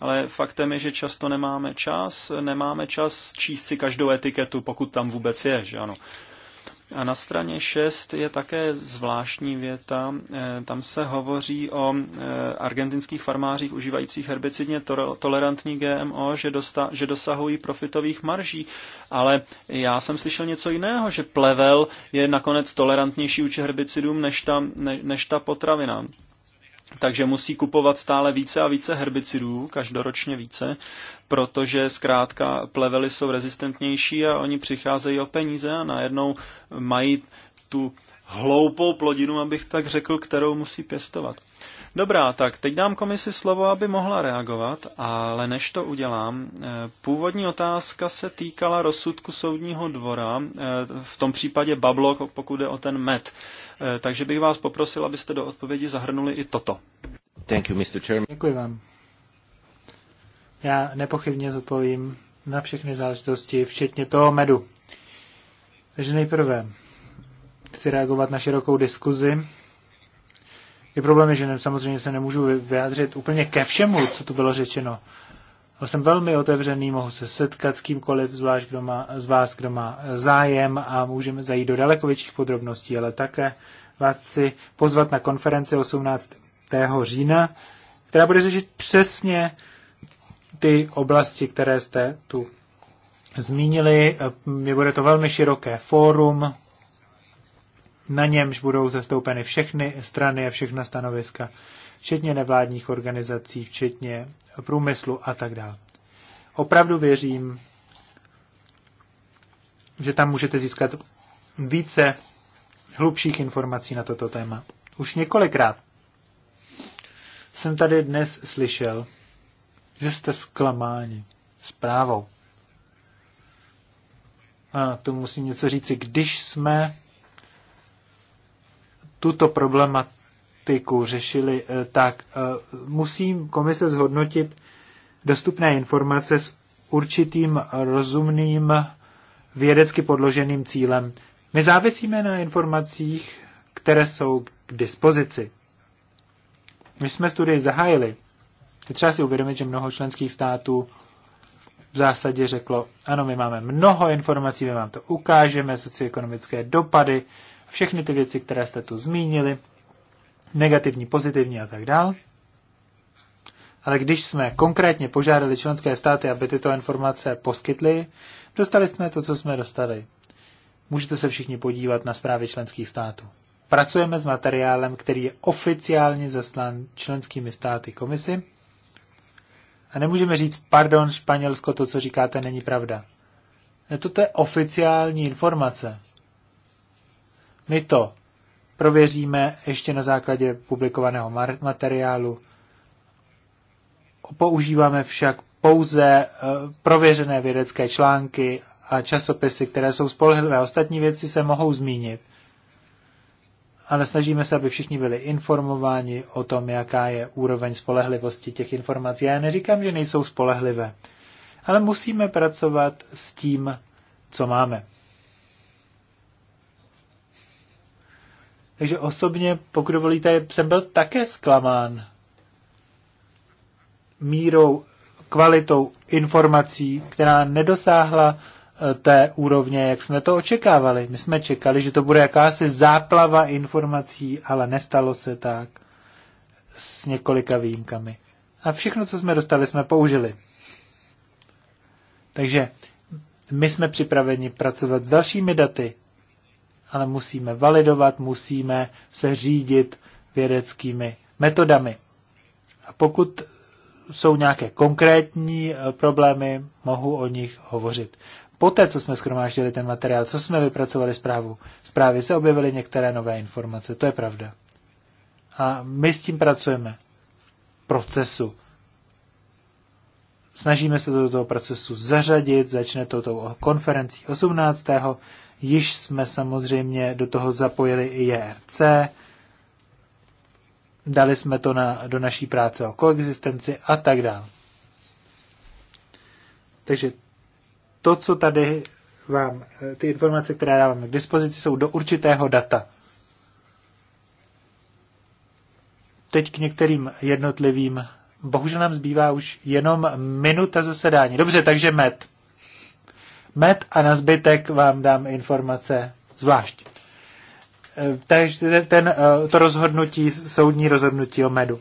ale faktem je, že často nemáme čas. Nemáme čas číst si každou etiketu, pokud tam vůbec je, že ano. A na straně 6 je také zvláštní věta. Eh, tam se hovoří o eh, argentinských farmářích užívajících herbicidně tolerantní GMO, že, dosta, že dosahují profitových marží. Ale já jsem slyšel něco jiného, že plevel je nakonec tolerantnější uči herbicidům než ta, ne, než ta potravina takže musí kupovat stále více a více herbicidů, každoročně více, protože zkrátka plevely jsou rezistentnější a oni přicházejí o peníze a najednou mají tu hloupou plodinu, abych tak řekl, kterou musí pěstovat. Dobrá, tak teď dám komisi slovo, aby mohla reagovat, ale než to udělám, eh, původní otázka se týkala rozsudku soudního dvora, eh, v tom případě Bablo, pokud jde o ten med. Eh, takže bych vás poprosil, abyste do odpovědi zahrnuli i toto. Thank you, Mr. Chairman. Děkuji vám. Já nepochybně zodpovím na všechny záležitosti, včetně toho medu. Takže nejprve chci reagovat na širokou diskuzi je problém, že samozřejmě se nemůžu vyjádřit úplně ke všemu, co tu bylo řečeno. Ale jsem velmi otevřený, mohu se setkat s kýmkoliv, zvlášť kdo má, z vás, kdo má zájem a můžeme zajít do daleko větších podrobností, ale také vás si pozvat na konferenci 18. října, která bude řešit přesně ty oblasti, které jste tu zmínili. Bude to velmi široké fórum, na němž budou zastoupeny všechny strany a všechna stanoviska, včetně nevládních organizací, včetně průmyslu a tak dále. Opravdu věřím, že tam můžete získat více hlubších informací na toto téma. Už několikrát jsem tady dnes slyšel, že jste zklamáni zprávou. A to musím něco říci. Když jsme tuto problematiku řešili eh, tak, eh, musím komise zhodnotit dostupné informace s určitým rozumným vědecky podloženým cílem. My závisíme na informacích, které jsou k dispozici. My jsme studii zahájili. Je třeba si uvědomit, že mnoho členských států v zásadě řeklo, ano, my máme mnoho informací, my vám to ukážeme, socioekonomické dopady, všechny ty věci, které jste tu zmínili, negativní, pozitivní a tak dále. Ale když jsme konkrétně požádali členské státy, aby tyto informace poskytly, dostali jsme to, co jsme dostali. Můžete se všichni podívat na zprávy členských států. Pracujeme s materiálem, který je oficiálně zaslán členskými státy komisi. A nemůžeme říct, pardon, Španělsko, to, co říkáte, není pravda. Toto je oficiální informace. My to prověříme ještě na základě publikovaného materiálu. Používáme však pouze eh, prověřené vědecké články a časopisy, které jsou spolehlivé. Ostatní věci se mohou zmínit, ale snažíme se, aby všichni byli informováni o tom, jaká je úroveň spolehlivosti těch informací. Já neříkám, že nejsou spolehlivé, ale musíme pracovat s tím, co máme. Takže osobně, pokud dovolíte, jsem byl také zklamán mírou, kvalitou informací, která nedosáhla eh, té úrovně, jak jsme to očekávali. My jsme čekali, že to bude jakási záplava informací, ale nestalo se tak s několika výjimkami. A všechno, co jsme dostali, jsme použili. Takže my jsme připraveni pracovat s dalšími daty, ale musíme validovat, musíme se řídit vědeckými metodami. A pokud jsou nějaké konkrétní eh, problémy, mohu o nich hovořit. Poté, co jsme schromáždili ten materiál, co jsme vypracovali zprávu, zprávy se objevily některé nové informace, to je pravda. A my s tím pracujeme v procesu Snažíme se to do toho procesu zařadit, začne to tou konferencí 18. Již jsme samozřejmě do toho zapojili i JRC, dali jsme to na, do naší práce o koexistenci a tak dále. Takže to, co tady vám, ty informace, které dáváme k dispozici, jsou do určitého data. Teď k některým jednotlivým bohužel nám zbývá už jenom minuta zasedání. Dobře, takže med. Med a na zbytek vám dám informace zvlášť. E, takže ten, e, to rozhodnutí, soudní rozhodnutí o medu.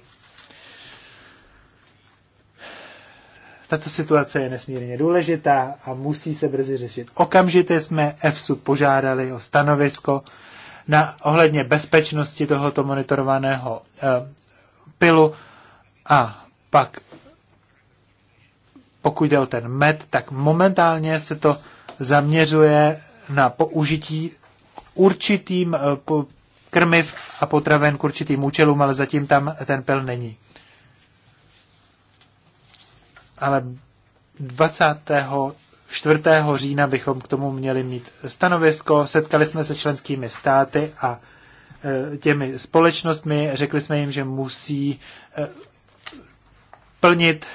Tato situace je nesmírně důležitá a musí se brzy řešit. Okamžitě jsme EFSU požádali o stanovisko na ohledně bezpečnosti tohoto monitorovaného e, pilu a pak pokud jde o ten med, tak momentálně se to zaměřuje na použití určitým eh, krmiv a potraven k určitým účelům, ale zatím tam ten pel není. Ale 24. října bychom k tomu měli mít stanovisko. Setkali jsme se členskými státy a eh, těmi společnostmi. Řekli jsme jim, že musí eh, plnit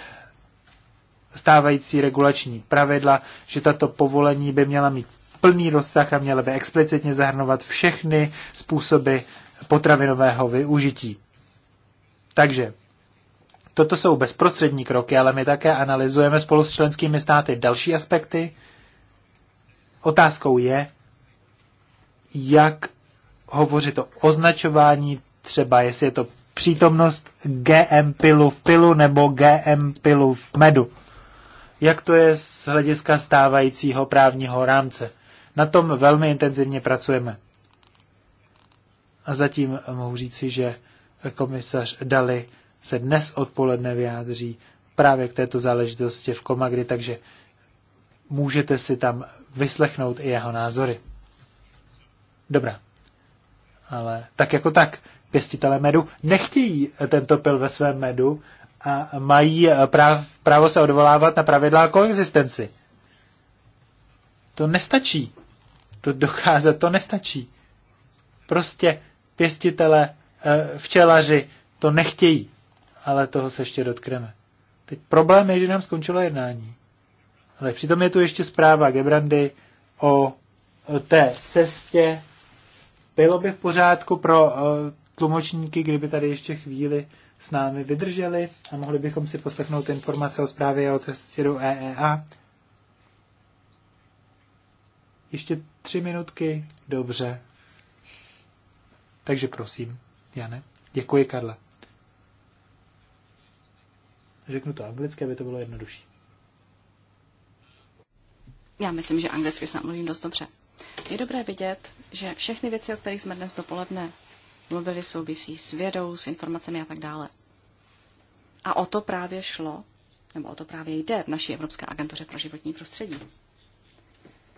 stávající regulační pravidla, že tato povolení by měla mít plný rozsah a měla by explicitně zahrnovat všechny způsoby potravinového využití. Takže toto jsou bezprostřední kroky, ale my také analyzujeme spolu s členskými státy další aspekty. Otázkou je, jak hovořit o označování, třeba jestli je to přítomnost GM pilu v pilu nebo GM pilu v medu. Jak to je z hlediska stávajícího právního rámce? Na tom velmi intenzivně pracujeme. A zatím mohu říci, že komisař Dali se dnes odpoledne vyjádří právě k této záležitosti v Komagry, takže můžete si tam vyslechnout i jeho názory. Dobrá. Ale tak jako tak, pěstitele medu nechtějí tento pil ve svém medu a mají eh, práv, právo se odvolávat na pravidla koexistenci. To nestačí. To dokázat, to nestačí. Prostě pěstitele, eh, včelaři to nechtějí. Ale toho se ještě dotkneme. Teď problém je, že nám skončilo jednání. Ale přitom je tu ještě zpráva Gebrandy o té cestě. Bylo by v pořádku pro eh, tlumočníky, kdyby tady ještě chvíli s námi vydrželi a mohli bychom si poslechnout informace o zprávě o cestě do EEA. Ještě tři minutky, dobře. Takže prosím, Jane. Děkuji, Karle. Řeknu to anglicky, aby to bylo jednodušší. Já myslím, že anglicky snad mluvím dost dobře. Je dobré vidět, že všechny věci, o kterých jsme dnes dopoledne mluvili, souvisí s vědou, s informacemi a tak dále. A o to právě šlo, nebo o to právě jde v naší Evropské agentuře pro životní prostředí.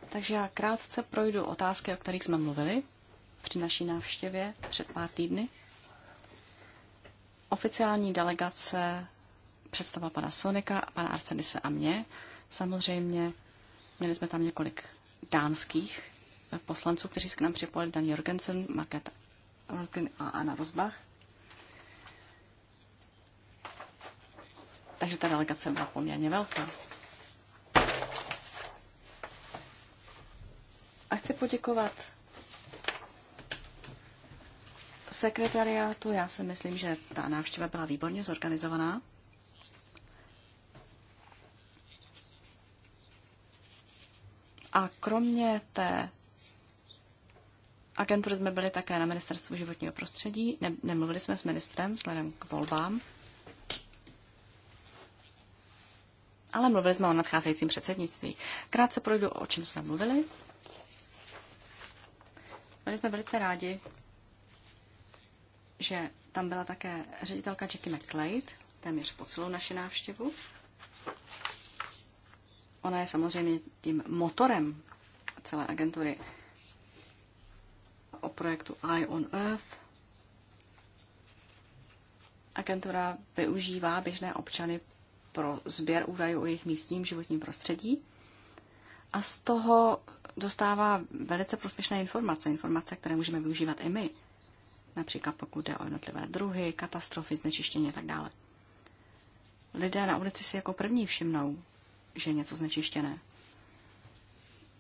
Takže já krátce projdu otázky, o kterých jsme mluvili při naší návštěvě před pár týdny. Oficiální delegace představila pana Sonika, pana Arsenise a mě. Samozřejmě měli jsme tam několik dánských poslanců, kteří se k nám připojili, Dan Jorgensen, Marketa a Anna Rozbach. Takže ta delegace byla poměrně velká. A chci poděkovat sekretariátu. Já si myslím, že ta návštěva byla výborně zorganizovaná. A kromě té agentury jsme byli také na ministerstvu životního prostředí, ne, nemluvili jsme s ministrem vzhledem k volbám, ale mluvili jsme o nadcházejícím předsednictví. Krátce projdu, o čem jsme mluvili. Byli jsme velice rádi, že tam byla také ředitelka Jackie McLeod, téměř po celou naši návštěvu. Ona je samozřejmě tím motorem celé agentury o projektu Eye on Earth. Agentura využívá běžné občany pro sběr údajů o jejich místním životním prostředí a z toho dostává velice prospěšné informace, informace, které můžeme využívat i my, například pokud jde o jednotlivé druhy, katastrofy, znečištění a tak dále. Lidé na ulici si jako první všimnou, že je něco znečištěné.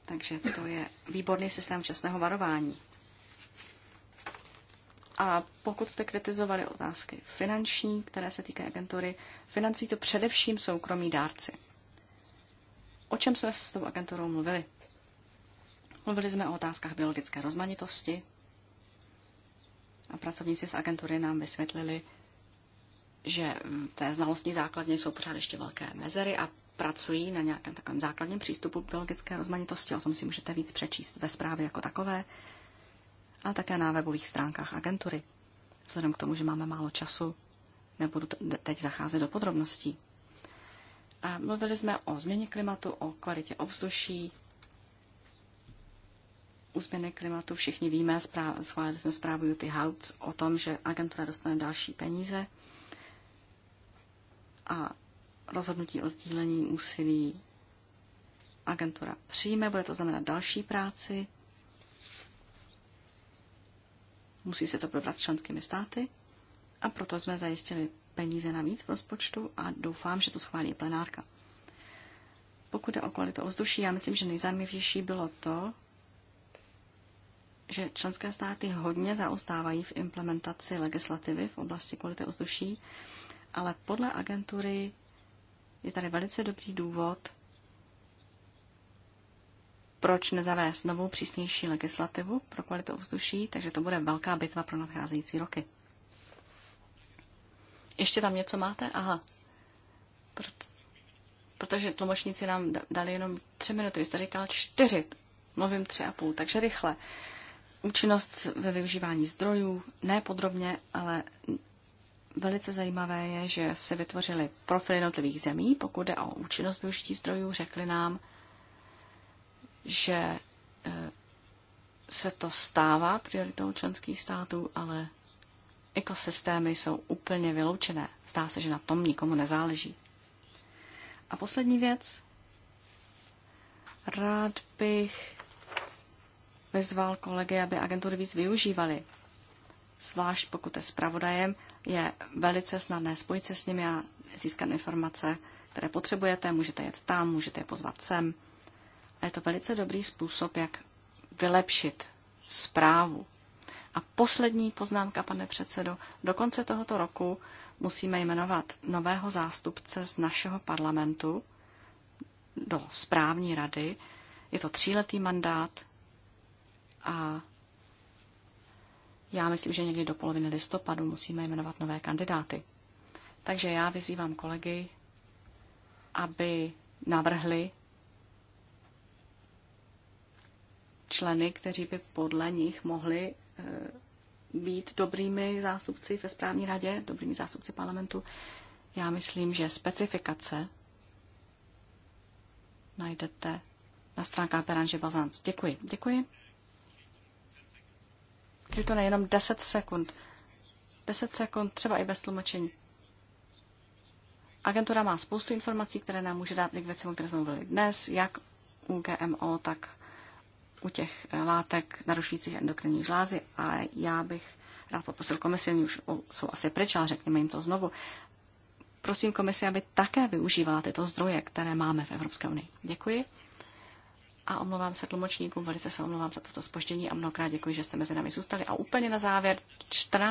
Takže to je výborný systém včasného varování. A pokud jste kritizovali otázky finanční, které se týkají agentury, financují to především soukromí dárci. O čem jsme s tou agenturou mluvili? Mluvili jsme o otázkách biologické rozmanitosti a pracovníci z agentury nám vysvětlili, že v té znalostní základně jsou pořád ještě velké mezery a pracují na nějakém takovém základním přístupu k biologické rozmanitosti. O tom si můžete víc přečíst ve zprávě jako takové a také na webových stránkách agentury. Vzhledem k tomu, že máme málo času, nebudu teď zacházet do podrobností. A mluvili jsme o změně klimatu, o kvalitě ovzduší. U změny klimatu všichni víme, schválili jsme zprávu Juty Hautz o tom, že agentura dostane další peníze a rozhodnutí o sdílení úsilí agentura přijme, bude to znamenat další práci Musí se to probrat s členskými státy a proto jsme zajistili peníze navíc v rozpočtu a doufám, že to schválí plenárka. Pokud je o kvalitu ovzduší, já myslím, že nejzajímavější bylo to, že členské státy hodně zaostávají v implementaci legislativy v oblasti kvality ovzduší, ale podle agentury je tady velice dobrý důvod, proč nezavést novou přísnější legislativu pro kvalitu ovzduší, takže to bude velká bitva pro nadcházející roky. Ještě tam něco máte? Aha. Proto, protože tlumočníci nám dali jenom tři minuty, vy jste říkal čtyři, mluvím tři a půl, takže rychle. Účinnost ve využívání zdrojů, ne podrobně, ale velice zajímavé je, že se vytvořili profily jednotlivých zemí, pokud jde o účinnost využití zdrojů, řekli nám, že eh, se to stává prioritou členských států, ale ekosystémy jsou úplně vyloučené. Zdá se, že na tom nikomu nezáleží. A poslední věc. Rád bych vyzval kolegy, aby agentury víc využívali. Zvlášť pokud je zpravodajem, je velice snadné spojit se s nimi a získat informace, které potřebujete. Můžete jet tam, můžete je pozvat sem. A je to velice dobrý způsob, jak vylepšit zprávu. A poslední poznámka, pane předsedo, do konce tohoto roku musíme jmenovat nového zástupce z našeho parlamentu do správní rady. Je to tříletý mandát a já myslím, že někdy do poloviny listopadu musíme jmenovat nové kandidáty. Takže já vyzývám kolegy, aby navrhli členy, kteří by podle nich mohli eh, být dobrými zástupci ve správní radě, dobrými zástupci parlamentu. Já myslím, že specifikace najdete na stránkách Beranže Bazanc. Děkuji. Děkuji. Je to nejenom 10 sekund. 10 sekund, třeba i bez tlumočení. Agentura má spoustu informací, které nám může dát i k věcem, o které jsme mluvili dnes, jak u GMO, tak u těch eh, látek narušujících endokrinní žlázy, a já bych rád poprosil komisi, oni už jsou asi pryč, ale řekněme jim to znovu. Prosím komisi, aby také využívala tyto zdroje, které máme v Evropské unii. Děkuji. A omlouvám se tlumočníkům, velice se omlouvám za toto spoždění a mnohokrát děkuji, že jste mezi námi zůstali. A úplně na závěr 14.